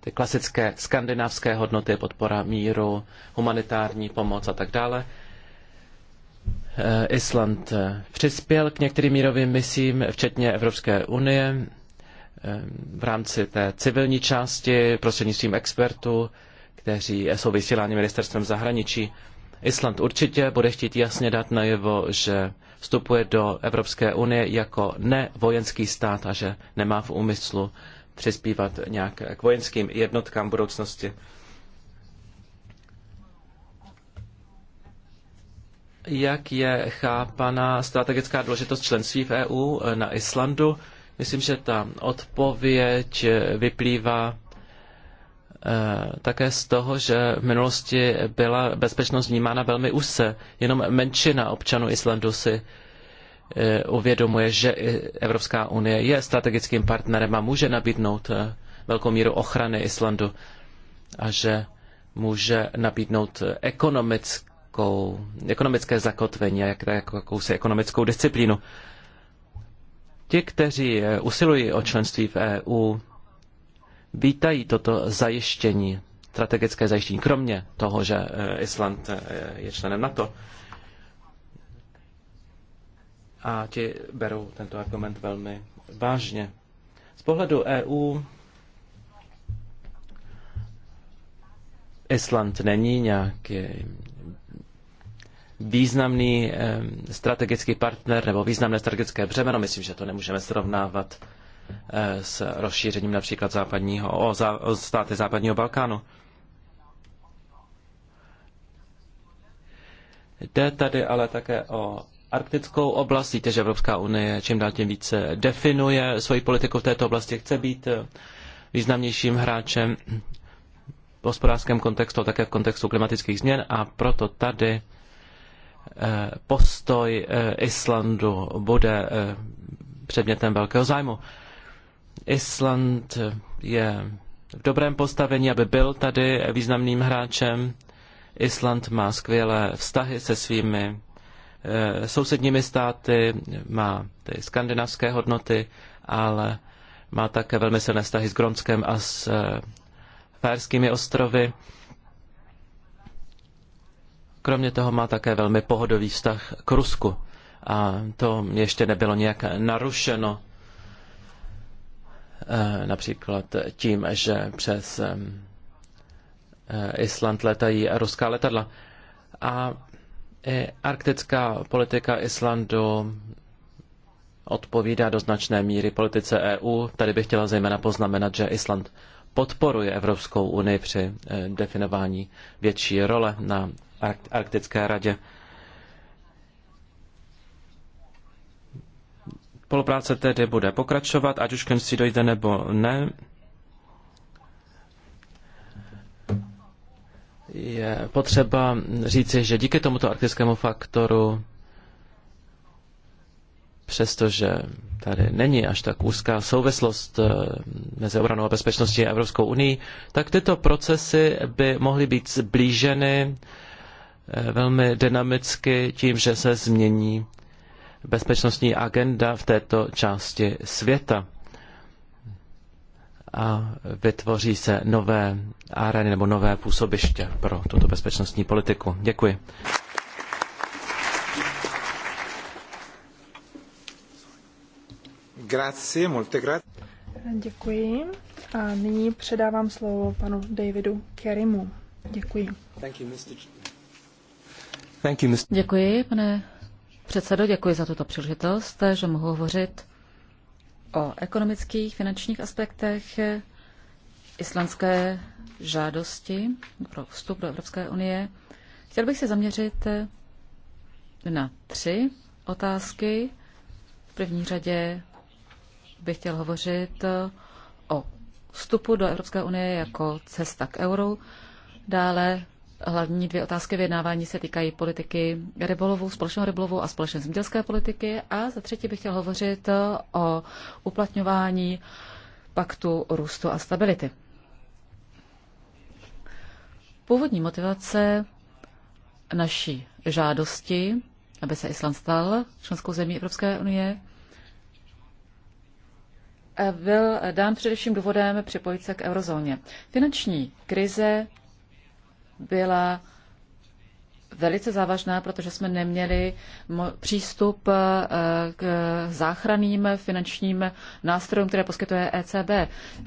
Speaker 3: ty klasické skandinávské hodnoty, podpora míru, humanitární pomoc a tak dále. Island přispěl k některým mírovým misím, včetně Evropské unie. Eh, v rámci té civilní části prostřednictvím expertů, kteří jsou vysíláni ministerstvem zahraničí. Island určitě bude chtít jasně dát najevo, že vstupuje do Evropské unie jako nevojenský stát a že nemá v úmyslu přispívat nějak k vojenským jednotkám budoucnosti. Jak je chápaná strategická důležitost členství v EU eh, na Islandu? Myslím, že ta odpověď vyplývá eh, také z toho, že v minulosti byla bezpečnost vnímána velmi úzce. Jenom menšina občanů Islandu si eh, uvědomuje, že Evropská unie je strategickým partnerem a může nabídnout eh, velkou míru ochrany Islandu a že může nabídnout ekonomickou, ekonomické zakotvení a jak, jakousi ekonomickou disciplínu. Ti, kteří eh, usilují o členství v EU, vítají toto zajištění, strategické zajištění, kromě toho, že eh, Island eh, je členem NATO. A ti berou tento argument velmi vážně. Z pohledu EU Island není nějakým významný strategický partner nebo významné strategické břemeno. Myslím, že to nemůžeme srovnávat eh, s rozšířením například západního, o, zá, o státy západního Balkánu. Jde tady ale také o arktickou oblast, víte, že Evropská unie čím dál tím více definuje svoji politiku v této oblasti, chce být eh, významnějším hráčem v hospodářském kontextu, také v kontextu klimatických změn a proto tady Eh, postoj eh, Islandu bude eh, předmětem velkého zájmu. Island je v dobrém postavení, aby byl tady významným hráčem. Island má skvělé vztahy se svými sousedními státy, má ty skandinávské hodnoty, ale má také velmi silné vztahy s Gronskem a s Férskými ostrovy. Kromě toho má také velmi pohodový vztah k Rusku a to ještě nebylo nějak narušeno eh, například tím, že přes eh, Island letají ruská letadla. A i arktická politika Islandu odpovídá do značné míry politice EU. Tady bych chtěla zejména poznamenat, že Island podporuje Evropskou unii při eh, definování větší role na Arktické radě. Spolupráce tedy bude pokračovat, ať už k si dojde nebo ne. Je potřeba říci, že díky tomuto arktickému faktoru, přestože tady není až tak úzká souvislost eh, mezi obranou a bezpečností a Evropskou unii, tak tyto procesy by mohly být zblíženy Eh, velmi dynamicky tím, že se změní bezpečnostní agenda v této části světa a vytvoří se nové areny nebo nové působiště pro tuto bezpečnostní politiku. Děkuji.
Speaker 1: Grazie, molte grazie.
Speaker 2: Děkuji. A nyní předávám slovo panu Davidu Kerimu. Děkuji. Thank you, Mr
Speaker 4: děkuji, pane předsedo, děkuji za tuto příležitost, že mohu hovořit o ekonomických, finančních aspektech islandské žádosti pro vstup do Evropské unie. Chtěl bych se zaměřit na tři otázky. V první řadě bych chtěl hovořit o vstupu do Evropské unie jako cesta k euru, dále Hlavní dvě otázky vyjednávání se týkají politiky rybolovu, společného rybolovu a společné zemědělské politiky. A za třetí bych chtěl hovořit o uplatňování paktu růstu a stability. Původní motivace naší žádosti, aby se Island stal členskou zemí Evropské unie, byl dán především důvodem připojit se k eurozóně. Finanční krize byla velice závažná, protože jsme neměli přístup eh, k záchranným finančním nástrojům, které poskytuje ECB.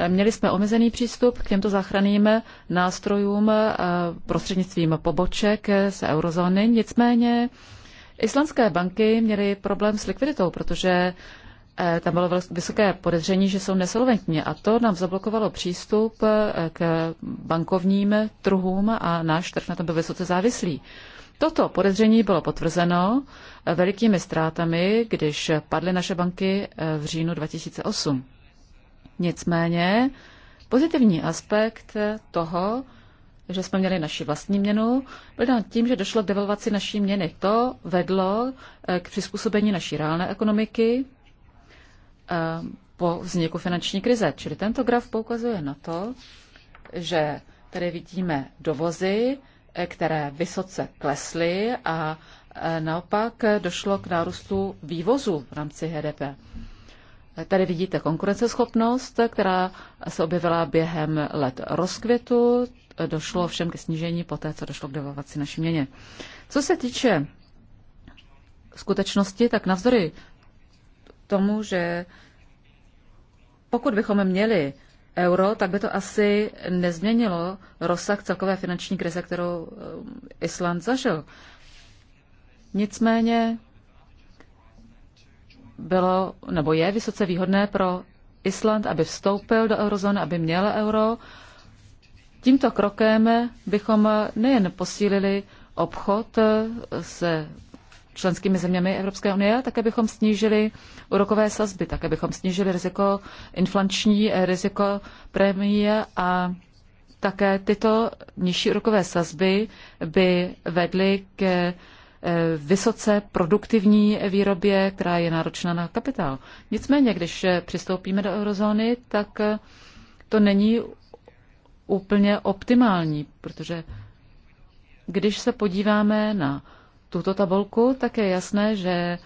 Speaker 4: Měli jsme omezený přístup k těmto záchranným nástrojům eh, prostřednictvím poboček z eurozóny, nicméně islandské banky měly problém s likviditou, protože Eh, tam bylo vysoké podezření, že jsou nesolventní a to nám zablokovalo přístup eh, k bankovním trhům a náš trh na tom byl vysoce závislý. Toto podezření bylo potvrzeno eh, velikými ztrátami, když padly naše banky v říjnu 2008. Nicméně pozitivní aspekt toho, že jsme měli naši vlastní měnu, byl dán tím, že došlo k devalvaci naší měny. To vedlo k přizpůsobení naší reálné ekonomiky, Eh, po vzniku finanční krize. Čili tento graf poukazuje na to, že tady vidíme dovozy, eh, které vysoce klesly a eh, naopak došlo k nárůstu vývozu v rámci HDP. Tady vidíte konkurenceschopnost, která se objevila během let rozkvětu. Došlo všem ke snížení poté, co došlo k devalvaci naší měně. Co se týče skutečnosti, tak navzdory tomu, že pokud bychom měli euro, tak by to asi nezměnilo rozsah celkové finanční krize, kterou eh, Island zažil. Nicméně bylo nebo je vysoce výhodné pro Island, aby vstoupil do eurozóny, aby měl euro. Tímto krokem bychom nejen posílili obchod eh, se členskými zeměmi Evropské unie, také bychom snížili úrokové sazby, také bychom snížili riziko inflační, eh, riziko prémie a také tyto nižší úrokové sazby by vedly k eh, vysoce produktivní výrobě, která je náročná na kapitál. Nicméně, když eh, přistoupíme do eurozóny, tak to není úplně optimální, protože když se podíváme na tuto tabulku, tak je jasné, že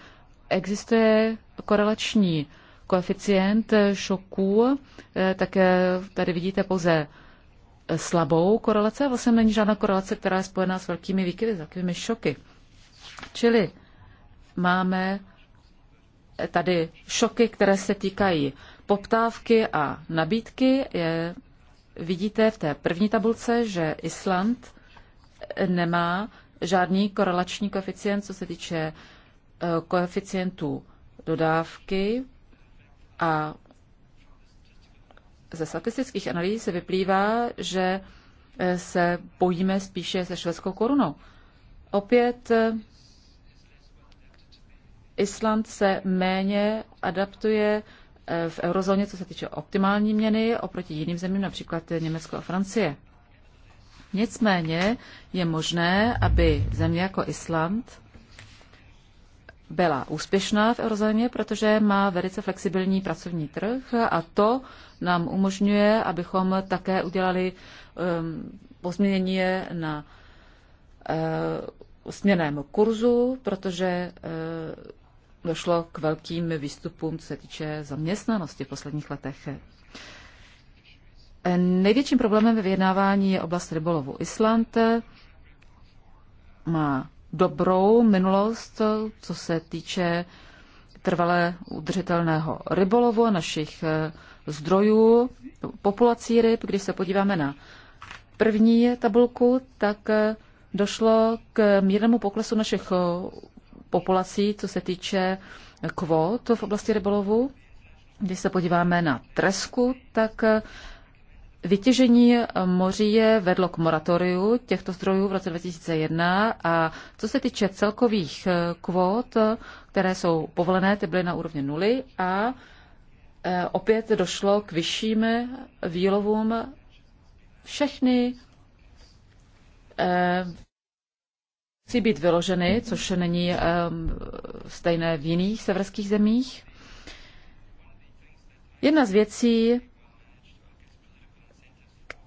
Speaker 4: existuje korelační koeficient šoků, eh, tak eh, tady vidíte pouze eh, slabou korelace, vlastně není žádná korelace, která je spojená s velkými výkyvy, s velkými šoky. Čili máme tady šoky, které se týkají poptávky a nabídky. Je, vidíte v té první tabulce, že Island nemá žádný korelační koeficient, co se týče eh, koeficientů dodávky a ze statistických analýz se vyplývá, že eh, se bojíme spíše se švédskou korunou. Opět eh, Island se méně adaptuje v eurozóně, co se týče optimální měny, oproti jiným zemím, například Německo a Francie. Nicméně je možné, aby země jako Island byla úspěšná v eurozóně, protože má velice flexibilní pracovní trh a to nám umožňuje, abychom také udělali um, pozměnění na uh, směném kurzu, protože uh, došlo k velkým výstupům, co se týče zaměstnanosti v posledních letech. Největším problémem ve vyjednávání je oblast rybolovu. Island eh, má dobrou minulost, eh, co se týče trvale udržitelného rybolovu a našich eh, zdrojů, populací ryb. Když se podíváme na první tabulku, tak došlo k mírnému poklesu našich populací, co se týče kvót v oblasti rybolovu. Když se podíváme na tresku, tak Vytěžení eh, moří je vedlo k moratoriu těchto zdrojů v roce 2001 a co se týče celkových eh, kvót, které jsou povolené, ty byly na úrovni nuly a eh, opět došlo k vyšším výlovům všechny musí být vyloženy, což není stejné v jiných severských zemích. Jedna z věcí,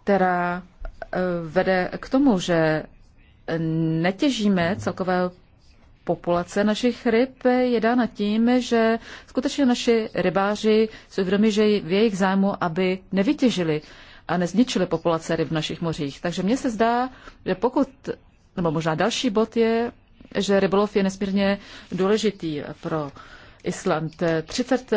Speaker 4: která eh, vede k tomu, že netěžíme celkové populace našich ryb je dána tím, že skutečně naši rybáři jsou uvědomí, že v jejich zájmu, aby nevytěžili a nezničili populace ryb v našich mořích. Takže mně se zdá, že pokud, nebo možná další bod je, že rybolov je nesmírně důležitý pro Island. Eh, 30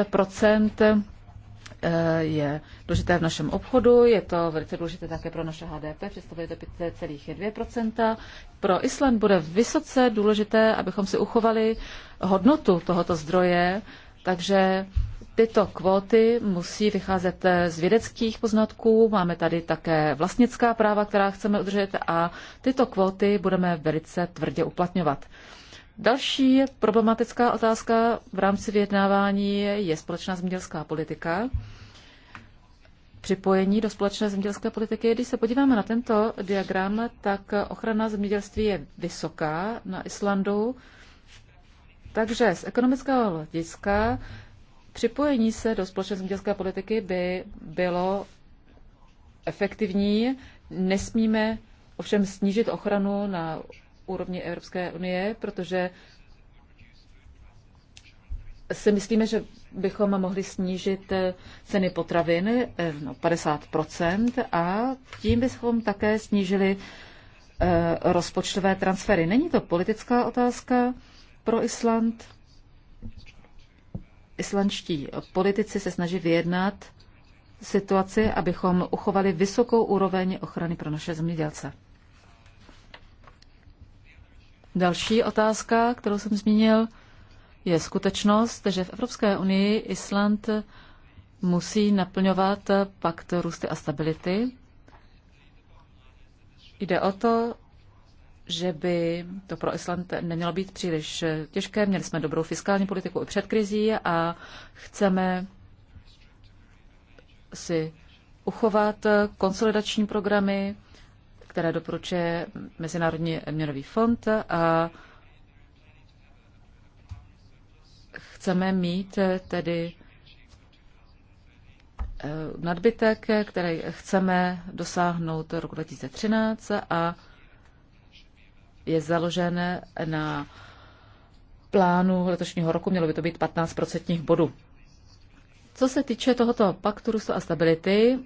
Speaker 4: Eh, je důležité v našem obchodu, je to velice důležité také pro naše HDP, představuje to 5,2%. Pro Island bude vysoce důležité, abychom si uchovali hodnotu tohoto zdroje, takže tyto kvóty musí vycházet z vědeckých poznatků, máme tady také vlastnická práva, která chceme udržet a tyto kvóty budeme velice tvrdě uplatňovat. Další problematická otázka v rámci vyjednávání je společná zemědělská politika. Připojení do společné zemědělské politiky. Když se podíváme na tento diagram, tak ochrana zemědělství je vysoká na Islandu. Takže z ekonomického hlediska připojení se do společné zemědělské politiky by bylo efektivní. Nesmíme ovšem snížit ochranu na úrovni Evropské unie, protože si myslíme, že bychom mohli snížit ceny potravin eh, no, 50% a tím bychom také snížili eh, rozpočtové transfery. Není to politická otázka pro Island? Islandští politici se snaží vyjednat situaci, abychom uchovali vysokou úroveň ochrany pro naše zemědělce. Další otázka, kterou jsem zmínil, je skutečnost, že v Evropské unii Island musí naplňovat pakt růsty a stability. Jde o to, že by to pro Island nemělo být příliš těžké. Měli jsme dobrou fiskální politiku i před krizí a chceme si uchovat konsolidační programy, které doporučuje Mezinárodní měnový fond a chceme mít tedy eh, nadbytek, který chceme dosáhnout roku 2013 a je založen na plánu letošního roku, mělo by to být 15% bodů. Co se týče tohoto paktu růstu a stability,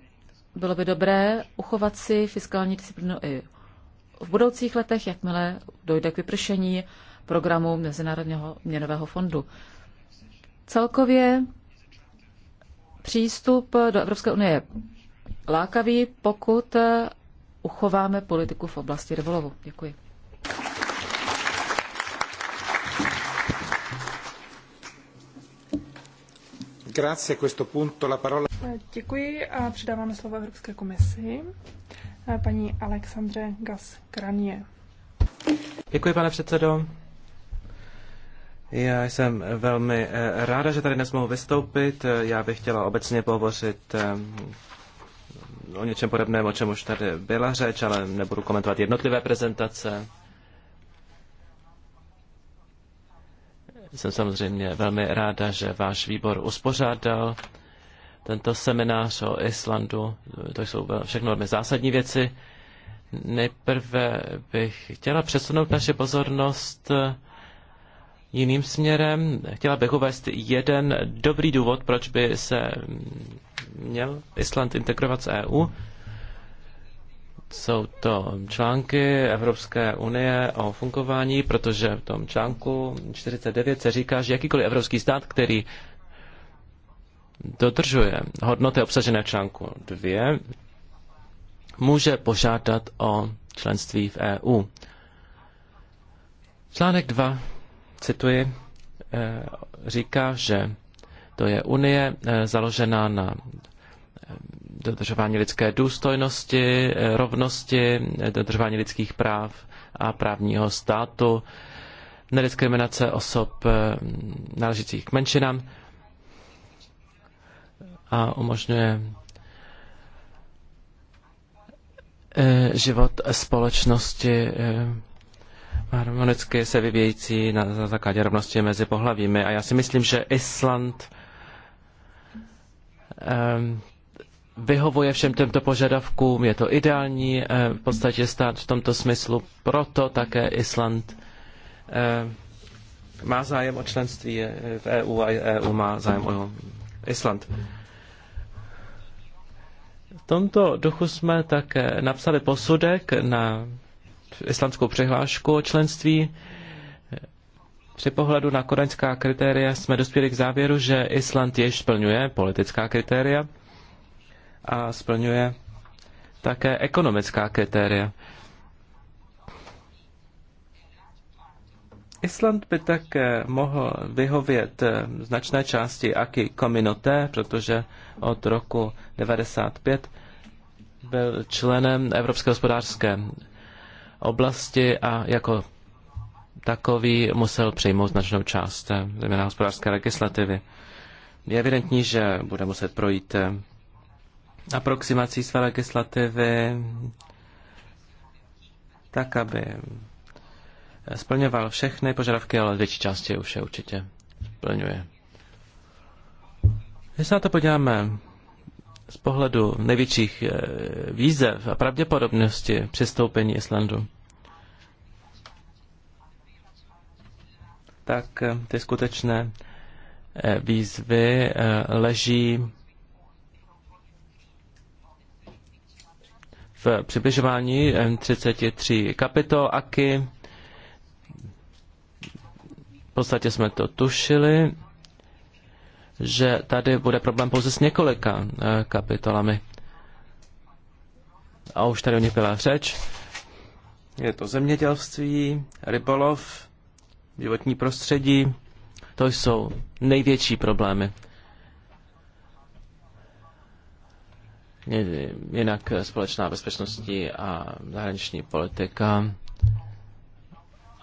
Speaker 4: bylo by dobré uchovat si fiskální disciplínu i v budoucích letech, jakmile dojde k vypršení programu Mezinárodního měnového fondu. Celkově přístup do Evropské unie je lákavý, pokud uchováme politiku v oblasti revolovu. Děkuji.
Speaker 3: Grazie, a questo punto la parola...
Speaker 2: Děkuji a předáváme slovo Evropské komisi eh, paní Alexandře Gas Kranie.
Speaker 3: Děkuji, pane předsedo. Já jsem velmi eh, ráda, že tady dnes mohu vystoupit. Já bych chtěla obecně pohovořit eh, o něčem podobném, o čem už tady byla řeč, ale nebudu komentovat jednotlivé prezentace. Jsem samozřejmě velmi ráda, že váš výbor uspořádal tento seminář o Islandu. To jsou všechno velmi zásadní věci. Nejprve bych chtěla přesunout naši pozornost eh, jiným směrem. Chtěla bych uvést jeden dobrý důvod, proč by se mm, měl Island integrovat s EU. Jsou to články Evropské unie o fungování, protože v tom článku 49 se říká, že jakýkoliv evropský stát, který dodržuje hodnoty obsažené v článku 2, může požádat o členství v EU. Článek 2, cituji, eh, říká, že to je Unie eh, založená na eh, dodržování lidské důstojnosti, rovnosti, dodržování lidských práv a právního státu, nediskriminace osob náležících k menšinám a umožňuje e, život společnosti e, harmonicky se vyvějící na základě rovnosti mezi pohlavími. A já si myslím, že Island e, vyhovuje všem těmto požadavkům, je to ideální v podstatě stát v tomto smyslu, proto také Island má zájem o členství v EU a EU má zájem o Island tomto duchu jsme také napsali posudek na islandskou přihlášku o členství. Při pohledu na koreňská kritéria jsme dospěli k závěru, že Island již splňuje politická kritéria a splňuje také ekonomická kritéria. Island by také mohl vyhovět značné části Aki Kominoté, protože od roku 95 byl členem Evropské hospodářské oblasti a jako takový musel přejmout značnou část eh, zejména hospodářské legislativy. Je evidentní, že bude muset projít eh, aproximací své legislativy tak, aby splňoval všechny požadavky, ale větší části už je určitě splňuje. Když se na to podíváme z pohledu největších eh, výzev a pravděpodobnosti přistoupení Islandu, tak eh, ty skutečné eh, výzvy leží v přibližování 33 kapitol AKY. V podstatě jsme to tušili že tady bude problém pouze s několika eh, kapitolami. A už tady o nich byla řeč. Je to zemědělství, rybolov, životní prostředí. To jsou největší problémy. Jinak společná bezpečnostní a zahraniční politika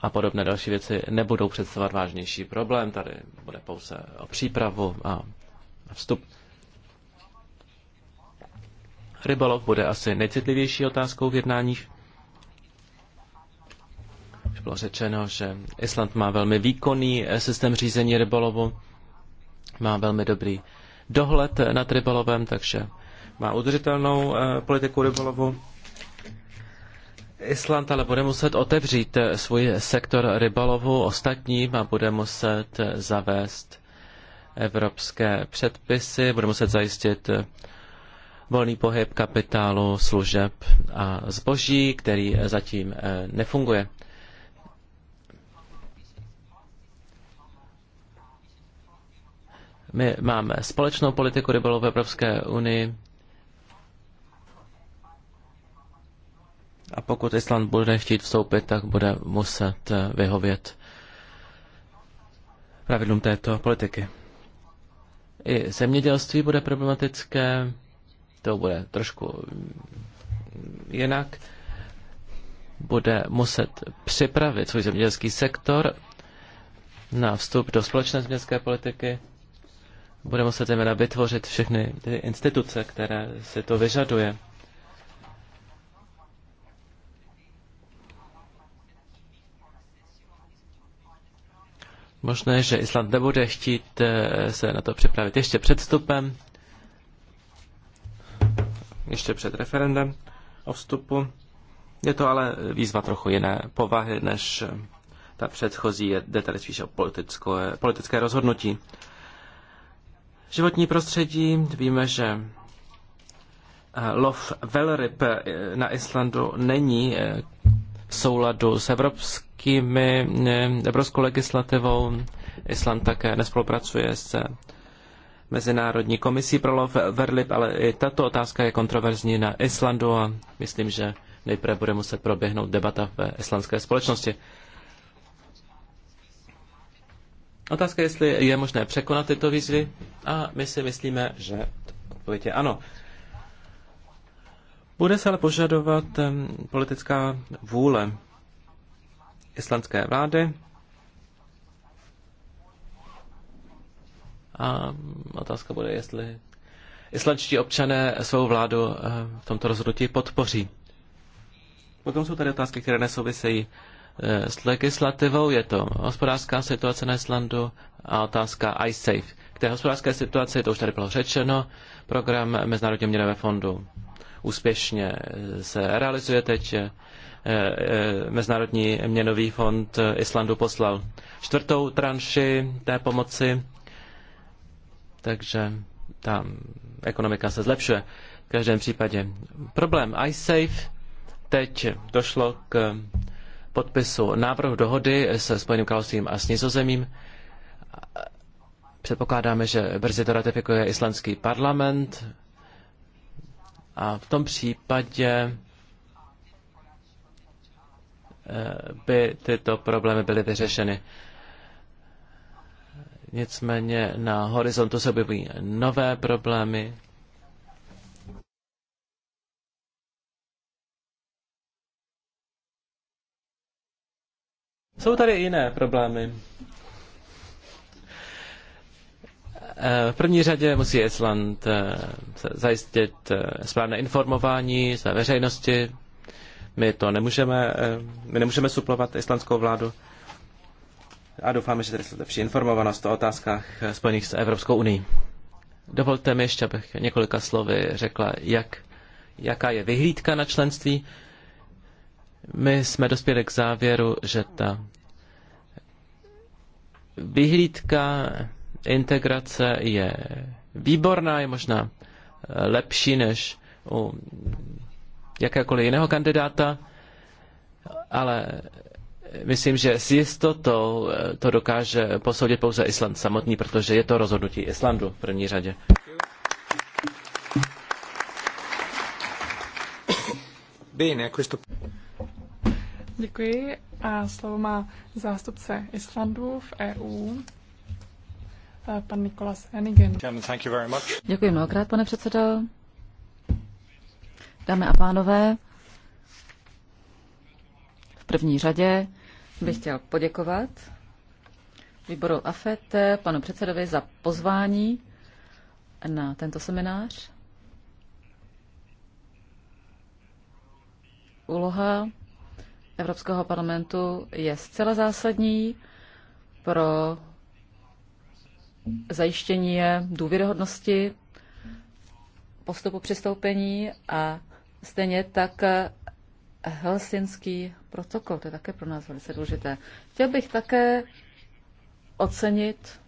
Speaker 3: a podobné další věci nebudou představovat vážnější problém. Tady bude pouze o přípravu a vstup. Rybolov bude asi nejcitlivější otázkou v jednáních. Už bylo řečeno, že Island má velmi výkonný eh, systém řízení rybolovu, má velmi dobrý dohled nad rybolovem, takže má udržitelnou eh, politiku rybolovu. Island ale bude muset otevřít eh, svůj sektor rybalovu ostatním a bude muset eh, zavést evropské předpisy, bude muset zajistit eh, volný pohyb kapitálu, služeb a zboží, který zatím nefunguje. My máme společnou politiku rybolovu v Evropské unii A pokud Island bude chtít vstoupit, tak bude muset eh, vyhovět pravidlům této politiky. I zemědělství bude problematické, to bude trošku mm, jinak. Bude muset připravit svůj zemědělský sektor na vstup do společné zemědělské politiky. Bude muset zejména vytvořit všechny ty instituce, které si to vyžaduje. Možné, že Island nebude chtít eh, se na to připravit ještě před vstupem, ještě před referendem o vstupu. Je to ale výzva trochu jiné povahy než eh, ta předchozí, jde tady spíš o politické, politické rozhodnutí. Životní prostředí, víme, že eh, lov velryb na Islandu není v souladu s evropskými, eh, evropskou legislativou. Island také nespolupracuje s eh, Mezinárodní komisí pro lov Verlip, ale i tato otázka je kontroverzní na Islandu a myslím, že nejprve bude muset proběhnout debata ve islandské společnosti. Otázka je, jestli je možné překonat tyto výzvy a my si myslíme, že odpověď je ano. Bude se ale požadovat politická vůle islandské vlády a otázka bude, jestli islandští občané svou vládu v tomto rozhodnutí podpoří. Potom jsou tady otázky, které nesouvisejí e, s legislativou. Je to hospodářská situace na Islandu a otázka iSafe. K té hospodářské situaci, to už tady bylo řečeno, program Mezinárodního měnového fondu úspěšně eh, se realizuje teď. Eh, eh, Mezinárodní měnový fond Islandu poslal čtvrtou tranši té pomoci, takže tam ekonomika se zlepšuje. V každém případě problém iSafe. Teď došlo k podpisu návrhu dohody se Spojeným královstvím a s Nizozemím. Předpokládáme, že brzy to ratifikuje islandský parlament. A v tom případě eh, by tyto problémy byly vyřešeny. Nicméně na horizontu se objevují nové problémy. Jsou tady jiné problémy. Eh, v první řadě musí Island eh, zajistit eh, správné informování své veřejnosti. My to nemůžeme, my nemůžeme suplovat islandskou vládu a doufáme, že tady se lepší informovanost o otázkách spojených s Evropskou unii. Dovolte mi ještě, abych několika slovy řekla, jak, jaká je vyhlídka na členství. My jsme dospěli k závěru, že ta vyhlídka integrace je výborná, je možná eh, lepší než u jakékoliv jiného kandidáta, ale myslím, že s jistotou eh, to dokáže posoudit pouze Island samotný, protože je to rozhodnutí Islandu v první řadě.
Speaker 2: Děkuji a slovo má zástupce Islandu v EU. Eh, pan Nikolas
Speaker 4: Děkuji mnohokrát, pane předsedo. Dámy a pánové, v první řadě bych chtěl poděkovat výboru AFET, eh, panu předsedovi za pozvání na tento seminář. Úloha Evropského parlamentu je zcela zásadní pro zajištění je důvěryhodnosti postupu přistoupení a stejně tak Helsinský protokol, to je také pro nás velice důležité. Chtěl bych také ocenit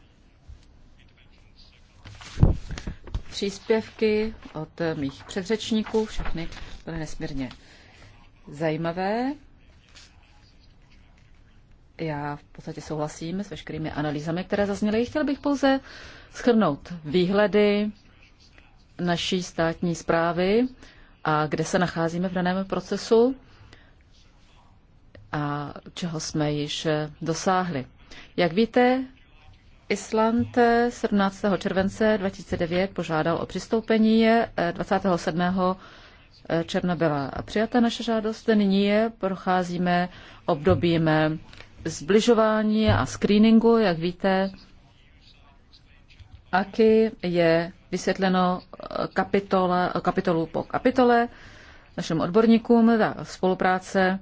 Speaker 4: příspěvky od mých předřečníků, všechny byly nesmírně zajímavé. Já v podstatě souhlasím s veškerými analýzami, které zazněly. Chtěl bych pouze schrnout výhledy naší státní zprávy a kde se nacházíme v daném procesu a čeho jsme již dosáhli. Jak víte, Island 17. července 2009 požádal o přistoupení, 27. června byla přijata naše žádost, nyní je, procházíme obdobím zbližování a screeningu, jak víte, aky je vysvětleno kapitole, kapitolu po kapitole. Našim odborníkům ta spolupráce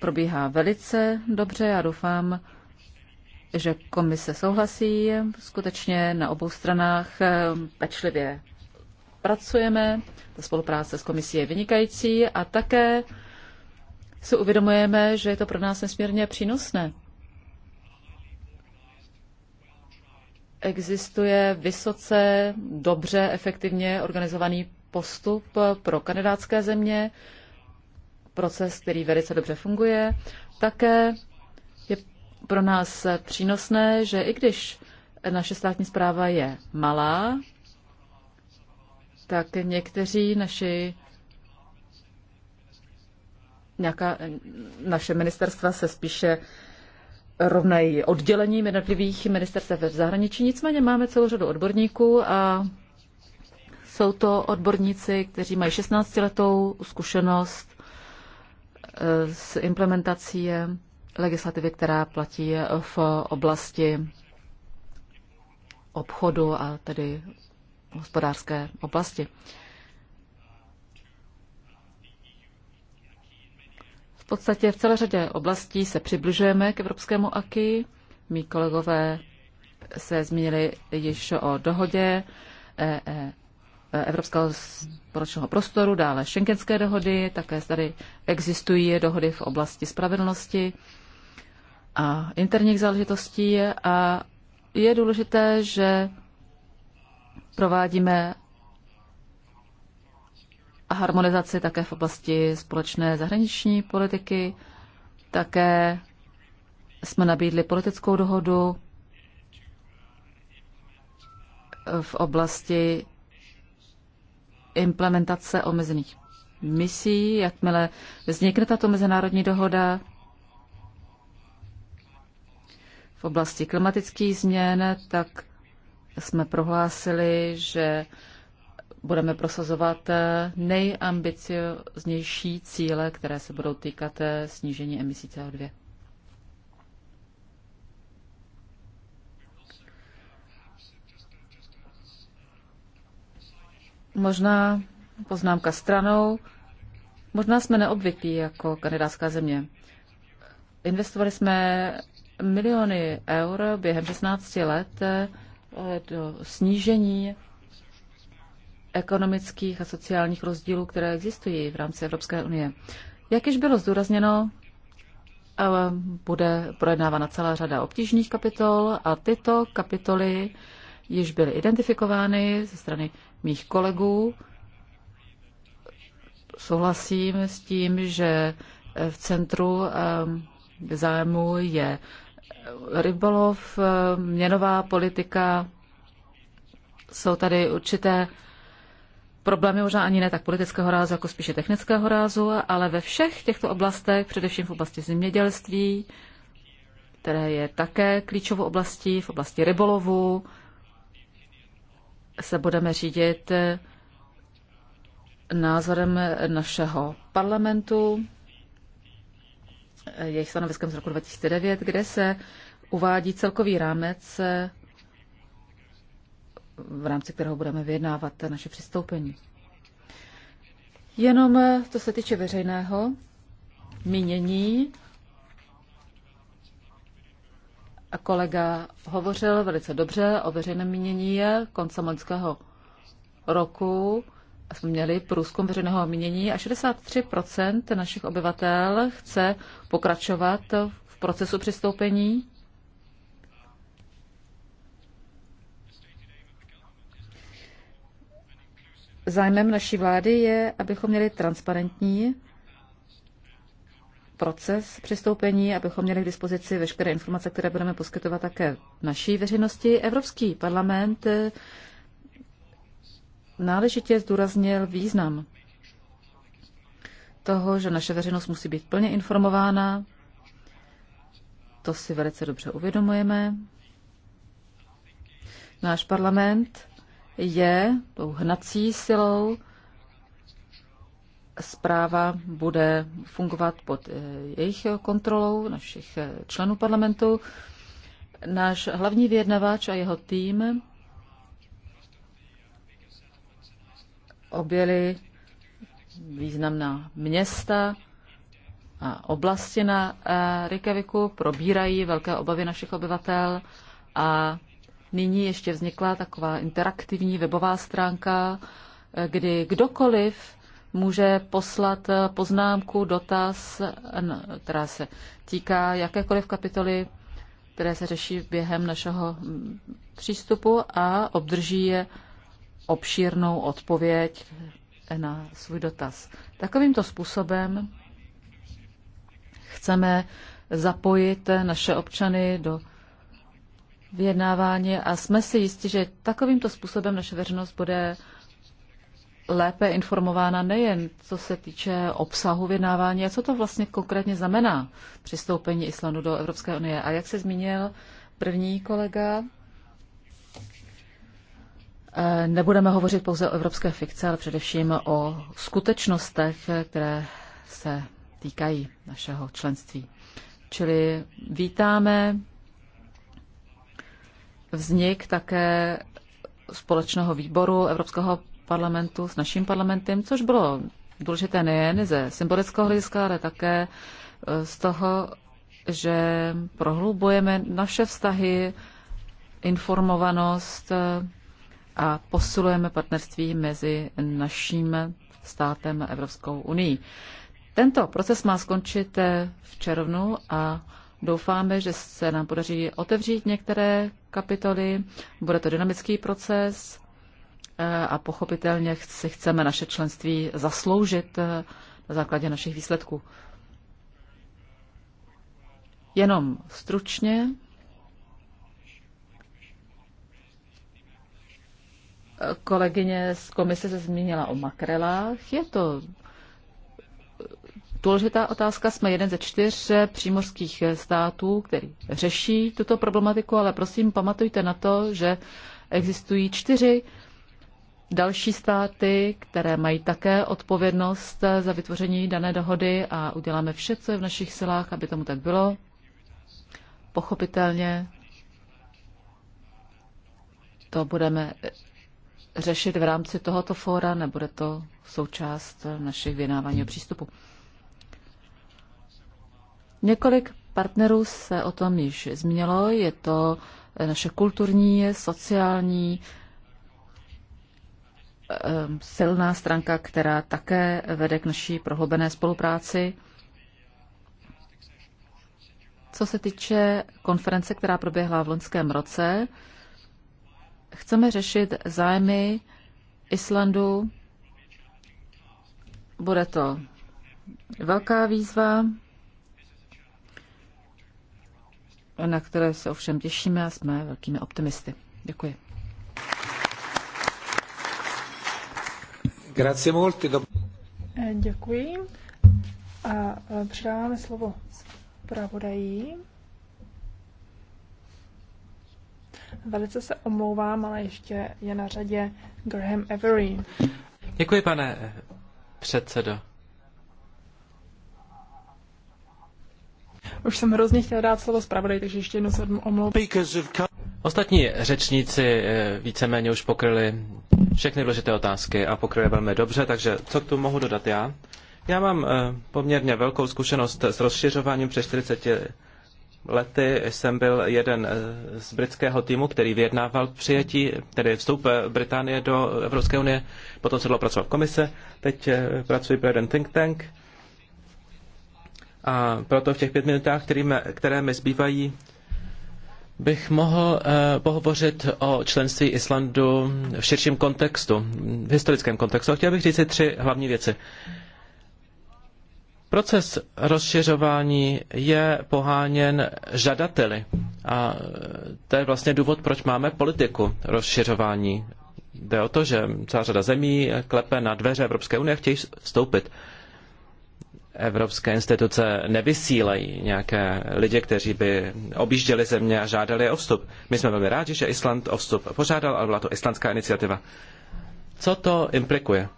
Speaker 4: probíhá velice dobře. Já doufám, že komise souhlasí. Skutečně na obou stranách eh, pečlivě pracujeme. Ta spolupráce s komisí je vynikající a také si uvědomujeme, že je to pro nás nesmírně přínosné. Existuje vysoce, dobře, efektivně organizovaný postup pro kandidátské země, proces, který velice dobře funguje. Také je pro nás přínosné, že i když naše státní zpráva je malá, tak někteří naši nějaká, eh, naše ministerstva se spíše rovnají oddělením jednotlivých ministerstv v zahraničí. Nicméně máme celou řadu odborníků a jsou to odborníci, kteří mají 16-letou zkušenost eh, s implementací legislativy, která platí v oblasti obchodu a tedy hospodářské oblasti. V podstatě v celé řadě oblastí se přibližujeme k evropskému AKI. Mí kolegové se zmínili již o dohodě e, e, e, Evropského společného prostoru, dále šenkenské dohody, také tady existují dohody v oblasti spravedlnosti a interních záležitostí a je důležité, že provádíme harmonizaci také v oblasti společné zahraniční politiky. Také jsme nabídli politickou dohodu v oblasti implementace omezených misí. Jakmile vznikne tato mezinárodní dohoda v oblasti klimatických změn, tak jsme prohlásili, že budeme prosazovat eh, nejambicioznější cíle, které se budou týkat eh, snížení emisí CO2. Možná poznámka stranou. Možná jsme neobvyklí jako kanadská země. Investovali jsme miliony eur během 16 let eh, do snížení ekonomických a sociálních rozdílů, které existují v rámci Evropské unie. Jak již bylo zdůrazněno, eh, bude projednávána celá řada obtížných kapitol a tyto kapitoly již byly identifikovány ze strany mých kolegů. Souhlasím s tím, že eh, v centru eh, zájmu je rybolov, měnová politika, jsou tady určité problémy možná ani ne tak politického rázu, jako spíše technického rázu, ale ve všech těchto oblastech, především v oblasti zemědělství, které je také klíčovou oblastí, v oblasti rybolovu, se budeme řídit názorem našeho parlamentu, jejich stanoviskem z roku 2009, kde se uvádí celkový rámec v rámci kterého budeme vyjednávat naše přistoupení. Jenom to eh, se týče veřejného mínění, a kolega hovořil velice dobře o veřejném mínění eh, koncem loňského roku. Jsme měli průzkum veřejného mínění a 63% našich obyvatel chce pokračovat v procesu přistoupení. Zájmem naší vlády je, abychom měli transparentní proces přistoupení, abychom měli k dispozici veškeré informace, které budeme poskytovat také naší veřejnosti. Evropský parlament eh, náležitě zdůraznil význam toho, že naše veřejnost musí být plně informována. To si velice dobře uvědomujeme. Náš parlament je tou hnací silou. Zpráva bude fungovat pod eh, jejich kontrolou, našich eh, členů parlamentu. Náš hlavní vyjednavač a jeho tým objeli významná města a oblasti na eh, Reykjaviku, probírají velké obavy našich obyvatel a nyní ještě vznikla taková interaktivní webová stránka, eh, kdy kdokoliv může poslat eh, poznámku, dotaz, eh, která se týká jakékoliv kapitoly, které se řeší během našeho mm, přístupu a obdrží je obšírnou odpověď na svůj dotaz. Takovýmto způsobem chceme zapojit naše občany do vyjednávání a jsme si jistí, že takovýmto způsobem naše veřejnost bude lépe informována nejen co se týče obsahu vyjednávání, a co to vlastně konkrétně znamená přistoupení Islandu do Evropské unie. A jak se zmínil první kolega, eh, nebudeme hovořit pouze o evropské fikce, ale především o skutečnostech, které se týkají našeho členství. Čili vítáme vznik také společného výboru Evropského parlamentu s naším parlamentem, což bylo důležité nejen ze symbolického hlediska, ale také e, z toho, že prohlubujeme naše vztahy, informovanost e, a posilujeme partnerství mezi naším státem a Evropskou unii. Tento proces má skončit e, v červnu a Doufáme, že se nám podaří otevřít některé kapitoly, bude to dynamický proces eh, a pochopitelně si chceme naše členství zasloužit eh, na základě našich výsledků. Jenom stručně kolegyně z komise se zmínila o makrelách. Je to důležitá otázka. Jsme jeden ze čtyř eh, přímořských eh, států, který řeší tuto problematiku, ale prosím pamatujte na to, že existují čtyři další státy, které mají také odpovědnost eh, za vytvoření dané dohody a uděláme vše, co je v našich silách, aby tomu tak bylo. Pochopitelně to budeme řešit v rámci tohoto fóra, nebude to součást našich vyjednávání o přístupu. Několik partnerů se o tom již zmínilo. Je to eh, naše kulturní, sociální, eh, silná stránka, která také vede k naší prohlubené spolupráci. Co se týče konference, která proběhla v loňském roce, chceme řešit zájmy Islandu. Bude to velká výzva, na které se ovšem těšíme a jsme velkými optimisty. Děkuji.
Speaker 2: Grazie molti. Eh, děkuji. A eh, předáváme slovo zpravodají. Velice se omlouvám, ale ještě je na řadě Graham Avery.
Speaker 3: Děkuji, pane eh, předsedo.
Speaker 2: Už jsem hrozně chtěl dát slovo zpravodaj, takže ještě jednou se omlouvám.
Speaker 3: Ostatní řečníci eh, víceméně už pokryli všechny důležité otázky a pokryli velmi dobře, takže co k tomu mohu dodat já? Já mám eh, poměrně velkou zkušenost s rozšiřováním přes 40 lety jsem byl jeden eh, z britského týmu, který vyjednával přijetí, tedy vstup Británie do Evropské unie, potom se dlouho pracoval v komise, teď pracuji pro jeden think tank a proto v těch pět minutách, kterými, které mi zbývají, bych mohl uh, pohovořit o členství Islandu v širším kontextu, v historickém kontextu. A chtěl bych říct tři hlavní věci. Proces rozšiřování je poháněn žadateli. A eh, to je vlastně důvod, proč máme politiku rozšiřování. Jde o to, že celá řada zemí klepe na dveře Evropské unie a chtějí vstoupit evropské instituce nevysílají nějaké lidi, kteří by objížděli země a žádali o vstup. My jsme velmi rádi, že Island o vstup požádal, ale byla to islandská iniciativa. Co to implikuje?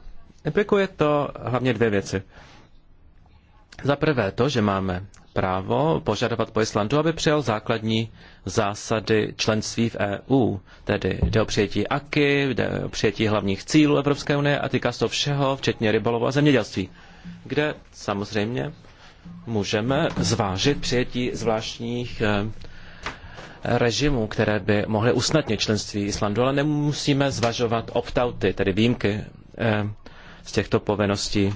Speaker 3: Implikuje to hlavně dvě věci. Za prvé to, že máme právo požadovat po Islandu, aby přijal základní zásady členství v EU, tedy jde o přijetí AKY, jde o přijetí hlavních cílů Evropské unie a týká se to všeho, včetně rybolovu a zemědělství kde samozřejmě můžeme zvážit přijetí zvláštních eh, režimů, které by mohly usnadnit členství Islandu, ale nemusíme zvažovat opt-outy, tedy výjimky eh, z těchto povinností.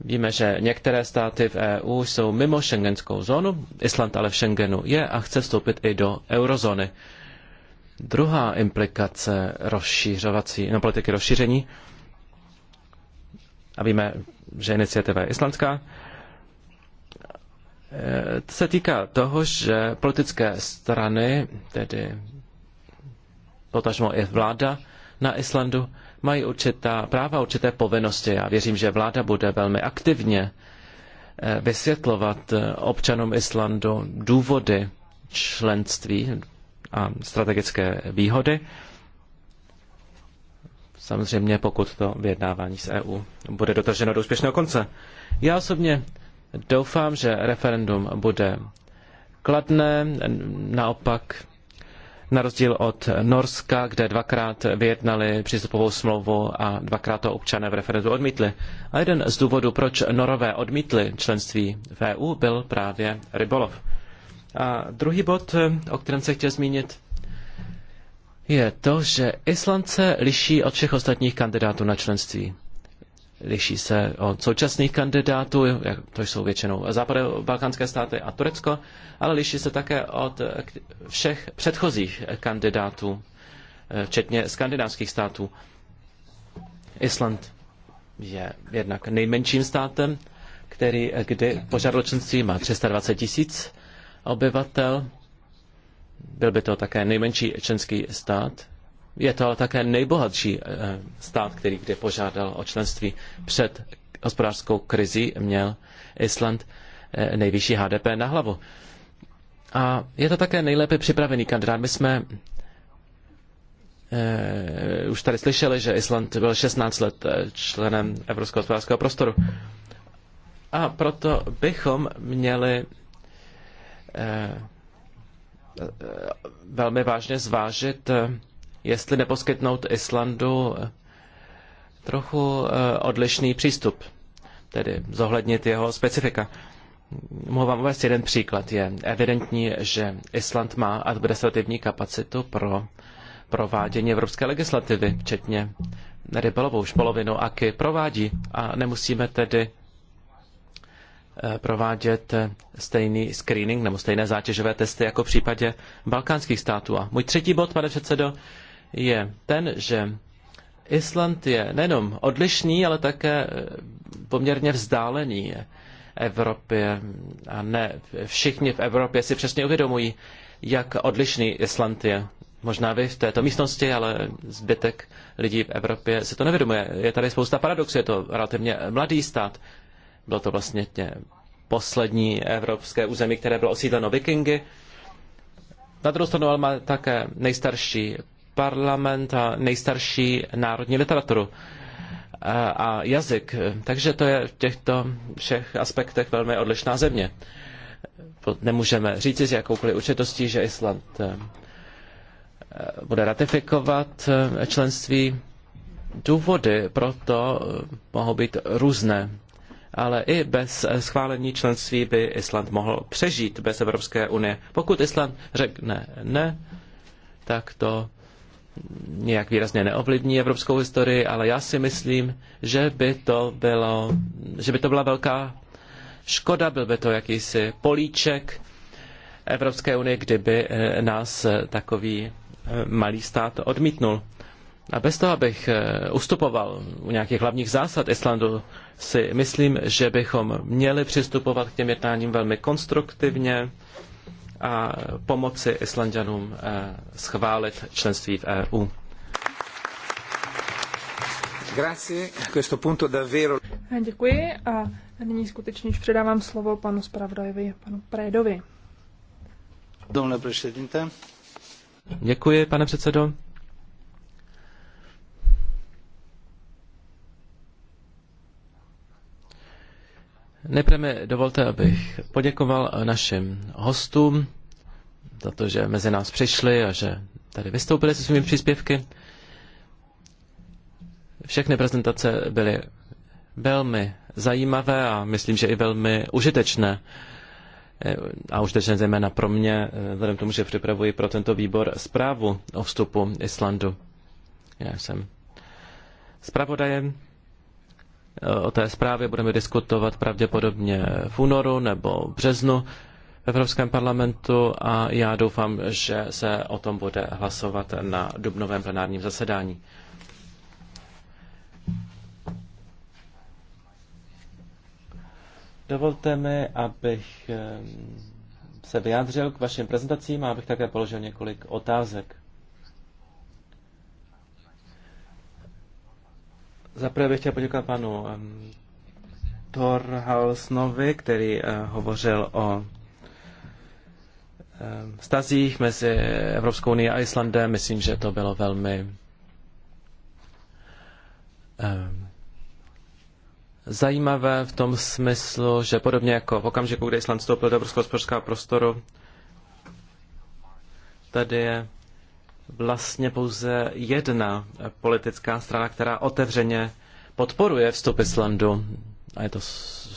Speaker 3: Víme, že některé státy v EU jsou mimo šengenskou zónu, Island ale v Schengenu je a chce vstoupit i do eurozóny. Druhá implikace rozšířovací, no, politiky rozšíření a víme, že iniciativa je islandská, eh, se týká toho, že politické strany, tedy potažmo i vláda na Islandu, mají určitá práva, určité povinnosti. Já věřím, že vláda bude velmi aktivně eh, vysvětlovat eh, občanům Islandu důvody členství a strategické výhody. Samozřejmě, pokud to vyjednávání s EU bude dotaženo do úspěšného konce. Já osobně doufám, že referendum bude kladné, naopak na rozdíl od Norska, kde dvakrát vyjednali přístupovou smlouvu a dvakrát to občané v referendu odmítli. A jeden z důvodů, proč Norové odmítli členství v EU, byl právě rybolov. A druhý bod, o kterém se chtěl zmínit, je to, že Island se liší od všech ostatních kandidátů na členství. Liší se od současných kandidátů, to jsou většinou západobalkánské státy a Turecko, ale liší se také od všech předchozích kandidátů, včetně skandinávských států. Island je jednak nejmenším státem, který kdy požádal členství má 320 tisíc obyvatel, byl by to také nejmenší členský stát. Je to ale také nejbohatší eh, stát, který kdy požádal o členství před hospodářskou krizi, měl Island eh, nejvyšší HDP na hlavu. A je to také nejlépe připravený kandidát. My jsme eh, už tady slyšeli, že Island byl 16 let eh, členem Evropského hospodářského prostoru. A proto bychom měli eh, Eh, velmi vážně zvážit, eh, jestli neposkytnout Islandu eh, trochu odlišný přístup, tedy zohlednit jeho specifika. Mohu vám uvést jeden příklad. Je evidentní, že Island má administrativní kapacitu pro provádění evropské legislativy, včetně rybolovou už polovinu AKY provádí a nemusíme tedy Eh, provádět eh, stejný screening nebo stejné zátěžové testy jako v případě balkánských států. A můj třetí bod, pane předsedo, je ten, že Island je nejenom odlišný, ale také eh, poměrně vzdálený Evropě. A ne všichni v Evropě si přesně uvědomují, jak odlišný Island je. Možná vy v této místnosti, ale zbytek lidí v Evropě si to nevědomuje. Je tady spousta paradoxů, je to relativně mladý stát, bylo to vlastně tě poslední evropské území, které bylo osídleno vikingy. Na druhou stranu ale má také nejstarší parlament a nejstarší národní literaturu eh, a jazyk. Takže to je v těchto všech aspektech velmi odlišná země. Nemůžeme říci s jakoukoliv určitostí, že Island eh, bude ratifikovat eh, členství. Důvody pro to mohou být různé ale i bez schválení členství by Island mohl přežít bez Evropské unie. Pokud Island řekne ne, tak to nějak výrazně neovlivní evropskou historii, ale já si myslím, že by to, bylo, že by to byla velká škoda, byl by to jakýsi políček Evropské unie, kdyby eh, nás eh, takový eh, malý stát odmítnul. A bez toho, abych eh, ustupoval u nějakých hlavních zásad Islandu, si myslím, že bychom měli přistupovat k těm jednáním velmi konstruktivně a pomoci Islandianům eh, schválit členství v EU.
Speaker 2: Eh, děkuji a nyní skutečně už předávám slovo panu zpravodajovi, panu Prédovi.
Speaker 3: Děkuji, pane předsedo. Nejprve mi dovolte, abych poděkoval našim hostům za to, že mezi nás přišli a že tady vystoupili se svými příspěvky. Všechny prezentace byly velmi zajímavé a myslím, že i velmi užitečné. A užitečné zejména pro mě, vzhledem k tomu, že připravuji pro tento výbor zprávu o vstupu Islandu. Já jsem zpravodajem Eh, o té zprávě budeme diskutovat pravděpodobně v únoru nebo březnu v Evropském parlamentu a já doufám, že se o tom bude hlasovat na dubnovém plenárním zasedání. Dovolte mi, abych eh, se vyjádřil k vašim prezentacím a abych také položil několik otázek. Zaprvé bych chtěl poděkovat panu um, Thorhalsnovi, který uh, hovořil o stazích mezi Evropskou unii a Islandem. Myslím, že to bylo velmi zajímavé v tom smyslu, že podobně jako v okamžiku, kdy Island vstoupil do evropského prostoru, tady je vlastně pouze jedna politická strana, která otevřeně podporuje vstup Islandu. A je to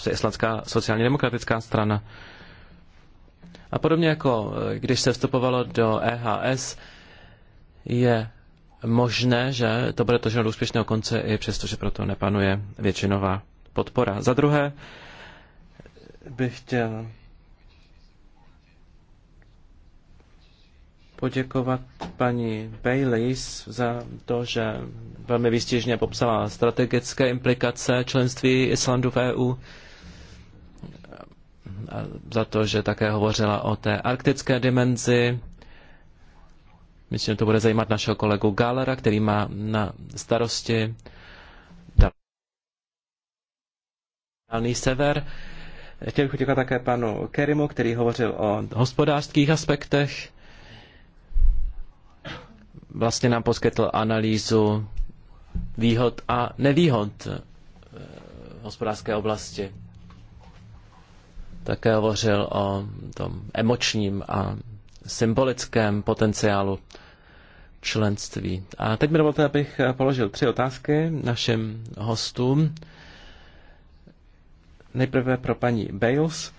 Speaker 3: Islandská sociálně demokratická strana. A podobně jako eh, když se vstupovalo do EHS, je možné, že to bude doženo do úspěšného konce, i přesto, že proto nepanuje většinová podpora. Za druhé bych chtěl poděkovat paní Baylis za to, že velmi výstěžně popsala strategické implikace členství Islandu v EU a za to, že také hovořila o té arktické dimenzi. Myslím, že to bude zajímat našeho kolegu Galera, který má na starosti dálný sever. Chtěl bych poděkovat také panu Kerimu, který hovořil o hospodářských aspektech vlastně nám poskytl analýzu výhod a nevýhod v eh, hospodářské oblasti. Také hovořil o tom emočním a symbolickém potenciálu členství. A teď mi dovolte, abych eh, položil tři otázky našim hostům. Nejprve pro paní Bales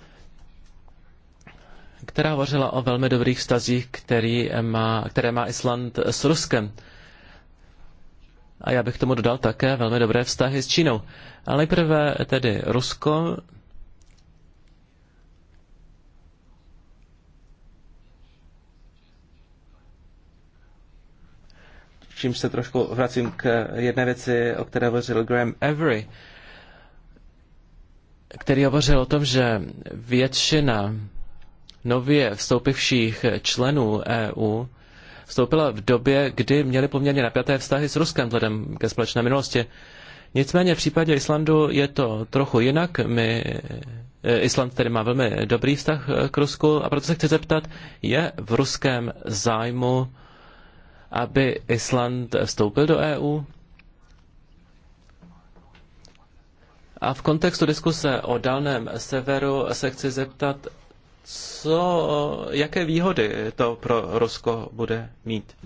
Speaker 3: která hovořila o velmi dobrých vztazích, který má, které má Island s Ruskem. A já bych tomu dodal také velmi dobré vztahy s Čínou. Ale nejprve tedy Rusko. Čím se trošku vracím k jedné věci, o které hovořil Graham Avery, který hovořil o tom, že většina nově vstoupivších členů EU vstoupila v době, kdy měli poměrně napjaté vztahy s Ruskem vzhledem ke společné minulosti. Nicméně v případě Islandu je to trochu jinak. My, e, Island tedy má velmi dobrý vztah e, k Rusku a proto se chci zeptat, je v ruském zájmu, aby Island vstoupil do EU? A v kontextu diskuse o dalném severu se chci zeptat, co, jaké výhody to pro Rusko bude mít.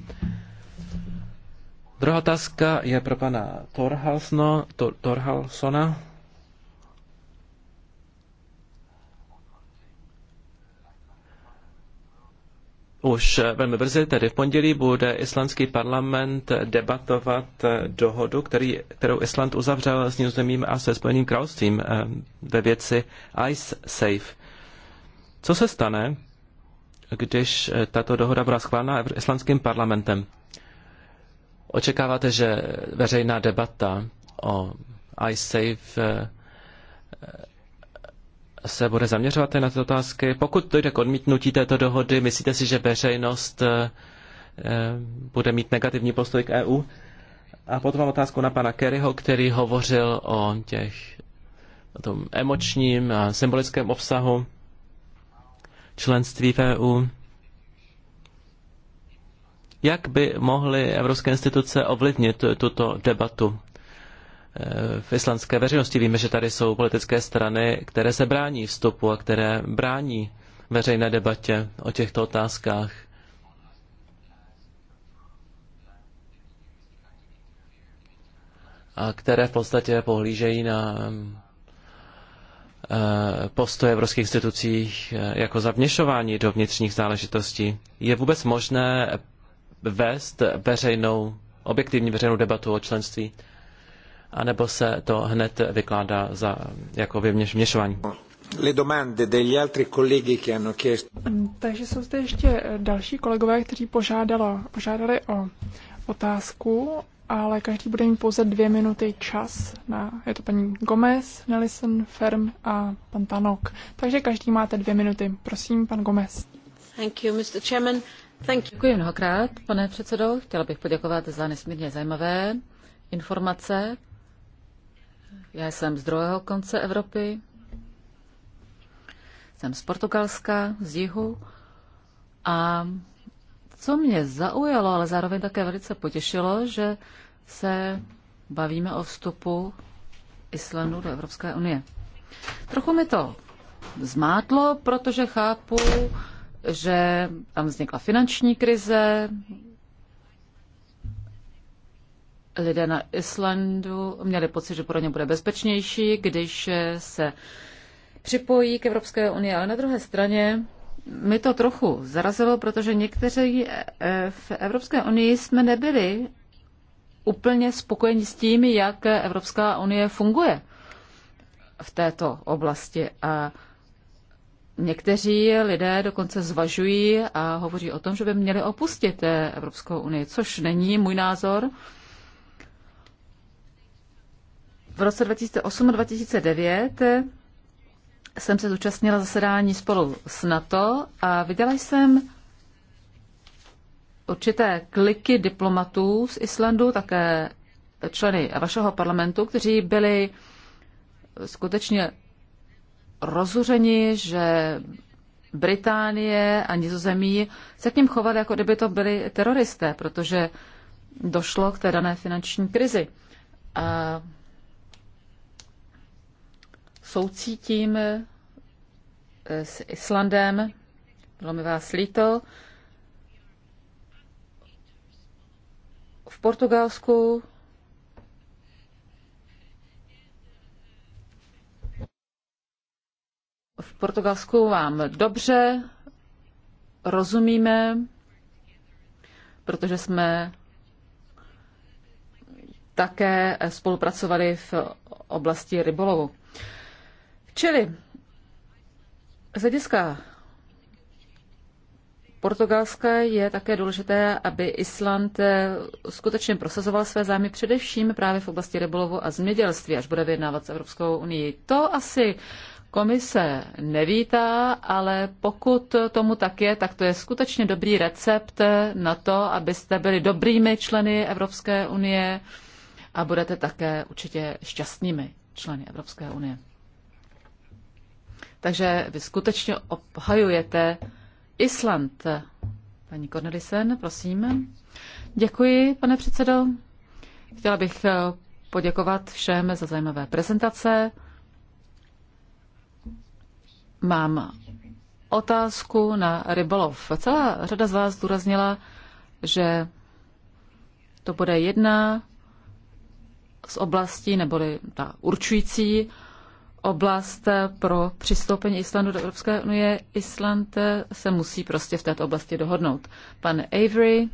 Speaker 3: Druhá otázka je pro pana Torhalsno, Tor, Torhalsona. Už velmi brzy, tedy v pondělí, bude islandský parlament debatovat dohodu, který, kterou Island uzavřel s Nizozemím a se Spojeným královstvím eh, ve věci Ice Safe. Co se stane, když eh, tato dohoda byla schválena islandským parlamentem? Očekáváte, že veřejná debata o iSafe eh, eh, se bude zaměřovat na tyto otázky. Pokud dojde k odmítnutí této dohody, myslíte si, že veřejnost bude mít negativní postoj k EU? A potom mám otázku na pana Kerryho, který hovořil o těch o tom emočním a symbolickém obsahu členství v EU. Jak by mohly evropské instituce ovlivnit tuto debatu e, v islandské veřejnosti? Víme, že tady jsou politické strany, které se brání vstupu a které brání veřejné debatě o těchto otázkách. A které v podstatě pohlížejí na Eh, postoje evropských institucí eh, jako zavněšování do vnitřních záležitostí. Je vůbec možné vést veřejnou, objektivní veřejnou debatu o členství? A nebo se to hned vykládá za, jako vměšování?
Speaker 2: Mm, takže jsou zde ještě eh, další kolegové, kteří požádali o otázku ale každý bude mít pouze dvě minuty čas. Na, je to paní Gomez, Nelson, Ferm a pan Tanok. Takže každý máte dvě minuty. Prosím, pan Gomez.
Speaker 4: Thank you, Mr. Chairman. Thank you. Děkuji mnohokrát, pane předsedo. Chtěla bych poděkovat za nesmírně zajímavé informace. Já jsem z druhého konce Evropy. Jsem z Portugalska, z jihu. A co mě zaujalo, ale zároveň také velice potěšilo, že se bavíme o vstupu Islandu do Evropské unie. Trochu mi to zmátlo, protože chápu, že tam vznikla finanční krize, lidé na Islandu měli pocit, že pro ně bude bezpečnější, když se připojí k Evropské unii, ale na druhé straně mi to trochu zarazilo, protože někteří v Evropské unii jsme nebyli úplně spokojeni s tím, jak Evropská unie funguje v této oblasti. A Někteří lidé dokonce zvažují a hovoří o tom, že by měli opustit Evropskou unii, což není můj názor. V roce 2008 a 2009 jsem se zúčastnila zasedání spolu s NATO a viděla jsem určité kliky diplomatů z Islandu, také členy vašeho parlamentu, kteří byli skutečně rozuřeni, že Británie a Nizozemí se k ním chovali, jako kdyby to byli teroristé, protože došlo k té dané finanční krizi. A soucítím s Islandem, bylo mi vás líto, v Portugalsku v Portugalsku vám dobře rozumíme, protože jsme také spolupracovali v oblasti rybolovu. Čili z hlediska Portugalska je také důležité, aby Island eh, skutečně prosazoval své zájmy především právě v oblasti rybolovu a zemědělství, až bude vyjednávat s Evropskou unii. To asi komise nevítá, ale pokud tomu tak je, tak to je skutečně dobrý recept eh, na to, abyste byli dobrými členy Evropské unie a budete také určitě šťastnými členy Evropské unie. Takže vy skutečně obhajujete Island. Paní Cornelisen, prosím. Děkuji, pane předsedo. Chtěla bych eh, poděkovat všem za zajímavé prezentace. Mám otázku na rybolov. Celá řada z vás zdůraznila, že to bude jedna z oblastí, neboli ta určující oblast pro přistoupení Islandu do Evropské unie. Island se musí prostě v této oblasti dohodnout. Pan Avery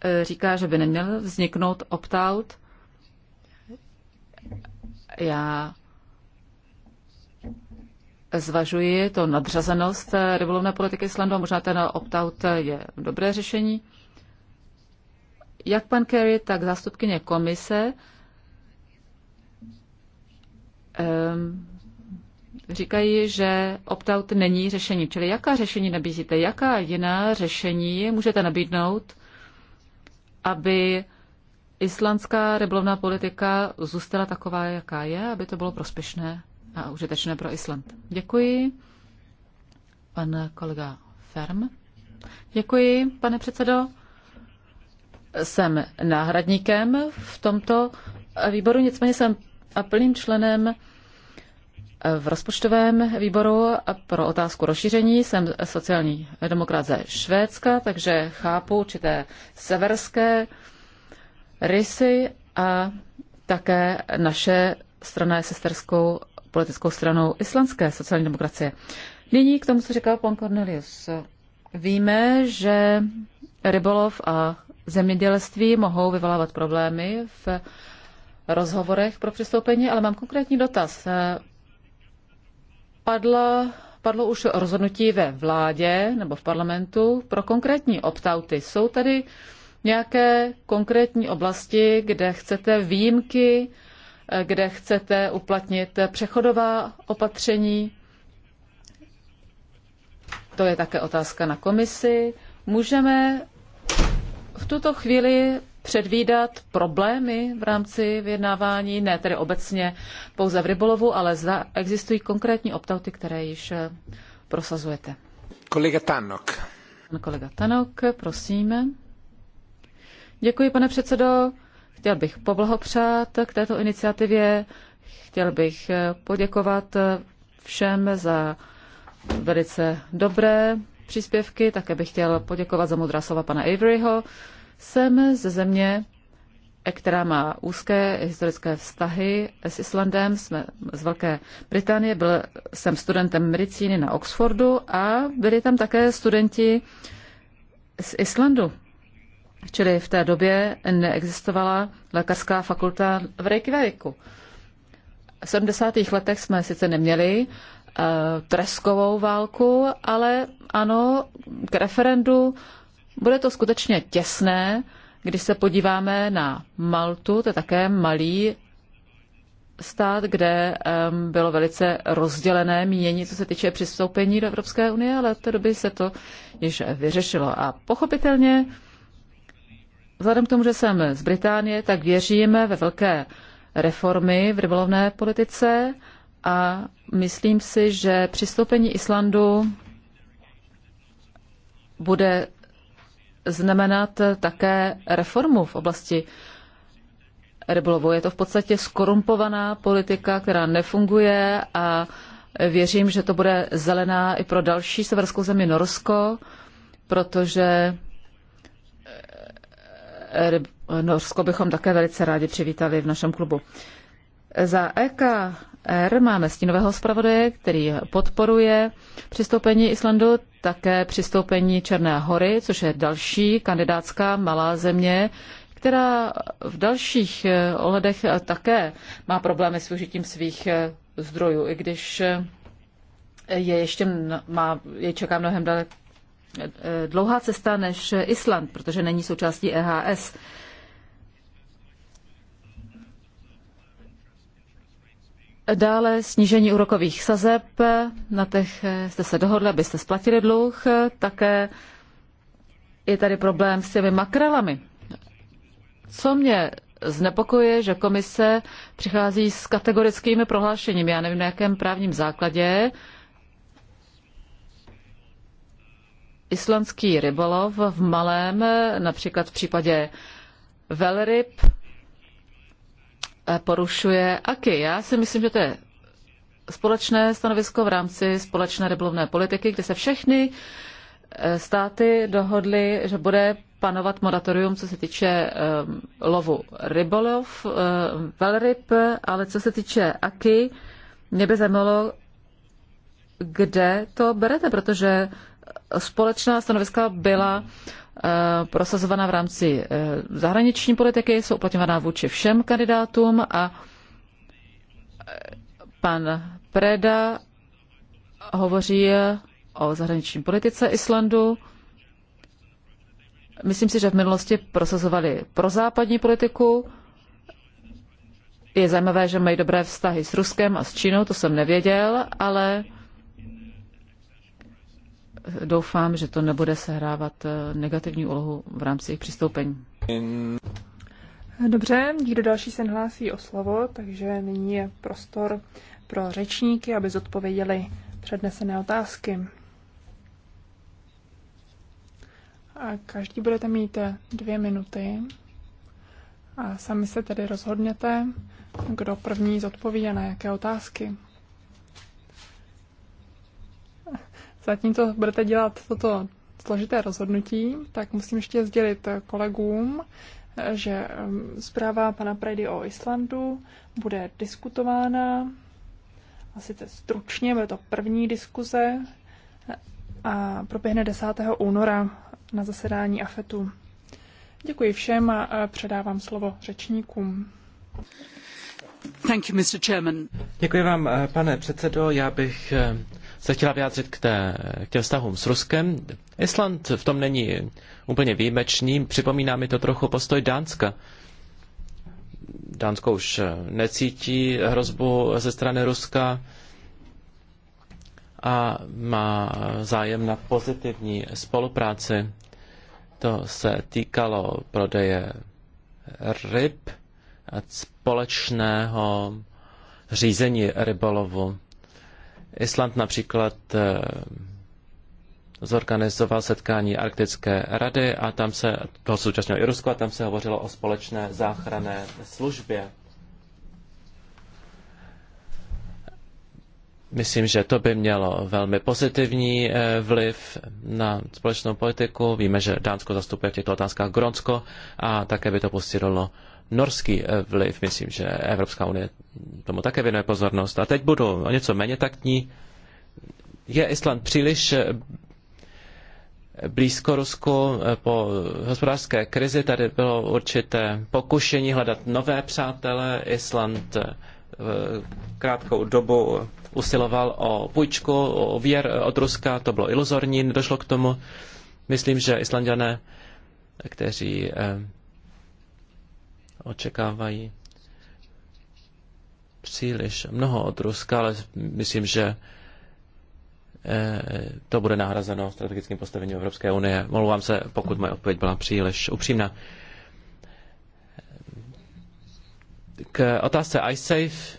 Speaker 4: eh, říká, že by neměl vzniknout opt-out. Já zvažuji to nadřazenost rybolovné politiky Islandu a možná ten opt-out je dobré řešení. Jak pan Kerry, tak zástupkyně komise Ehm, říkají, že opt-out není řešení. Čili jaká řešení nabízíte? Jaká jiná řešení můžete nabídnout, aby islandská rybolovná politika zůstala taková, jaká je, aby to bylo prospěšné a užitečné pro Island? Děkuji. Pan kolega Ferm. Děkuji, pane předsedo. Jsem náhradníkem v tomto výboru, nicméně jsem a plným členem v rozpočtovém výboru pro otázku rozšíření. Jsem sociální demokrat ze Švédska, takže chápu určité severské rysy a také naše strana je sesterskou politickou stranou islandské sociální demokracie. Nyní k tomu, co říkal pan Cornelius. Víme, že rybolov a zemědělství mohou vyvolávat problémy v rozhovorech pro přistoupení, ale mám konkrétní dotaz. Eh, padlo, padlo už rozhodnutí ve vládě nebo v parlamentu pro konkrétní optauty. Jsou tady nějaké konkrétní oblasti, kde chcete výjimky, eh, kde chcete uplatnit přechodová opatření? To je také otázka na komisi. Můžeme v tuto chvíli předvídat problémy v rámci vyjednávání, ne tedy obecně pouze v rybolovu, ale zda existují konkrétní optauty, které již eh, prosazujete.
Speaker 2: Kolega Tanok.
Speaker 4: Kolega Tanok, prosím. Děkuji, pane předsedo. Chtěl bych poblahopřát k této iniciativě. Chtěl bych eh, poděkovat eh, všem za velice dobré příspěvky. Také bych chtěl poděkovat za modrá slova pana Averyho. Jsem ze země, e, která má úzké historické vztahy s Islandem. Jsme z Velké Británie, byl jsem studentem medicíny na Oxfordu a byli tam také studenti z Islandu. Čili v té době neexistovala lékařská fakulta v Reykjavíku. V 70. letech jsme sice neměli e, treskovou válku, ale ano, k referendu bude to skutečně těsné, když se podíváme na Maltu, to je také malý stát, kde um, bylo velice rozdělené mínění, co se týče přistoupení do Evropské unie, ale v té době se to již vyřešilo. A pochopitelně, vzhledem k tomu, že jsem z Británie, tak věříme ve velké reformy v rybolovné politice a myslím si, že přistoupení Islandu bude znamenat také reformu v oblasti rybolovu. Je to v podstatě skorumpovaná politika, která nefunguje a věřím, že to bude zelená i pro další severskou zemi Norsko, protože eh, Norsko bychom také velice rádi přivítali v našem klubu. Za EK E R máme stínového zpravodaje, který podporuje přistoupení Islandu, také přistoupení Černé hory, což je další kandidátská malá země, která v dalších e, ohledech e, také má problémy s využitím svých zdrojů, i když je ještě, má, je čeká mnohem daleko dlouhá cesta než Island, protože není součástí EHS. Dále snížení úrokových sazeb, na těch eh, jste se dohodli, abyste splatili dluh. Také je tady problém s těmi makrelami. Co mě znepokuje, že komise přichází s kategorickými prohlášeními. Já nevím, na jakém právním základě. Islandský rybolov v malém, například v případě velryb, porušuje AKY. Já si myslím, že to je společné stanovisko v rámci společné rybolovné politiky, kde se všechny eh, státy dohodly, že bude panovat moratorium, co se týče um, lovu rybolov, um, velryb, ale co se týče aky, mě by zajímalo, kde to berete, protože společná stanoviska byla eh, prosazována v rámci eh, zahraniční politiky, jsou uplatňovaná vůči všem kandidátům a eh, pan Preda hovoří o zahraniční politice Islandu. Myslím si, že v minulosti prosazovali prozápadní politiku. Je zajímavé, že mají dobré vztahy s Ruskem a s Čínou, to jsem nevěděl, ale doufám, že to nebude sehrávat eh, negativní úlohu v rámci jejich přistoupení.
Speaker 2: Dobře, nikdo další se nehlásí o slovo, takže nyní je prostor pro řečníky, aby zodpověděli přednesené otázky. A každý budete mít eh, dvě minuty a sami se tedy rozhodněte, kdo první zodpoví na jaké otázky. Zatímco budete dělat toto složité rozhodnutí, tak musím ještě sdělit kolegům, že ehm, zpráva pana Prady o Islandu bude diskutována, Asi to stručně, bude to první diskuze a proběhne 10. února na zasedání AFETu. Děkuji všem a e, předávám slovo řečníkům.
Speaker 3: Thank you, Mr. Chairman. Děkuji vám, e, pane předsedo. Já bych e, se chtěla vyjádřit k, té, k těm vztahům s Ruskem. Island v tom není úplně výjimečný, připomíná mi to trochu postoj Dánska. Dánsko už necítí hrozbu ze strany Ruska a má zájem na pozitivní spolupráci. To se týkalo prodeje ryb a společného řízení rybolovu. Island například eh, zorganizoval setkání Arktické rady a tam se, toho současného i Rusko, a tam se hovořilo o společné záchranné službě. Myslím, že to by mělo velmi pozitivní eh, vliv na společnou politiku. Víme, že Dánsko zastupuje v těchto otázkách Gronsko a také by to posílilo norský eh, vliv. Myslím, že Evropská unie tomu také věnuje pozornost. A teď budu o něco méně taktní. Je Island příliš eh, blízko Rusku eh, po hospodářské krizi. Tady bylo určité pokušení hledat nové přátele. Island krátkou dobu usiloval o půjčku, o věr od Ruska, to bylo iluzorní, nedošlo k tomu. Myslím, že Islandiané, kteří očekávají příliš mnoho od Ruska, ale myslím, že eh, to bude nahrazeno strategickým postavením Evropské unie. Mluvám se, pokud moje odpověď byla příliš upřímná. K otázce iSafe.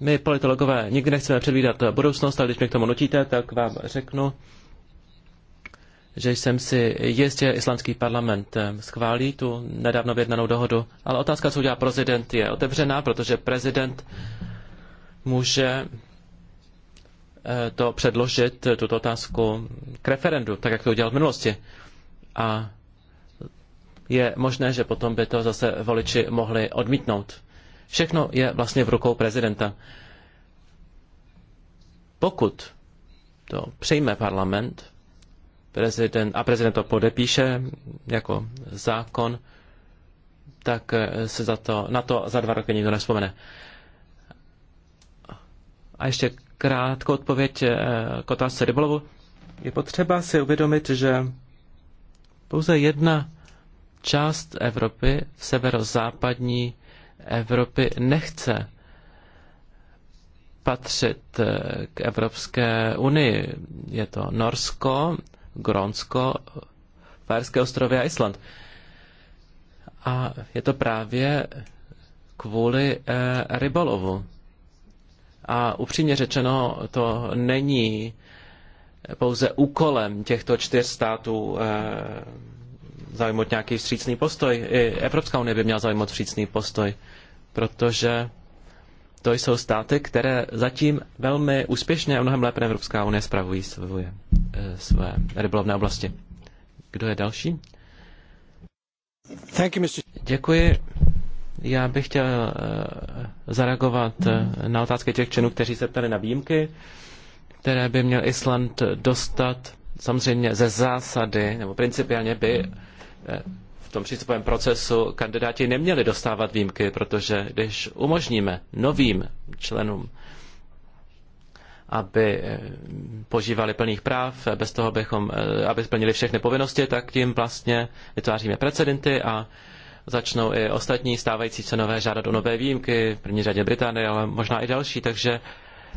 Speaker 3: My politologové nikdy nechceme předvídat budoucnost, ale když mě k tomu nutíte, tak vám řeknu, že jsem si jistě že parlament eh, schválí tu nedávno vyjednanou dohodu, ale otázka, co udělá prezident, je otevřená, protože prezident může eh, to předložit, eh, tuto otázku k referendu, tak jak to udělal v minulosti. A je možné, že potom by to zase voliči mohli odmítnout. Všechno je vlastně v rukou prezidenta. Pokud to přejme parlament, prezident, a prezident to podepíše jako zákon, tak eh, se za to, na to za dva roky nikdo nespomene. A ještě krátkou odpověď eh, k otázce rybolovu. Je potřeba si uvědomit, že pouze jedna část Evropy, v severozápadní Evropy, nechce patřit eh, k Evropské unii. Je to Norsko Grónsko, Fajerské ostrovy a Island. A je to právě kvůli eh, rybolovu. A upřímně řečeno, to není pouze úkolem těchto čtyř států eh, zajmout nějaký vstřícný postoj. I Evropská unie by měla zajmout vstřícný postoj, protože to jsou státy, které zatím velmi úspěšně a mnohem lépe Evropská unie spravují svoje Eh, své rybolovné oblasti. Kdo je další? Thank you, Mr. Děkuji. Já bych chtěl eh, zareagovat eh, na otázky těch členů, kteří se ptali na výjimky, které by měl Island dostat. Samozřejmě ze zásady, nebo principiálně by v tom přístupovém procesu kandidáti neměli dostávat výjimky, protože když umožníme novým členům aby eh, požívali plných práv, bez toho, bychom, eh, aby splnili všechny povinnosti, tak tím vlastně vytváříme precedenty a začnou i ostatní stávající cenové žádat o nové výjimky, v první řadě Británie, ale možná i další, takže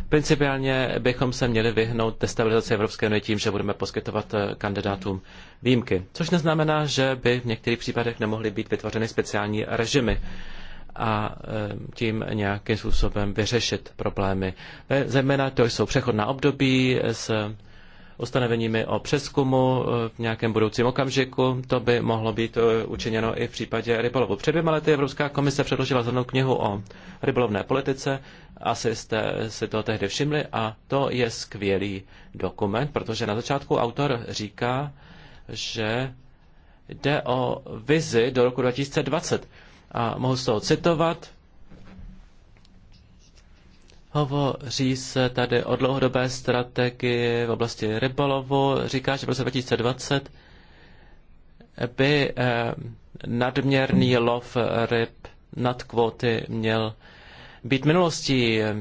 Speaker 3: principiálně bychom se měli vyhnout destabilizaci Evropské unie tím, že budeme poskytovat eh, kandidátům výjimky. Což neznamená, že by v některých případech nemohly být vytvořeny speciální režimy a tím nějakým způsobem vyřešit problémy. Zejména to jsou přechodná období s ustanoveními o přeskumu e, v nějakém budoucím okamžiku. To by mohlo být e, učiněno i v případě rybolovu. Před dvěma lety Evropská komise předložila zelenou knihu o rybolovné politice. Asi jste si to tehdy všimli a to je skvělý dokument, protože na začátku autor říká, že jde o vizi do roku 2020 a mohu z toho citovat. Hovoří se tady o dlouhodobé strategii v oblasti rybolovu. Říká, že v roce 2020 by eh, nadměrný lov ryb nad kvóty měl být minulostí eh,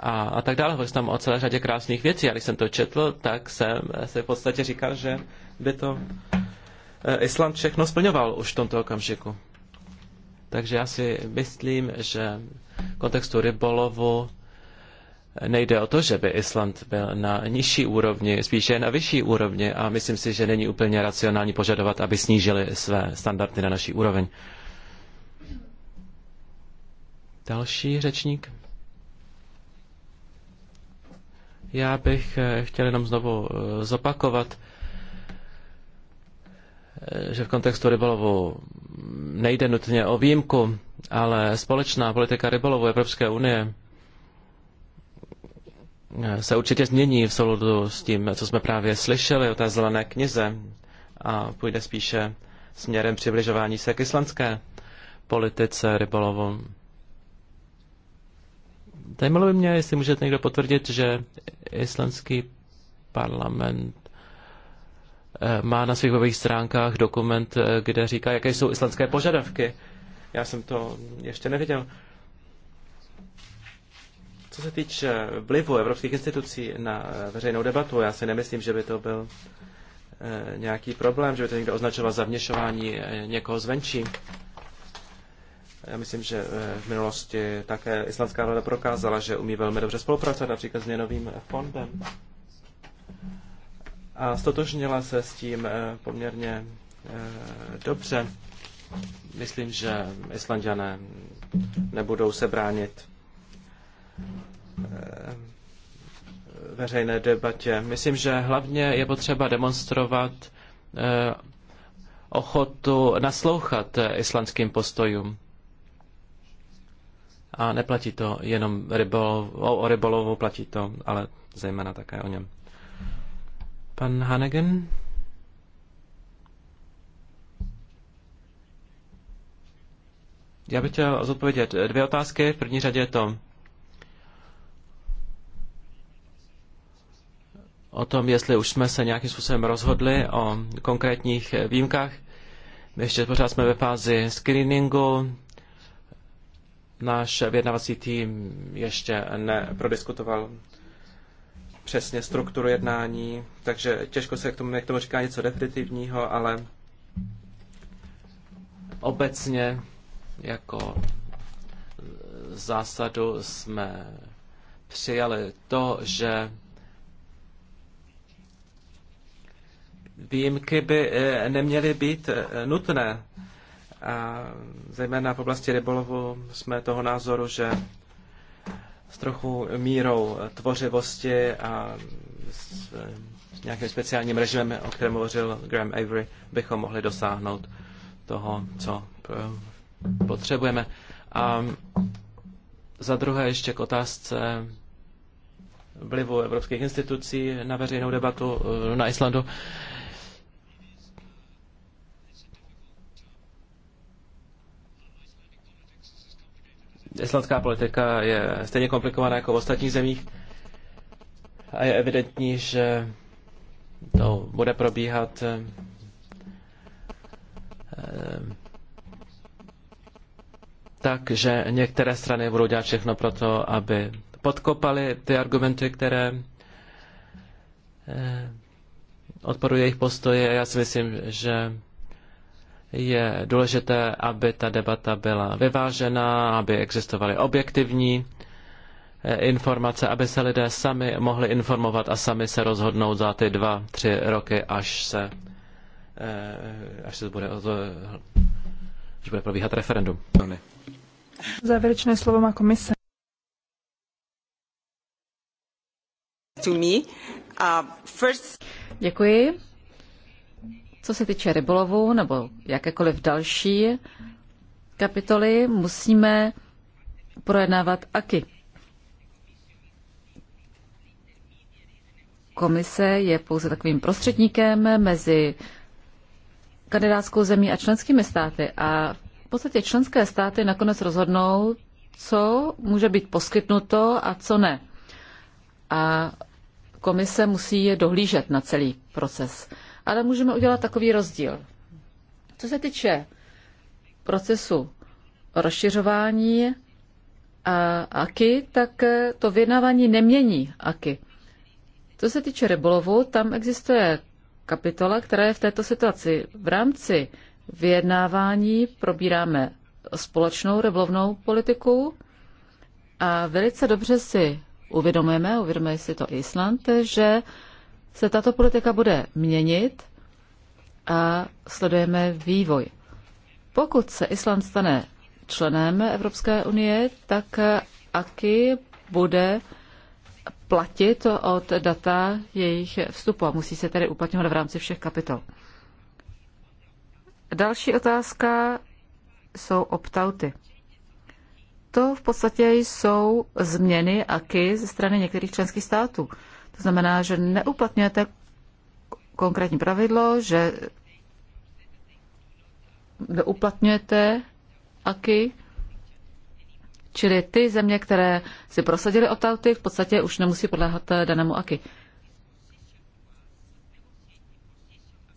Speaker 3: a, a tak dále. Hovoří tam o celé řadě krásných věcí. A když jsem to četl, tak jsem se v podstatě říkal, že by to eh, Island všechno splňoval už v tomto okamžiku. Takže já si myslím, že v kontextu rybolovu nejde o to, že by Island byl na nižší úrovni, spíše na vyšší úrovni a myslím si, že není úplně racionální požadovat, aby snížili své standardy na naší úroveň. Další řečník. Já bych eh, chtěl jenom znovu eh, zopakovat, Eh, že v kontextu rybolovu nejde nutně o výjimku, ale společná politika rybolovu Evropské unie eh, se určitě změní v souladu s tím, co jsme právě slyšeli o té zelené knize a půjde spíše směrem přibližování se k islandské politice rybolovu. Zajímalo by mě, jestli můžete někdo potvrdit, že islandský parlament Eh, má na svých webových stránkách dokument, eh, kde říká, jaké jsou islandské požadavky. Já jsem to ještě neviděl. Co se týče vlivu evropských institucí na eh, veřejnou debatu, já si nemyslím, že by to byl nějaký problém, že by to někdo označoval za vněšování někoho zvenčí. Já myslím, že v minulosti také islandská vláda prokázala, že umí velmi dobře spolupracovat například s měnovým fondem a stotožnila se s tím eh, poměrně eh, dobře. Myslím, že Islandiané nebudou se bránit eh, veřejné debatě. Myslím, že hlavně je potřeba demonstrovat ochotu naslouchat islandským postojům. A neplatí to jenom rybolov, o rybolovu, platí to, ale zejména také o něm. Pan Hanegen? Já bych chtěl zodpovědět dvě otázky. V první řadě je to o tom, jestli už jsme se nějakým způsobem rozhodli o konkrétních výjimkách. Ještě pořád jsme ve fázi screeningu. Náš vědnavací tým ještě neprodiskutoval přesně strukturu jednání, takže těžko se k tomu, k tomu říká něco definitivního, ale obecně jako zásadu jsme přijali to, že výjimky by eh, neměly být eh, nutné. A zejména v oblasti rybolovu jsme toho názoru, že s trochu mírou tvořivosti a s eh, nějakým speciálním režimem, o kterém hovořil Graham Avery, bychom mohli dosáhnout toho, co eh, potřebujeme. A za druhé ještě k otázce vlivu evropských institucí na veřejnou debatu eh, na Islandu. islandská politika je stejně komplikovaná jako v ostatních zemích a je evidentní, že to bude probíhat eh, tak, že některé strany budou dělat všechno pro to, aby podkopali ty argumenty, které eh, odporují jejich postoje. Já si myslím, že je důležité, aby ta debata byla vyvážená, aby existovaly objektivní eh, informace, aby se lidé sami mohli informovat a sami se rozhodnout za ty dva, tři roky, až se, eh, až se bude, až bude probíhat referendum.
Speaker 2: Závěrečné slovo má komise. Děkuji.
Speaker 4: Co se týče rybolovu nebo jakékoliv další kapitoly, musíme projednávat AKY. Komise je pouze takovým prostředníkem mezi kandidátskou zemí a členskými státy a v podstatě členské státy nakonec rozhodnou, co může být poskytnuto a co ne. A komise musí je dohlížet na celý proces ale můžeme udělat takový rozdíl. Co se týče procesu rozšiřování a AKY, tak to vyjednávání nemění AKY. Co se týče rybolovu, tam existuje kapitola, která je v této situaci. V rámci vyjednávání probíráme společnou rybolovnou politiku a velice dobře si uvědomujeme, uvědomuje si to Island, že se tato politika bude měnit a sledujeme vývoj. Pokud se Island stane členem Evropské unie, tak aký bude platit od data jejich vstupu a musí se tedy uplatňovat v rámci všech kapitol. Další otázka jsou optauty. To v podstatě jsou změny aky ze strany některých členských států. To znamená, že neuplatňujete konkrétní pravidlo, že neuplatňujete aky, čili ty země, které si prosadily optauty, v podstatě už nemusí podléhat eh, danému aky.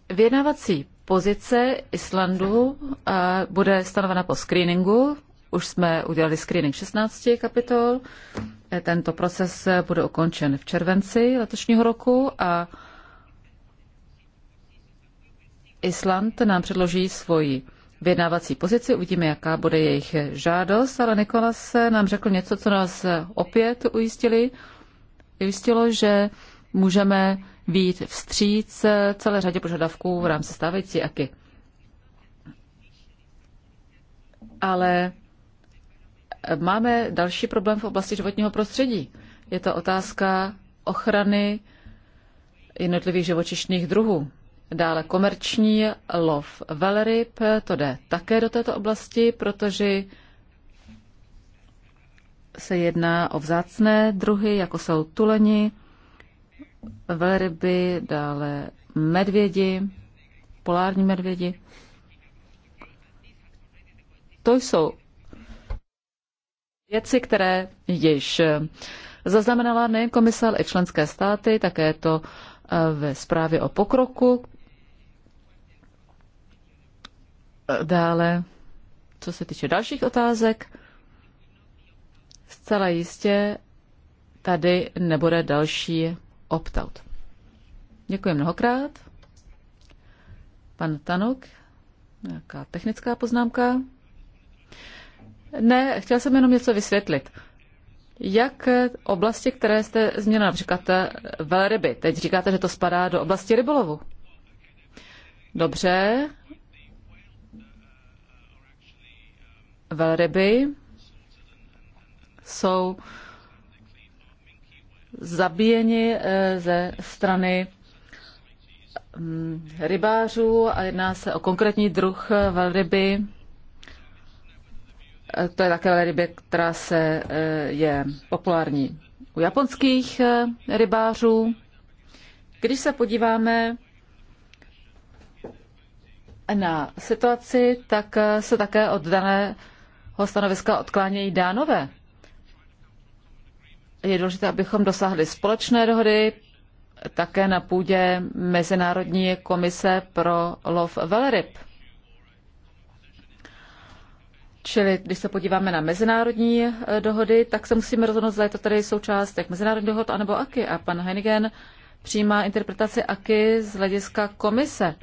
Speaker 4: Vyjednávací pozice Islandu eh, bude stanovena po screeningu už jsme udělali screening 16 kapitol. E, tento proces bude ukončen v červenci letošního roku a Island nám předloží svoji vyjednávací pozici, uvidíme, jaká bude jejich žádost, ale Nikolas nám řekl něco, co nás opět ujistili, ujistilo, že můžeme být vstříc celé řadě požadavků v rámci stávající AKY. Ale máme další problém v oblasti životního prostředí. Je to otázka ochrany jednotlivých živočišných druhů. Dále komerční lov velryb, to jde také do této oblasti, protože se jedná o vzácné druhy, jako jsou tuleni, velryby, dále medvědi, polární medvědi. To jsou věci, které již eh, zaznamenala nejen komisar i členské státy, také to eh, ve zprávě o pokroku. Dále, co se týče dalších otázek, zcela jistě tady nebude další opt-out. Děkuji mnohokrát. Pan Tanuk, nějaká technická poznámka? Ne, chtěl jsem jenom něco vysvětlit. Jak oblasti, které jste změnila, například eh, velryby, teď říkáte, že to spadá do oblasti rybolovu. Dobře. Velryby jsou zabíjeni eh, ze strany mm, rybářů a jedná se o konkrétní druh eh, velryby, to je také ryba, která se eh, je populární u japonských eh, rybářů. Když se podíváme na situaci, tak eh, se také od daného stanoviska odklánějí dánové. Je důležité, abychom dosáhli společné dohody také na půdě Mezinárodní komise pro lov velryb. Čili když se podíváme na mezinárodní eh, dohody, tak se musíme rozhodnout, zda je to tady součást jak mezinárodní dohod anebo AKY. A pan Heinigen přijímá interpretaci AKY z hlediska komise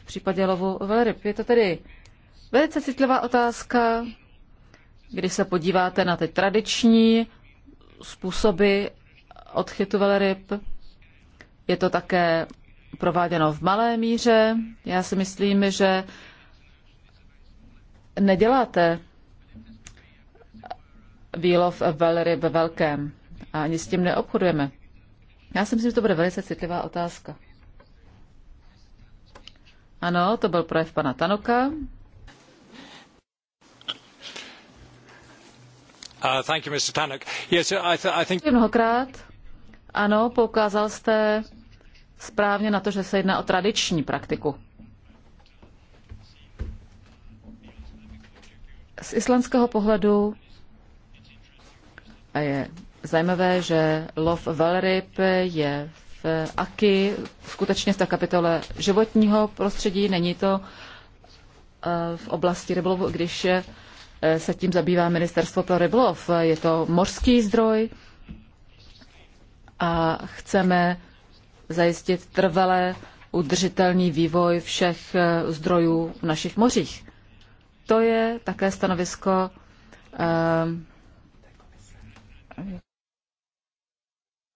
Speaker 4: v případě lovu velryb. Je to tedy velice citlivá otázka, když se podíváte na ty tradiční způsoby odchytu velryb. Je to také prováděno v malé míře. Já si myslím, že neděláte výlov velryb ve velkém a ani s tím neobchodujeme. Já si myslím, že to bude velice citlivá otázka. Ano, to byl projev pana Tanoka.
Speaker 2: Uh, thank you, Mr. Tanuk. Yes, I th- I think...
Speaker 4: Mnohokrát. Ano, poukázal jste správně na to, že se jedná o tradiční praktiku. Z islandského pohledu je zajímavé, že lov velryb je v AKI, skutečně v té kapitole životního prostředí, není to eh, v oblasti rybolovu, když eh, se tím zabývá Ministerstvo pro rybolov. Je to mořský zdroj a chceme zajistit trvalé udržitelný vývoj všech eh, zdrojů v našich mořích. To je také stanovisko eh,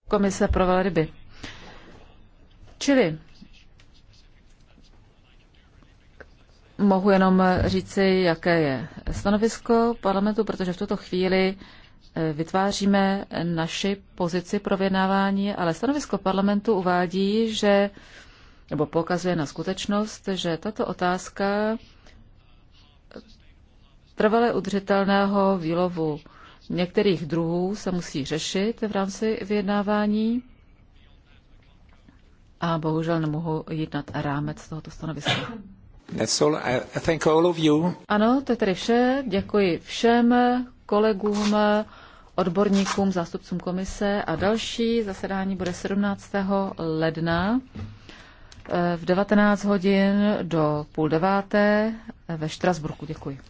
Speaker 4: Komise pro velryby. Čili mohu jenom říci, jaké je stanovisko parlamentu, protože v tuto chvíli eh, vytváříme naši pozici pro vyjednávání, ale stanovisko parlamentu uvádí, že nebo poukazuje na skutečnost, že tato otázka trvale udržitelného výlovu některých druhů se musí řešit v rámci vyjednávání a bohužel nemohu jít nad rámec tohoto stanoviska.
Speaker 2: That's all. I thank all of you.
Speaker 4: Ano, to je tedy vše. Děkuji všem kolegům, odborníkům, zástupcům komise a další zasedání bude 17. ledna eh, v 19 hodin do půl deváté ve Štrasburku. Děkuji.